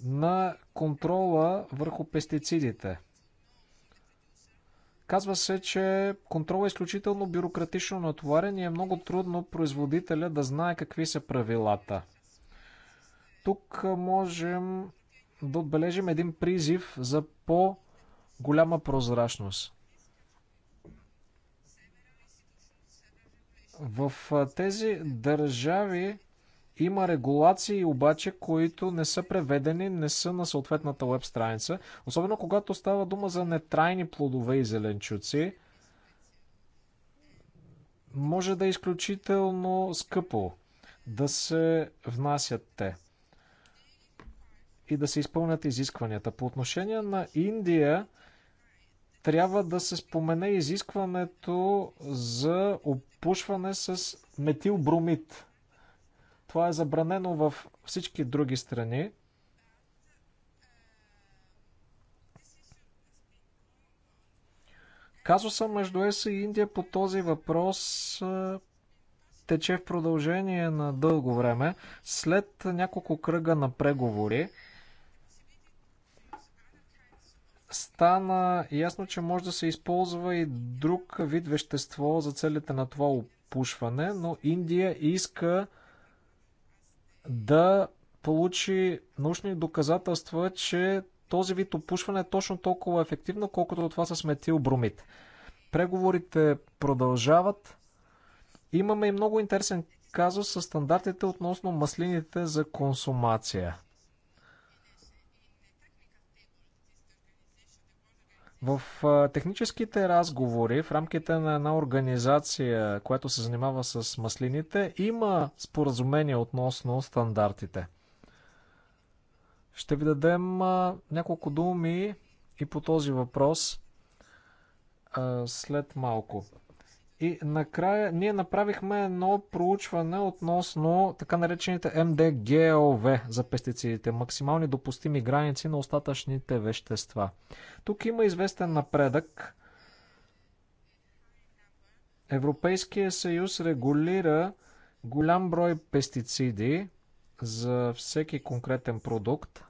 на контрола върху пестицидите. Казва се, че контролът е изключително бюрократично натоварен и е много трудно производителя да знае какви са правилата. Тук можем да отбележим един призив за по-голяма прозрачност. В тези държави има регулации, обаче, които не са преведени, не са на съответната веб страница. Особено когато става дума за нетрайни плодове и зеленчуци, може да е изключително скъпо да се внасят те и да се изпълнят изискванията. По отношение на Индия, трябва да се спомене изискването за опушване с метилбромид. Това е забранено във всички други страни. Казуса между ЕС и Индия по този въпрос тече в продължение на дълго време. След няколко кръга на преговори, стана ясно, че може да се използва и друг вид вещество за целите на това опушване, но Индия иска да получи научни доказателства, че този вид опушване е точно толкова ефективно, колкото това с метилбромид. Преговорите продължават. Имаме и много интересен казус с стандартите относно маслините за консумация. В техническите разговори в рамките на една организация, която се занимава с маслините, има споразумение относно стандартите. Ще ви дадем няколко думи и по този въпрос след малко. И накрая ние направихме едно проучване относно така наречените МДГОВ за пестицидите, максимални допустими граници на остатъчните вещества. Тук има известен напредък. Европейския съюз регулира голям брой пестициди за всеки конкретен продукт.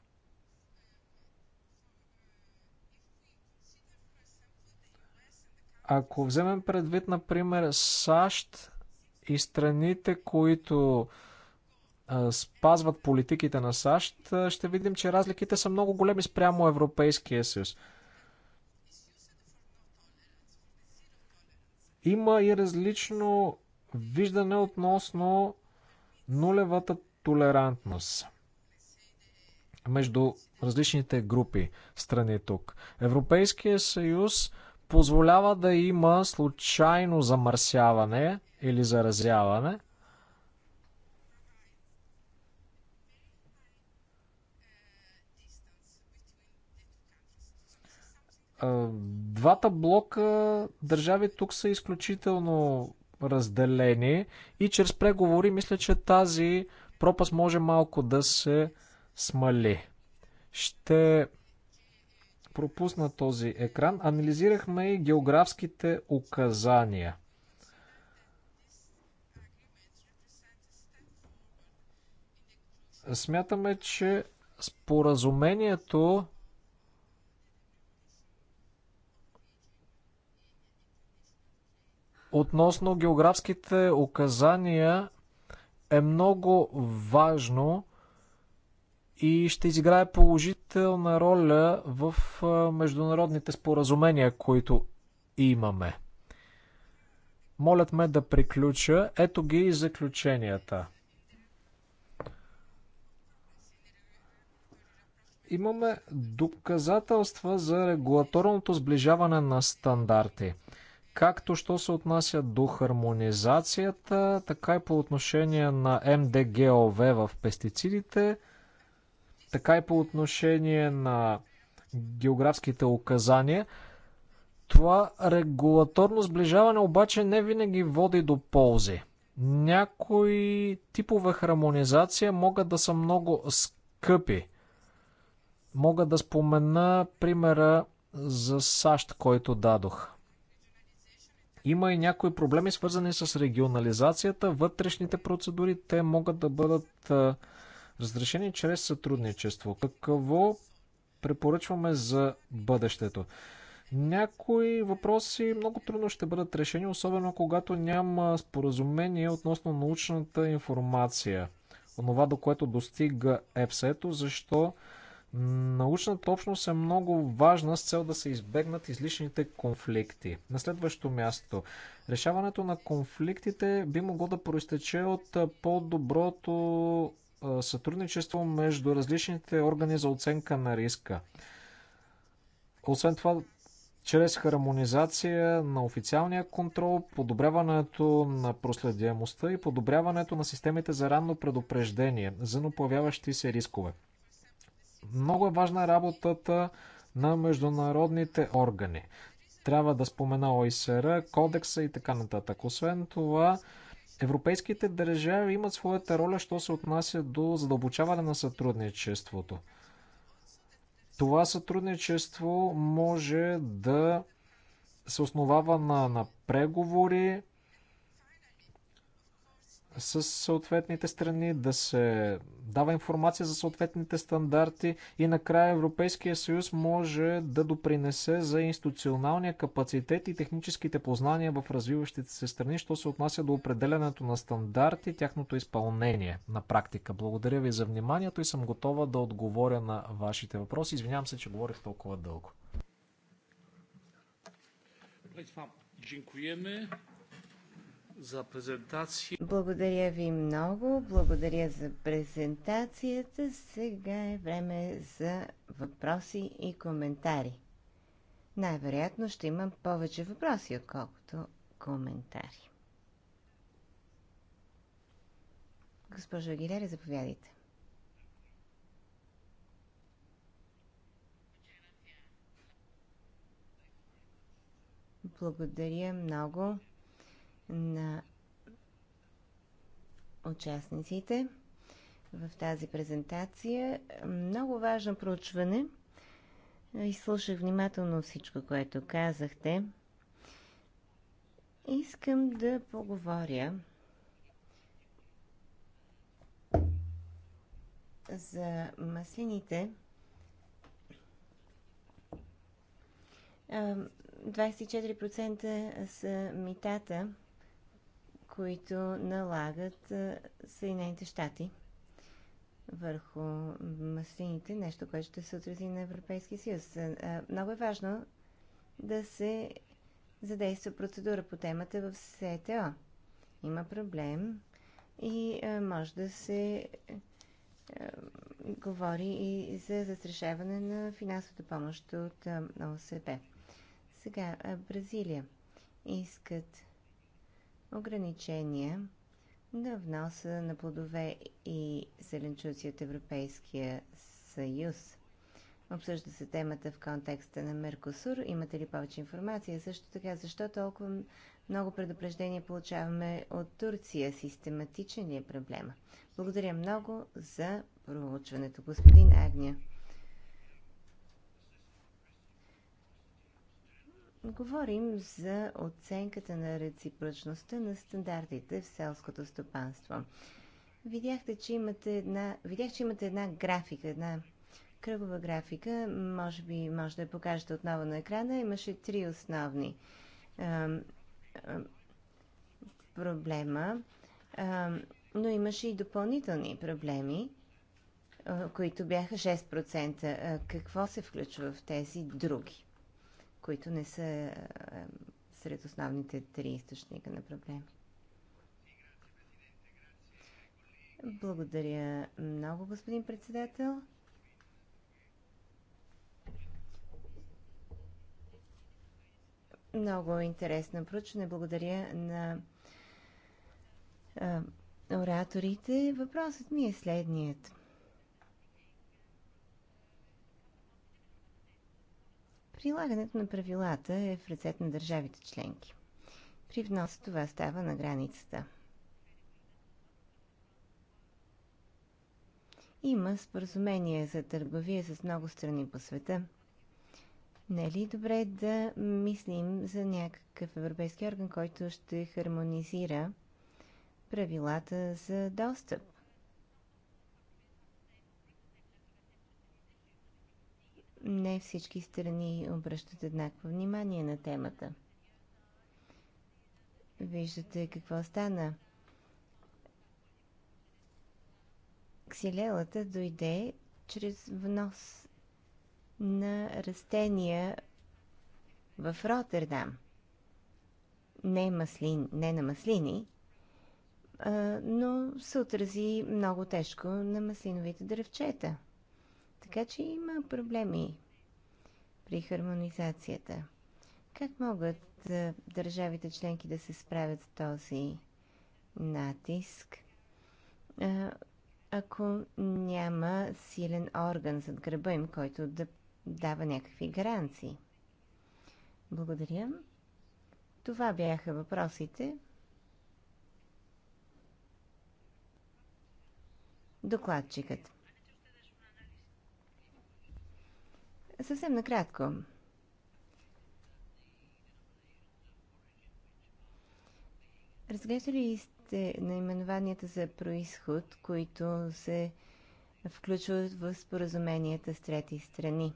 Ако вземем предвид, например, САЩ и страните, които спазват политиките на САЩ, ще видим, че разликите са много големи спрямо Европейския съюз. Има и различно виждане относно нулевата толерантност между различните групи страни тук. Европейския съюз позволява да има случайно замърсяване или заразяване. Двата блока държави тук са изключително разделени и чрез преговори мисля, че тази пропаст може малко да се смали. Ще пропусна този екран. Анализирахме и географските указания. Смятаме, че споразумението относно географските указания е много важно и ще изиграе положителна роля в международните споразумения, които имаме. Молят ме да приключа. Ето ги и заключенията. Имаме доказателства за регулаторното сближаване на стандарти. Както що се отнася до хармонизацията, така и по отношение на МДГОВ в пестицидите – така и по отношение на географските указания. Това регулаторно сближаване обаче не винаги води до ползи. Някои типове хармонизация могат да са много скъпи. Мога да спомена примера за САЩ, който дадох. Има и някои проблеми, свързани с регионализацията, вътрешните процедури. Те могат да бъдат Разрешение чрез сътрудничество. Какво препоръчваме за бъдещето? Някои въпроси много трудно ще бъдат решени, особено когато няма споразумение относно научната информация. Онова, до което достига ЕПСЕТО, защо научната общност е много важна с цел да се избегнат излишните конфликти. На следващо място, решаването на конфликтите би могло да проистече от по-доброто сътрудничество между различните органи за оценка на риска. Освен това, чрез хармонизация на официалния контрол, подобряването на проследяемостта и подобряването на системите за ранно предупреждение за наплавяващи се рискове. Много е важна работата на международните органи. Трябва да спомена ОИСР, кодекса и така нататък. Освен това, Европейските държави имат своята роля, що се отнася до задълбочаване на сътрудничеството. Това сътрудничество може да се основава на, на преговори, с съответните страни, да се дава информация за съответните стандарти и накрая Европейския съюз може да допринесе за институционалния капацитет и техническите познания в развиващите се страни, що се отнася до определенето на стандарти, тяхното изпълнение на практика. Благодаря ви за вниманието и съм готова да отговоря на вашите въпроси. Извинявам се, че говорих толкова дълго. Dziękujemy за презентация. Благодаря ви много. Благодаря за презентацията. Сега е време за въпроси и коментари. Най-вероятно ще имам повече въпроси, отколкото коментари. Госпожо Агилера, заповядайте. Благодаря много на участниците в тази презентация. Много важно проучване. Изслушах внимателно всичко, което казахте. Искам да поговоря за маслините. 24% са митата които налагат Съединените щати върху маслините, нещо, което ще се отрази на Европейския съюз. Много е важно да се задейства процедура по темата в СТО. Има проблем и може да се говори и за застрашаване на финансовата помощ от ОСП. Сега, Бразилия искат ограничения на вноса на плодове и зеленчуци от Европейския съюз. Обсъжда се темата в контекста на Меркосур. Имате ли повече информация? Също така, защо толкова много предупреждения получаваме от Турция? Систематичен ли е проблема? Благодаря много за проучването, господин Агния. Говорим за оценката на реципрочността на стандартите в селското стопанство. Видяхте, че имате една, видях, че имате една графика, една кръгова графика. Може би може да я покажете отново на екрана. Имаше три основни а, а, проблема, а, но имаше и допълнителни проблеми, които бяха 6%. какво се включва в тези други? които не са е, сред основните три източника на проблеми. Благодаря много, господин председател. Много интересно проучване. Благодаря на а, е, ораторите. Въпросът ми е следният. Прилагането на правилата е в ръцете на държавите членки. При внос това става на границата. Има споразумение за търговия с много страни по света. Не е ли добре да мислим за някакъв европейски орган, който ще хармонизира правилата за достъп? не всички страни обръщат еднакво внимание на темата. Виждате какво стана. Ксилелата дойде чрез внос на растения в Роттердам. Не, маслин, не на маслини, но се отрази много тежко на маслиновите дървчета. Така че има проблеми при хармонизацията. Как могат да, държавите членки да се справят с този натиск, ако няма силен орган зад гръба им, който да дава някакви гаранции? Благодаря. Това бяха въпросите. Докладчикът. Съвсем накратко. Разглеждали сте наименованията за происход, които се включват в споразуменията с трети страни?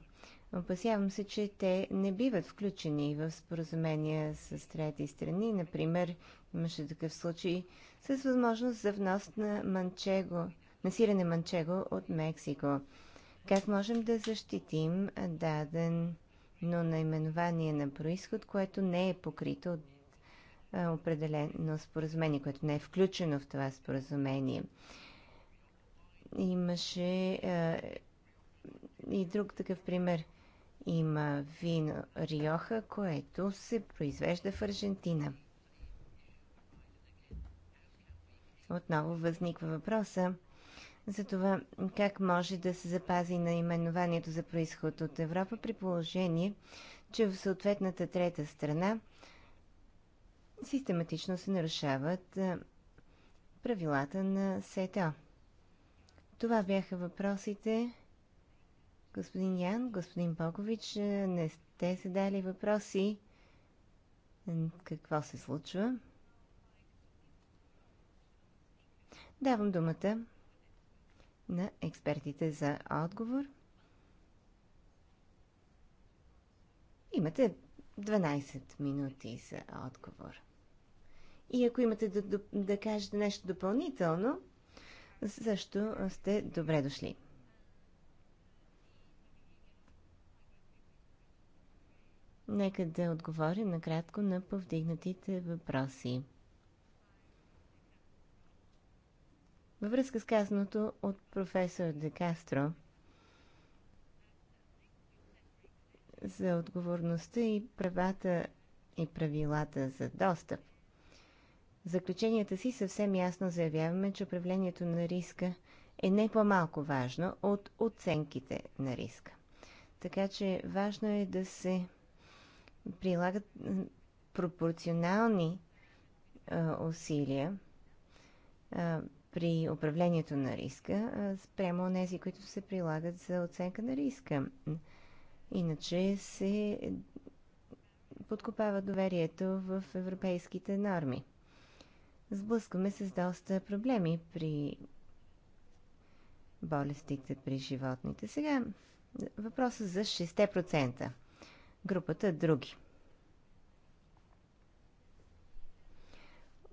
Опасявам се, че те не биват включени в споразумения с трети страни. Например, имаше такъв случай с възможност за внос на манчего, сирене манчего от Мексико. Как можем да защитим дадено наименование на происход, което не е покрито от определено споразумение, което не е включено в това споразумение. Имаше и друг такъв пример. Има вино Риоха, което се произвежда в Аржентина. Отново възниква въпроса за това как може да се запази наименованието за происход от Европа при положение, че в съответната трета страна систематично се нарушават правилата на СЕТО. Това бяха въпросите. Господин Ян, господин Богович, не сте задали въпроси. Какво се случва? Давам думата на експертите за отговор. Имате 12 минути за отговор. И ако имате да, да, да кажете нещо допълнително, също сте добре дошли. Нека да отговорим накратко на повдигнатите въпроси. Във връзка с казаното от професор Де Кастро за отговорността и правата и правилата за достъп, в заключенията си съвсем ясно заявяваме, че управлението на риска е не по-малко важно от оценките на риска. Така че важно е да се прилагат пропорционални а, усилия а, при управлението на риска спрямо тези, които се прилагат за оценка на риска. Иначе се подкопава доверието в европейските норми. Сблъскваме се с доста проблеми при болестите при животните. Сега въпросът за 6%. Групата други.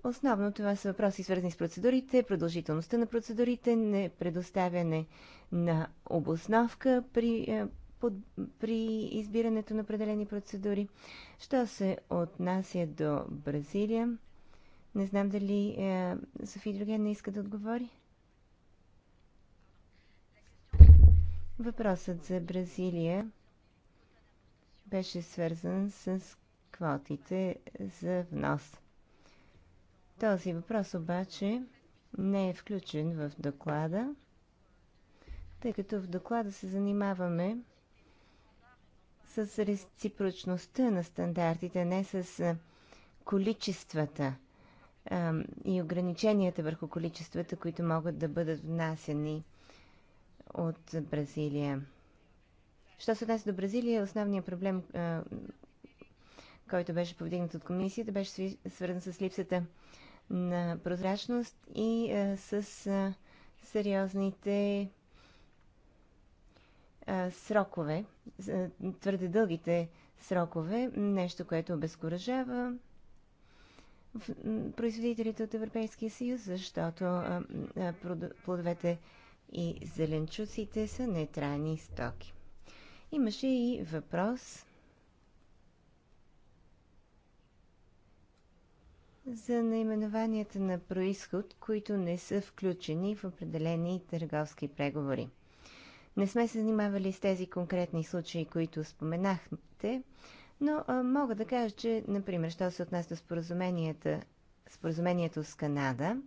Основно това са въпроси свързани с процедурите, продължителността на процедурите, не предоставяне на обосновка при, е, под, при избирането на определени процедури. Що се отнася до Бразилия, не знам дали е, Софи Друген не иска да отговори. Въпросът за Бразилия беше свързан с квотите за внос. Този въпрос обаче не е включен в доклада, тъй като в доклада се занимаваме с реципрочността на стандартите, не с количествата и ограниченията върху количествата, които могат да бъдат внасяни от Бразилия. Що се отнася до Бразилия, основният проблем, който беше повдигнат от комисията, беше свързан с липсата на прозрачност и а, с а, сериозните а, срокове, а, твърде дългите срокове, нещо, което обезкуражава производителите от Европейския съюз, защото а, а, плодовете и зеленчуците са нетрайни стоки. Имаше и въпрос за наименованията на происход, които не са включени в определени търговски преговори. Не сме се занимавали с тези конкретни случаи, които споменахте, но а, мога да кажа, че, например, що се отнася до споразуменията, споразумението с Канада,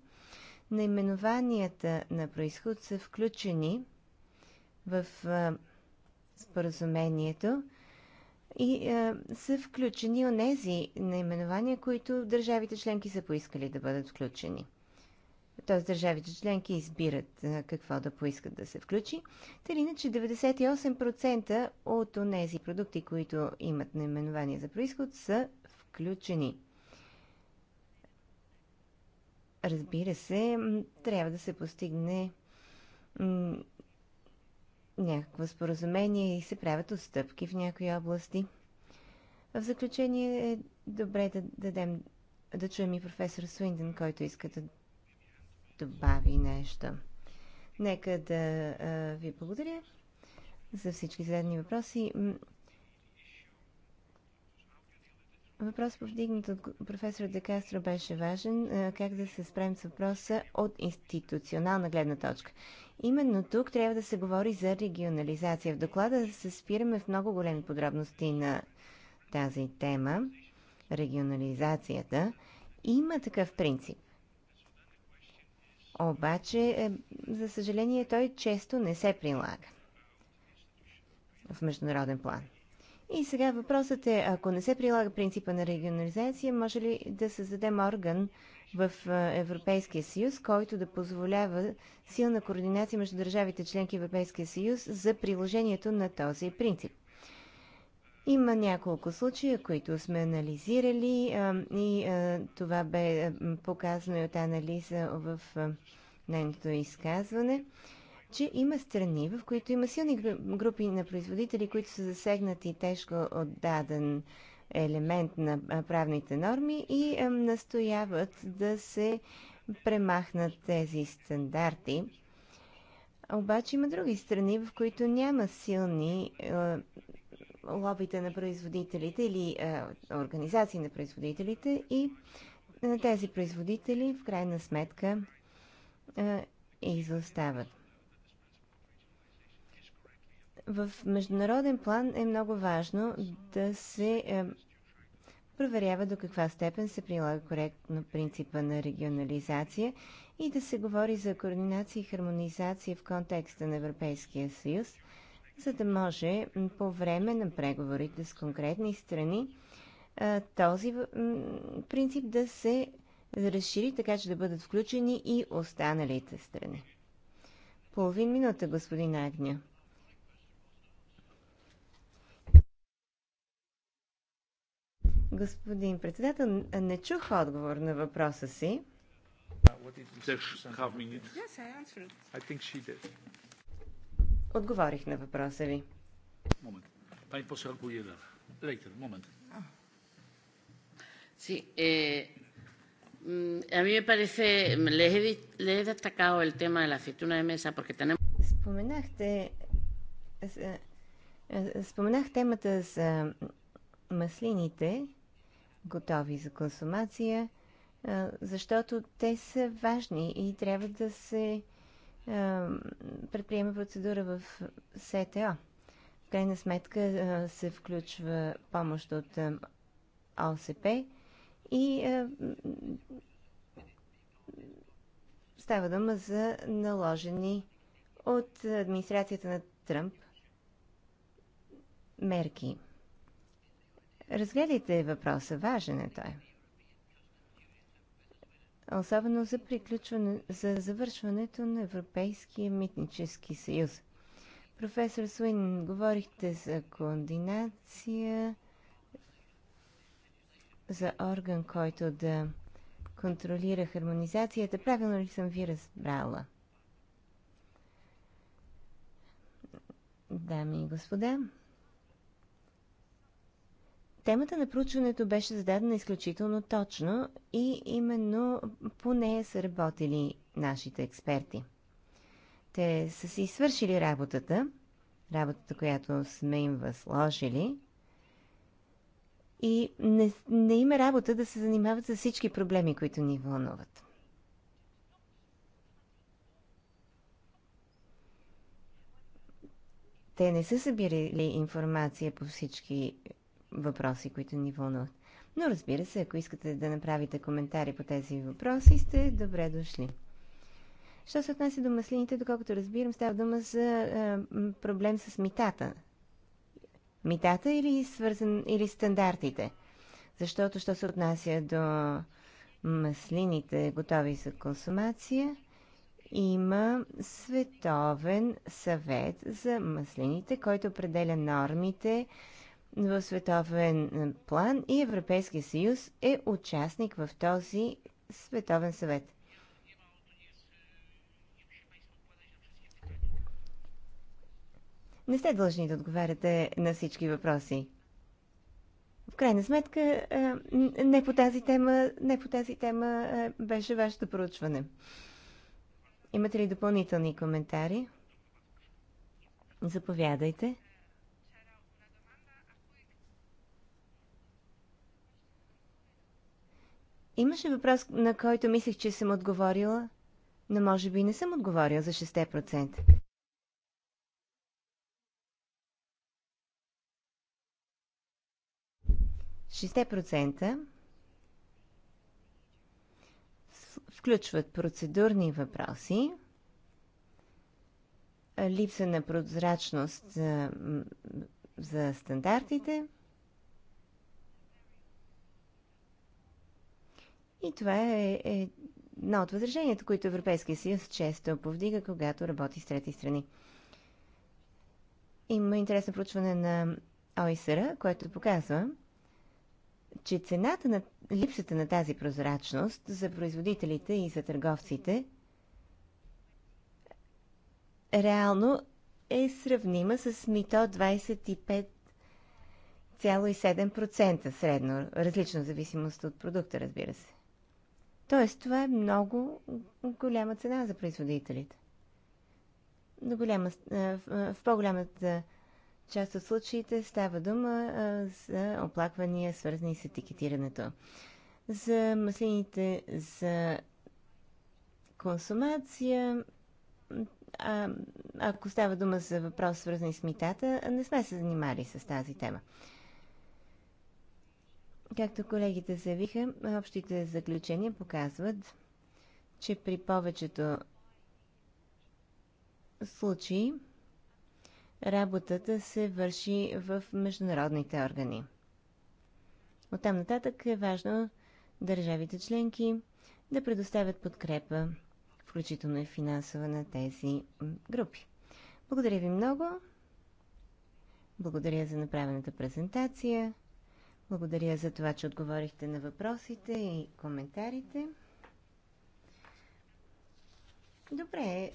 наименованията на происход са включени в а, споразумението, и е, са включени онези наименования, които държавите членки са поискали да бъдат включени. Тоест държавите членки избират е, какво да поискат да се включи. Та иначе 98% от онези продукти, които имат наименование за происход, са включени. Разбира се, трябва да се постигне някакво споразумение и се правят отстъпки в някои области. В заключение е добре да дадем да чуем и професор Суинден, който иска да добави нещо. Нека да а, ви благодаря за всички зададени въпроси. Въпрос, повдигнат от професор Декастро, беше важен. Как да се справим с въпроса от институционална гледна точка? Именно тук трябва да се говори за регионализация. В доклада да се спираме в много големи подробности на тази тема, регионализацията. Има такъв принцип. Обаче, е, за съжаление, той често не се прилага в международен план. И сега въпросът е, ако не се прилага принципа на регионализация, може ли да създадем орган в Европейския съюз, който да позволява силна координация между държавите членки Европейския съюз за приложението на този принцип. Има няколко случая, които сме анализирали и това бе показано и от анализа в нейното изказване, че има страни, в които има силни групи на производители, които са засегнати тежко от даден елемент на правните норми и настояват да се премахнат тези стандарти. Обаче има други страни, в които няма силни е, лобита на производителите или е, организации на производителите и е, тези производители в крайна сметка е, изостават в международен план е много важно да се е, проверява до каква степен се прилага коректно принципа на регионализация и да се говори за координация и хармонизация в контекста на Европейския съюз, за да може по време на преговорите с конкретни страни е, този принцип да се разшири, така че да бъдат включени и останалите страни. Половин минута, господин Агня. Господин председател, не чух отговор на въпроса си. Отговорих на въпроса ви. Sí, eh, mm, a mí me parece, les he, les he destacado el tema de la aceituna de mesa porque tenemos... Споменахте, споменах темата за маслините, готови за консумация, защото те са важни и трябва да се предприема процедура в СТО. В крайна сметка се включва помощ от ОСП и става дума за наложени от администрацията на Тръмп мерки. Разгледайте въпроса, важен е той. Особено за, приключване, за завършването на Европейския митнически съюз. Професор Суин, говорихте за координация, за орган, който да контролира хармонизацията. Правилно ли съм ви разбрала? Дами и господа, Темата на проучването беше зададена изключително точно и именно по нея са работили нашите експерти. Те са си свършили работата, работата, която сме им възложили, и не, не има работа да се занимават с всички проблеми, които ни вълнуват. Те не са събирали информация по всички въпроси, които ни вълнуват. Но разбира се, ако искате да направите коментари по тези въпроси, сте добре дошли. Що се отнася до маслините, доколкото разбирам, става дума за е, проблем с митата. Митата или, свързан, или стандартите? Защото, що се отнася до маслините, готови за консумация, има световен съвет за маслините, който определя нормите, в световен е, план и Европейския съюз е участник в този световен съвет. Не сте длъжни да отговаряте на всички въпроси. В крайна сметка, е, не по тази тема, не по тази тема е, беше вашето проучване. Имате ли допълнителни коментари? Заповядайте. Имаше въпрос, на който мислех, че съм отговорила, но може би не съм отговорила за 6%. 6% включват процедурни въпроси, липса на прозрачност за, за стандартите – И това е, е едно от възраженията, които Европейския съюз често повдига, когато работи с трети страни. Има интересно проучване на ОИСР, което показва, че цената на липсата на тази прозрачност за производителите и за търговците реално е сравнима с мито 25,7% средно, различно в зависимост от продукта, разбира се. Тоест, това е много голяма цена за производителите. До голяма, е, е, в по-голямата част от случаите става дума е, за оплаквания, свързани с етикетирането. За маслините за консумация, а, ако става дума за въпрос, свързан с митата, не сме се занимали с тази тема. Както колегите заявиха, общите заключения показват, че при повечето случаи работата се върши в международните органи. От там нататък е важно държавите членки да предоставят подкрепа, включително и финансова на тези групи. Благодаря ви много. Благодаря за направената презентация. Благодаря за това, че отговорихте на въпросите и коментарите. Добре.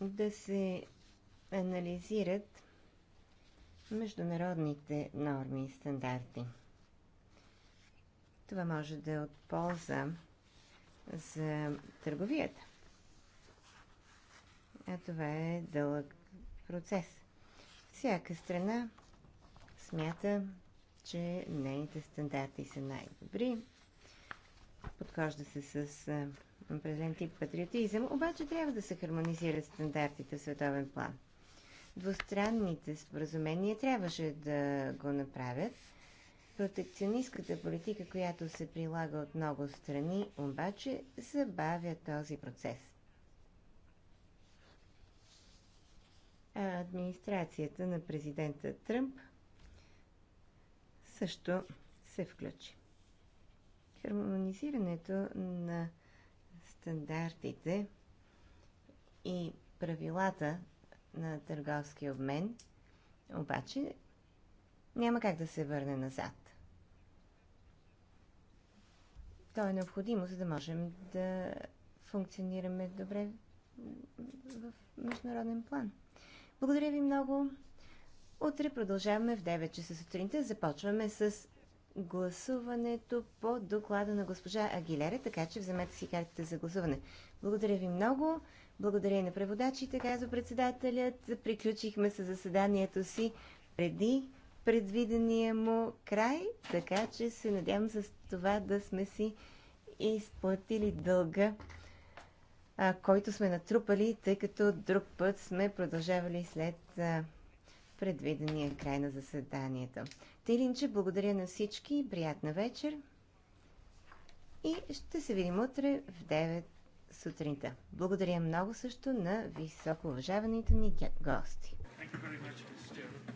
Да се анализират международните норми и стандарти. Това може да е от полза за търговията. А това е дълъг процес. Всяка страна смята, че нейните стандарти са най-добри. Подхожда се с определен тип патриотизъм, обаче трябва да се хармонизират стандартите в световен план. Двустранните споразумения трябваше да го направят. Протекционистката политика, която се прилага от много страни, обаче забавя този процес. администрацията на президента Тръмп също се включи. Хармонизирането на стандартите и правилата на търговски обмен обаче няма как да се върне назад. То е необходимо, за да можем да функционираме добре в международен план. Благодаря ви много. Утре продължаваме в 9 часа сутринта. Започваме с гласуването по доклада на госпожа Агилера, така че вземете си картите за гласуване. Благодаря ви много. Благодаря и на преводачите, казва председателят. Приключихме с заседанието си преди предвидения му край, така че се надявам с това да сме си изплатили дълга а, който сме натрупали, тъй като друг път сме продължавали след а, предвидения край на заседанието. Тилинче, благодаря на всички, приятна вечер и ще се видим утре в 9 сутринта. Благодаря много също на високо уважаваните ни гости. Thank you very much,